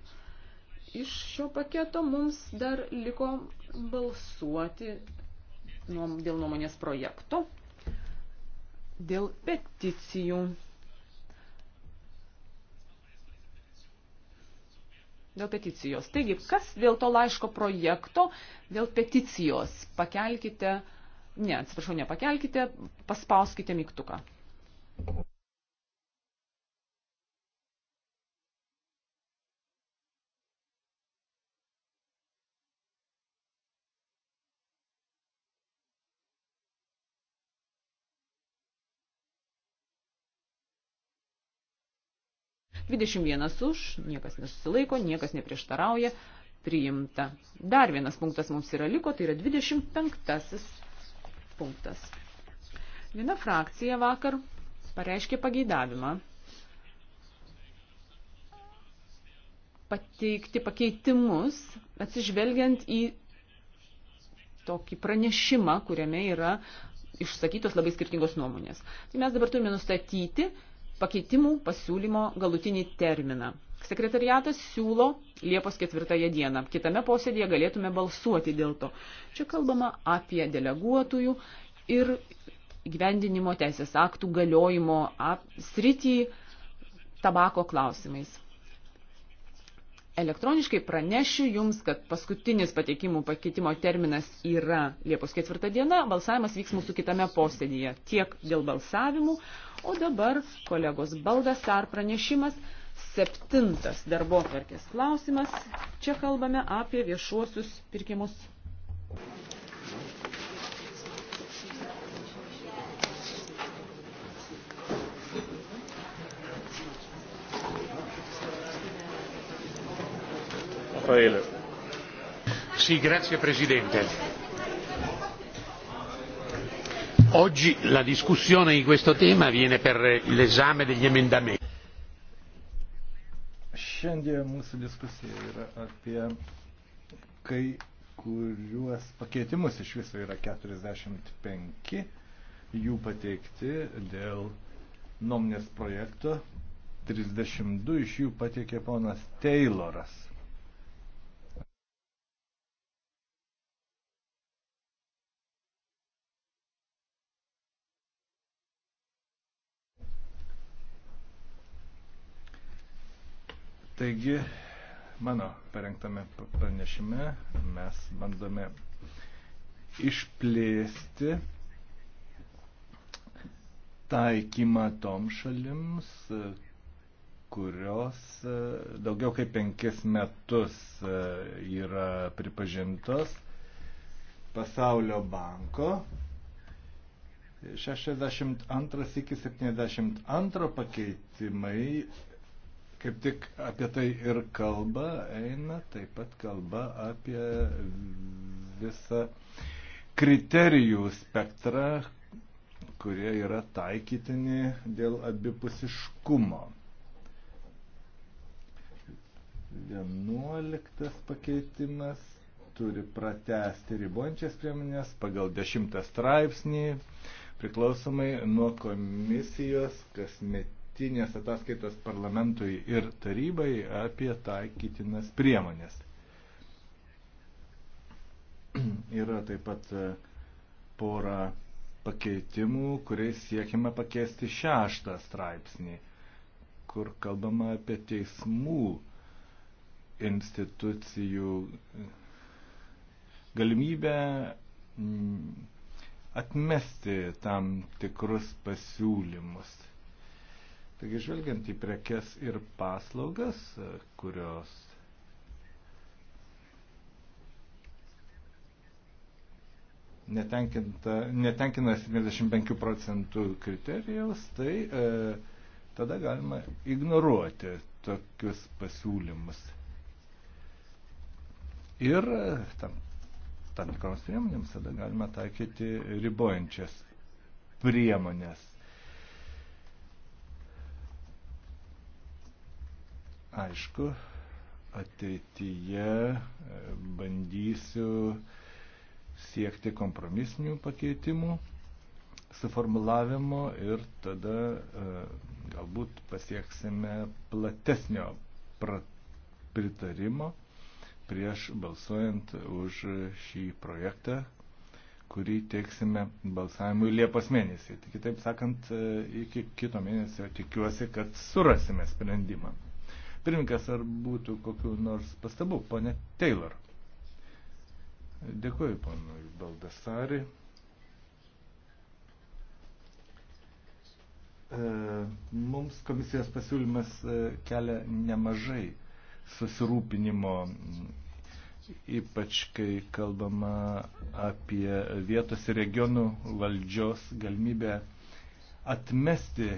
Iš šio paketo mums dar liko balsuoti nuom, dėl nuomonės projekto, dėl peticijų. Dėl peticijos. Taigi, kas dėl to laiško projekto, dėl peticijos? Pakelkite, ne, atsiprašau, nepakelkite, paspauskite mygtuką. 21 už, niekas nesusilaiko, niekas neprieštarauja, priimta. Dar vienas punktas mums yra liko, tai yra 25 punktas. Viena frakcija vakar pareiškė pageidavimą pateikti pakeitimus, atsižvelgiant į tokį pranešimą, kuriame yra išsakytos labai skirtingos nuomonės. Tai mes dabar turime nustatyti pakeitimų pasiūlymo galutinį terminą. Sekretariatas siūlo Liepos ketvirtąją dieną. Kitame posėdėje galėtume balsuoti dėl to. Čia kalbama apie deleguotųjų ir gyvendinimo teisės aktų galiojimo sritį tabako klausimais. Elektroniškai pranešiu Jums, kad paskutinis pateikimų pakeitimo terminas yra Liepos 4 diena, balsavimas vyks mūsų kitame posėdėje tiek dėl balsavimų, o dabar kolegos baldas ar pranešimas. Septintas darbo tvarkės klausimas. Čia kalbame apie viešuosius pirkimus. Raffaele. Sì, grazie Presidente. Oggi la discussione di questo tema viene per l'esame degli emendamenti. Šiandien mūsų diskusija yra apie kai kuriuos pakeitimus iš viso yra 45, jų pateikti dėl nuomonės projekto, 32 iš jų pateikė ponas Tayloras. Taigi, mano parengtame pranešime mes bandome išplėsti taikymą tom šalims, kurios daugiau kaip penkis metus yra pripažintos pasaulio banko 62 iki 72 pakeitimai kaip tik apie tai ir kalba eina, taip pat kalba apie visą kriterijų spektrą, kurie yra taikytini dėl abipusiškumo. 11 pakeitimas turi pratesti ribojančias priemonės pagal 10 straipsnį priklausomai nuo komisijos kasmet metinės ataskaitas parlamentui ir tarybai apie taikytinas priemonės. Yra taip pat e, pora pakeitimų, kuriais siekime pakeisti šeštą straipsnį, kur kalbama apie teismų institucijų galimybę mm, atmesti tam tikrus pasiūlymus. Taigi žvelgiant į prekes ir paslaugas, kurios netenkina 75 procentų kriterijaus, tai e, tada galima ignoruoti tokius pasiūlymus. Ir e, tam, tam tikroms priemonėms tada galima taikyti ribojančias priemonės. Aišku, ateityje e, bandysiu siekti kompromisinių pakeitimų suformulavimo ir tada e, galbūt pasieksime platesnio pritarimo prieš balsuojant už šį projektą, kurį teiksime balsavimui Liepos mėnesį. Kitaip sakant, e, iki kito mėnesio tikiuosi, kad surasime sprendimą. Pirmininkas, ar būtų kokiu nors pastabu, ponė Taylor? Dėkuoju, ponui Baldasari. E, mums komisijos pasiūlymas e, kelia nemažai susirūpinimo, ypač kai kalbama apie vietos ir regionų valdžios galimybę atmesti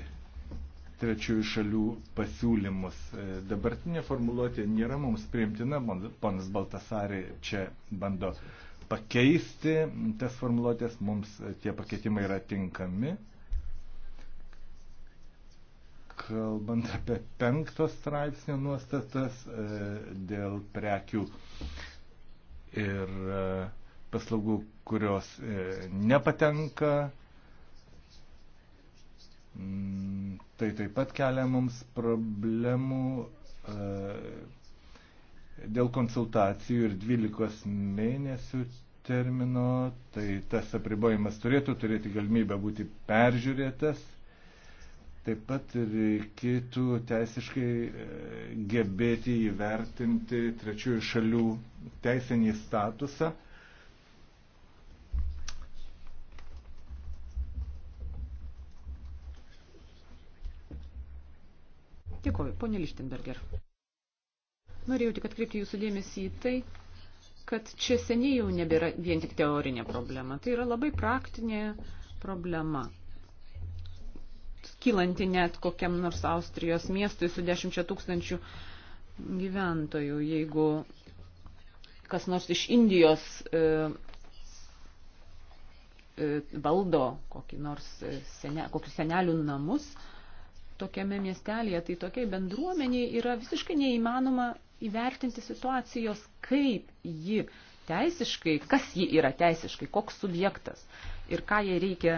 trečiųjų šalių pasiūlymus. E, dabartinė formuluotė nėra mums priimtina, ponas Baltasarė čia bando pakeisti tas formuluotės, mums tie pakeitimai yra tinkami. Kalbant apie penktos straipsnio nuostatas e, dėl prekių ir e, paslaugų, kurios nepatenka Mm, tai taip pat kelia mums problemų e, dėl konsultacijų ir 12 mėnesių termino, tai tas apribojimas turėtų turėti galimybę būti peržiūrėtas. Taip pat reikėtų teisiškai e, gebėti įvertinti trečiųjų šalių teisinį statusą Dėkoju. Pone Lichtenberger. Norėjau tik atkreipti jūsų dėmesį į tai, kad čia seniai jau nebėra vien tik teorinė problema. Tai yra labai praktinė problema. Kylanti net kokiam nors Austrijos miestui su dešimčia tūkstančių gyventojų, jeigu kas nors iš Indijos e, e, valdo kokį nors e, sene, kokius senelių namus, e, tokiame miestelėje, tai tokiai bendruomeniai yra visiškai neįmanoma įvertinti situacijos, kaip ji teisiškai, kas ji yra teisiškai, koks subjektas ir ką jai reikia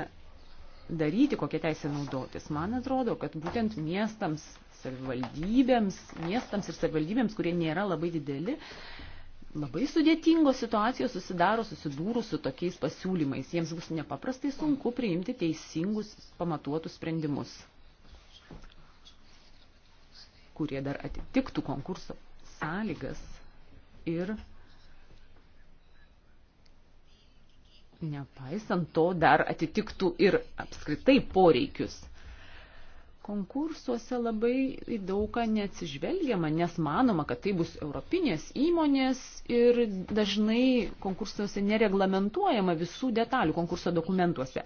daryti, kokią teisę naudotis. Man atrodo, kad būtent miestams, savivaldybėms, miestams ir savivaldybėms, kurie nėra labai dideli, labai sudėtingos situacijos susidaro susidūrus su tokiais pasiūlymais. Jiems bus nepaprastai sunku priimti teisingus, pamatuotus sprendimus kurie dar atitiktų konkurso sąlygas ir nepaisant to dar atitiktų ir apskritai poreikius. Konkursuose labai į daugą neatsižvelgiama, nes manoma, kad tai bus europinės įmonės ir dažnai konkursuose nereglamentuojama visų detalių konkurso dokumentuose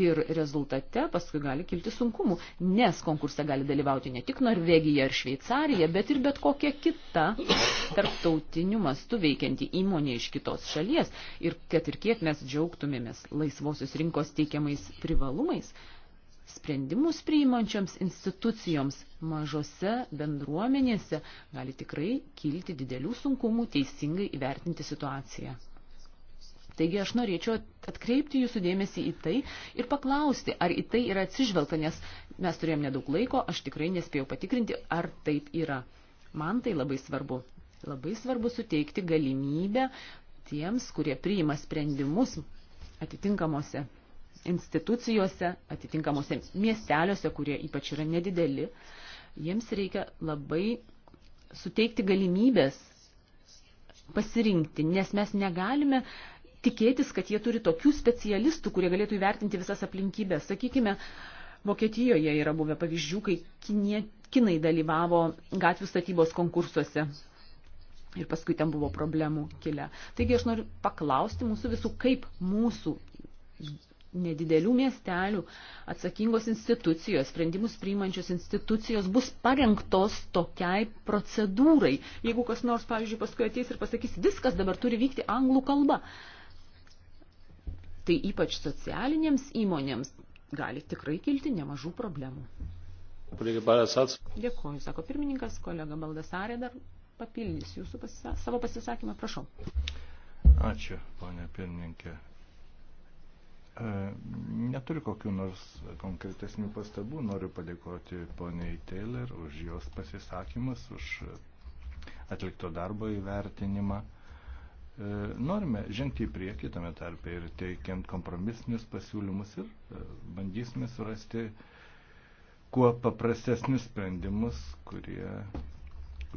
ir rezultate paskui gali kilti sunkumų, nes konkurse gali dalyvauti ne tik Norvegija ir Šveicarija, bet ir bet kokia kita tarptautiniu mastu veikianti įmonė iš kitos šalies. Ir kad ir kiek mes džiaugtumėmės laisvosios rinkos teikiamais privalumais, sprendimus priimančioms institucijoms mažose bendruomenėse gali tikrai kilti didelių sunkumų teisingai įvertinti situaciją. Taigi aš norėčiau atkreipti jūsų dėmesį į tai ir paklausti, ar į tai yra atsižvelgta, nes mes turėjom nedaug laiko, aš tikrai nespėjau patikrinti, ar taip yra. Man tai labai svarbu. Labai svarbu suteikti galimybę tiems, kurie priima sprendimus atitinkamuose institucijose, atitinkamuose miesteliuose, kurie ypač yra nedideli, jiems reikia labai suteikti galimybės pasirinkti, nes mes negalime tikėtis, kad jie turi tokių specialistų, kurie galėtų įvertinti visas aplinkybės. Sakykime, Vokietijoje yra buvę pavyzdžių, kai kinie, kinai dalyvavo gatvių statybos konkursuose. Ir paskui ten buvo problemų kilę. Taigi aš noriu paklausti mūsų visų, kaip mūsų nedidelių miestelių atsakingos institucijos, sprendimus priimančios institucijos bus parengtos tokiai procedūrai. Jeigu kas nors, pavyzdžiui, paskui ateis ir pasakys, viskas dabar turi vykti anglų kalba. Uh, tai ypač socialinėms įmonėms gali tikrai kilti nemažų problemų. Dėkuoju, sako pirmininkas, kolega Baldasarė dar papildys jūsų pasisa savo pasisakymą, prašau. Ačiū, ponė pirmininkė. E, neturiu kokiu nors konkretesnių pastabų, noriu padėkoti poniai Taylor už jos pasisakymus, už atlikto darbo įvertinimą. E, norime žengti į priekį tame tarpe ir teikiant kompromisinius pasiūlymus ir e, bandysime surasti kuo paprastesnius sprendimus, kurie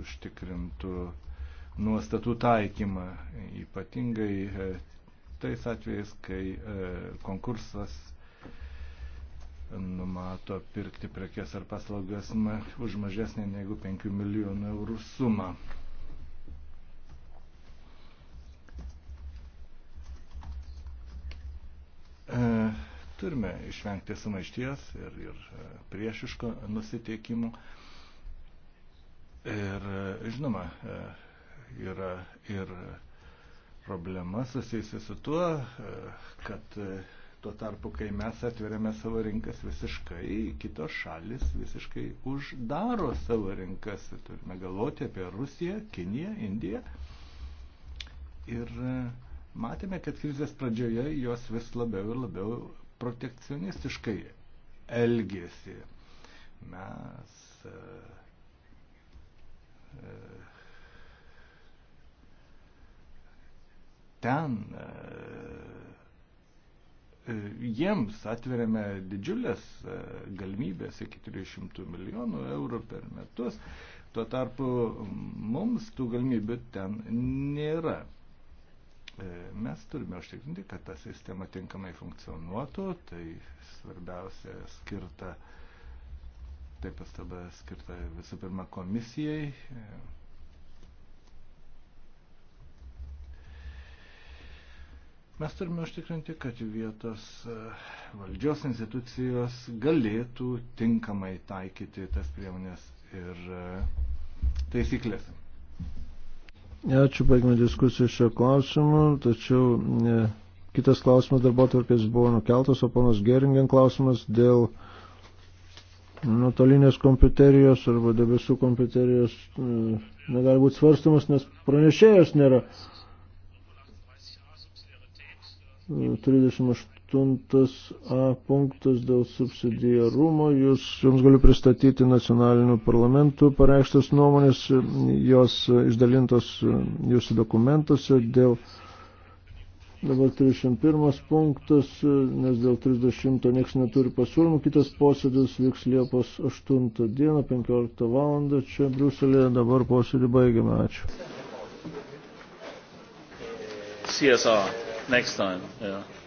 užtikrintų nuostatų taikymą, ypatingai e, tais atvejais, kai konkursas numato pirkti prekes ar paslaugas už mažesnį negu 5 milijonų eurų sumą. E, turime išvengti sumaišties ir, ir e, priešiško nusiteikimų. Ir e, žinoma, yra ir problema susijusi su tuo, kad tuo tarpu, kai mes atveriame savo rinkas visiškai, kitos šalis visiškai uždaro savo rinkas. Turime galvoti apie Rusiją, Kiniją, Indiją. Ir uh, Matėme, kad krizės pradžioje jos vis labiau ir labiau protekcionistiškai elgėsi. Mes e, e, ten e, jiems atveriame didžiulės galimybės iki 300 milijonų eurų per metus, tuo tarpu mums tų galimybių ten nėra. E, mes turime užtikrinti, kad ta sistema tinkamai funkcionuotų, tai svarbiausia skirta, taip pastaba skirta visų pirma komisijai. E, mes turime užtikrinti, kad vietos e, valdžios institucijos galėtų tinkamai taikyti tas priemonės ir taisyklės. Ačiū, baigime diskusiją šio klausimu, tačiau ne, kitas klausimas darbo tvarkės buvo nukeltas, o ponas Geringen klausimas dėl nuotolinės kompiuterijos arba debesų kompiuterijos ne, negali būti svarstamas, nes pranešėjos nėra. 38 e, 8a punktas dėl subsidijarumo. Jūs, jums galiu pristatyti nacionalinių parlamentų pareikštas nuomonės, jos išdalintos jūsų dokumentuose dėl dabar 31 punktas, nes dėl 30 nieks neturi pasiūlymų. Kitas posėdis vyks Liepos 8 dieną, 15 val. čia Briuselėje. Dabar posėdį baigiame. Ačiū. CSR next time. Yeah.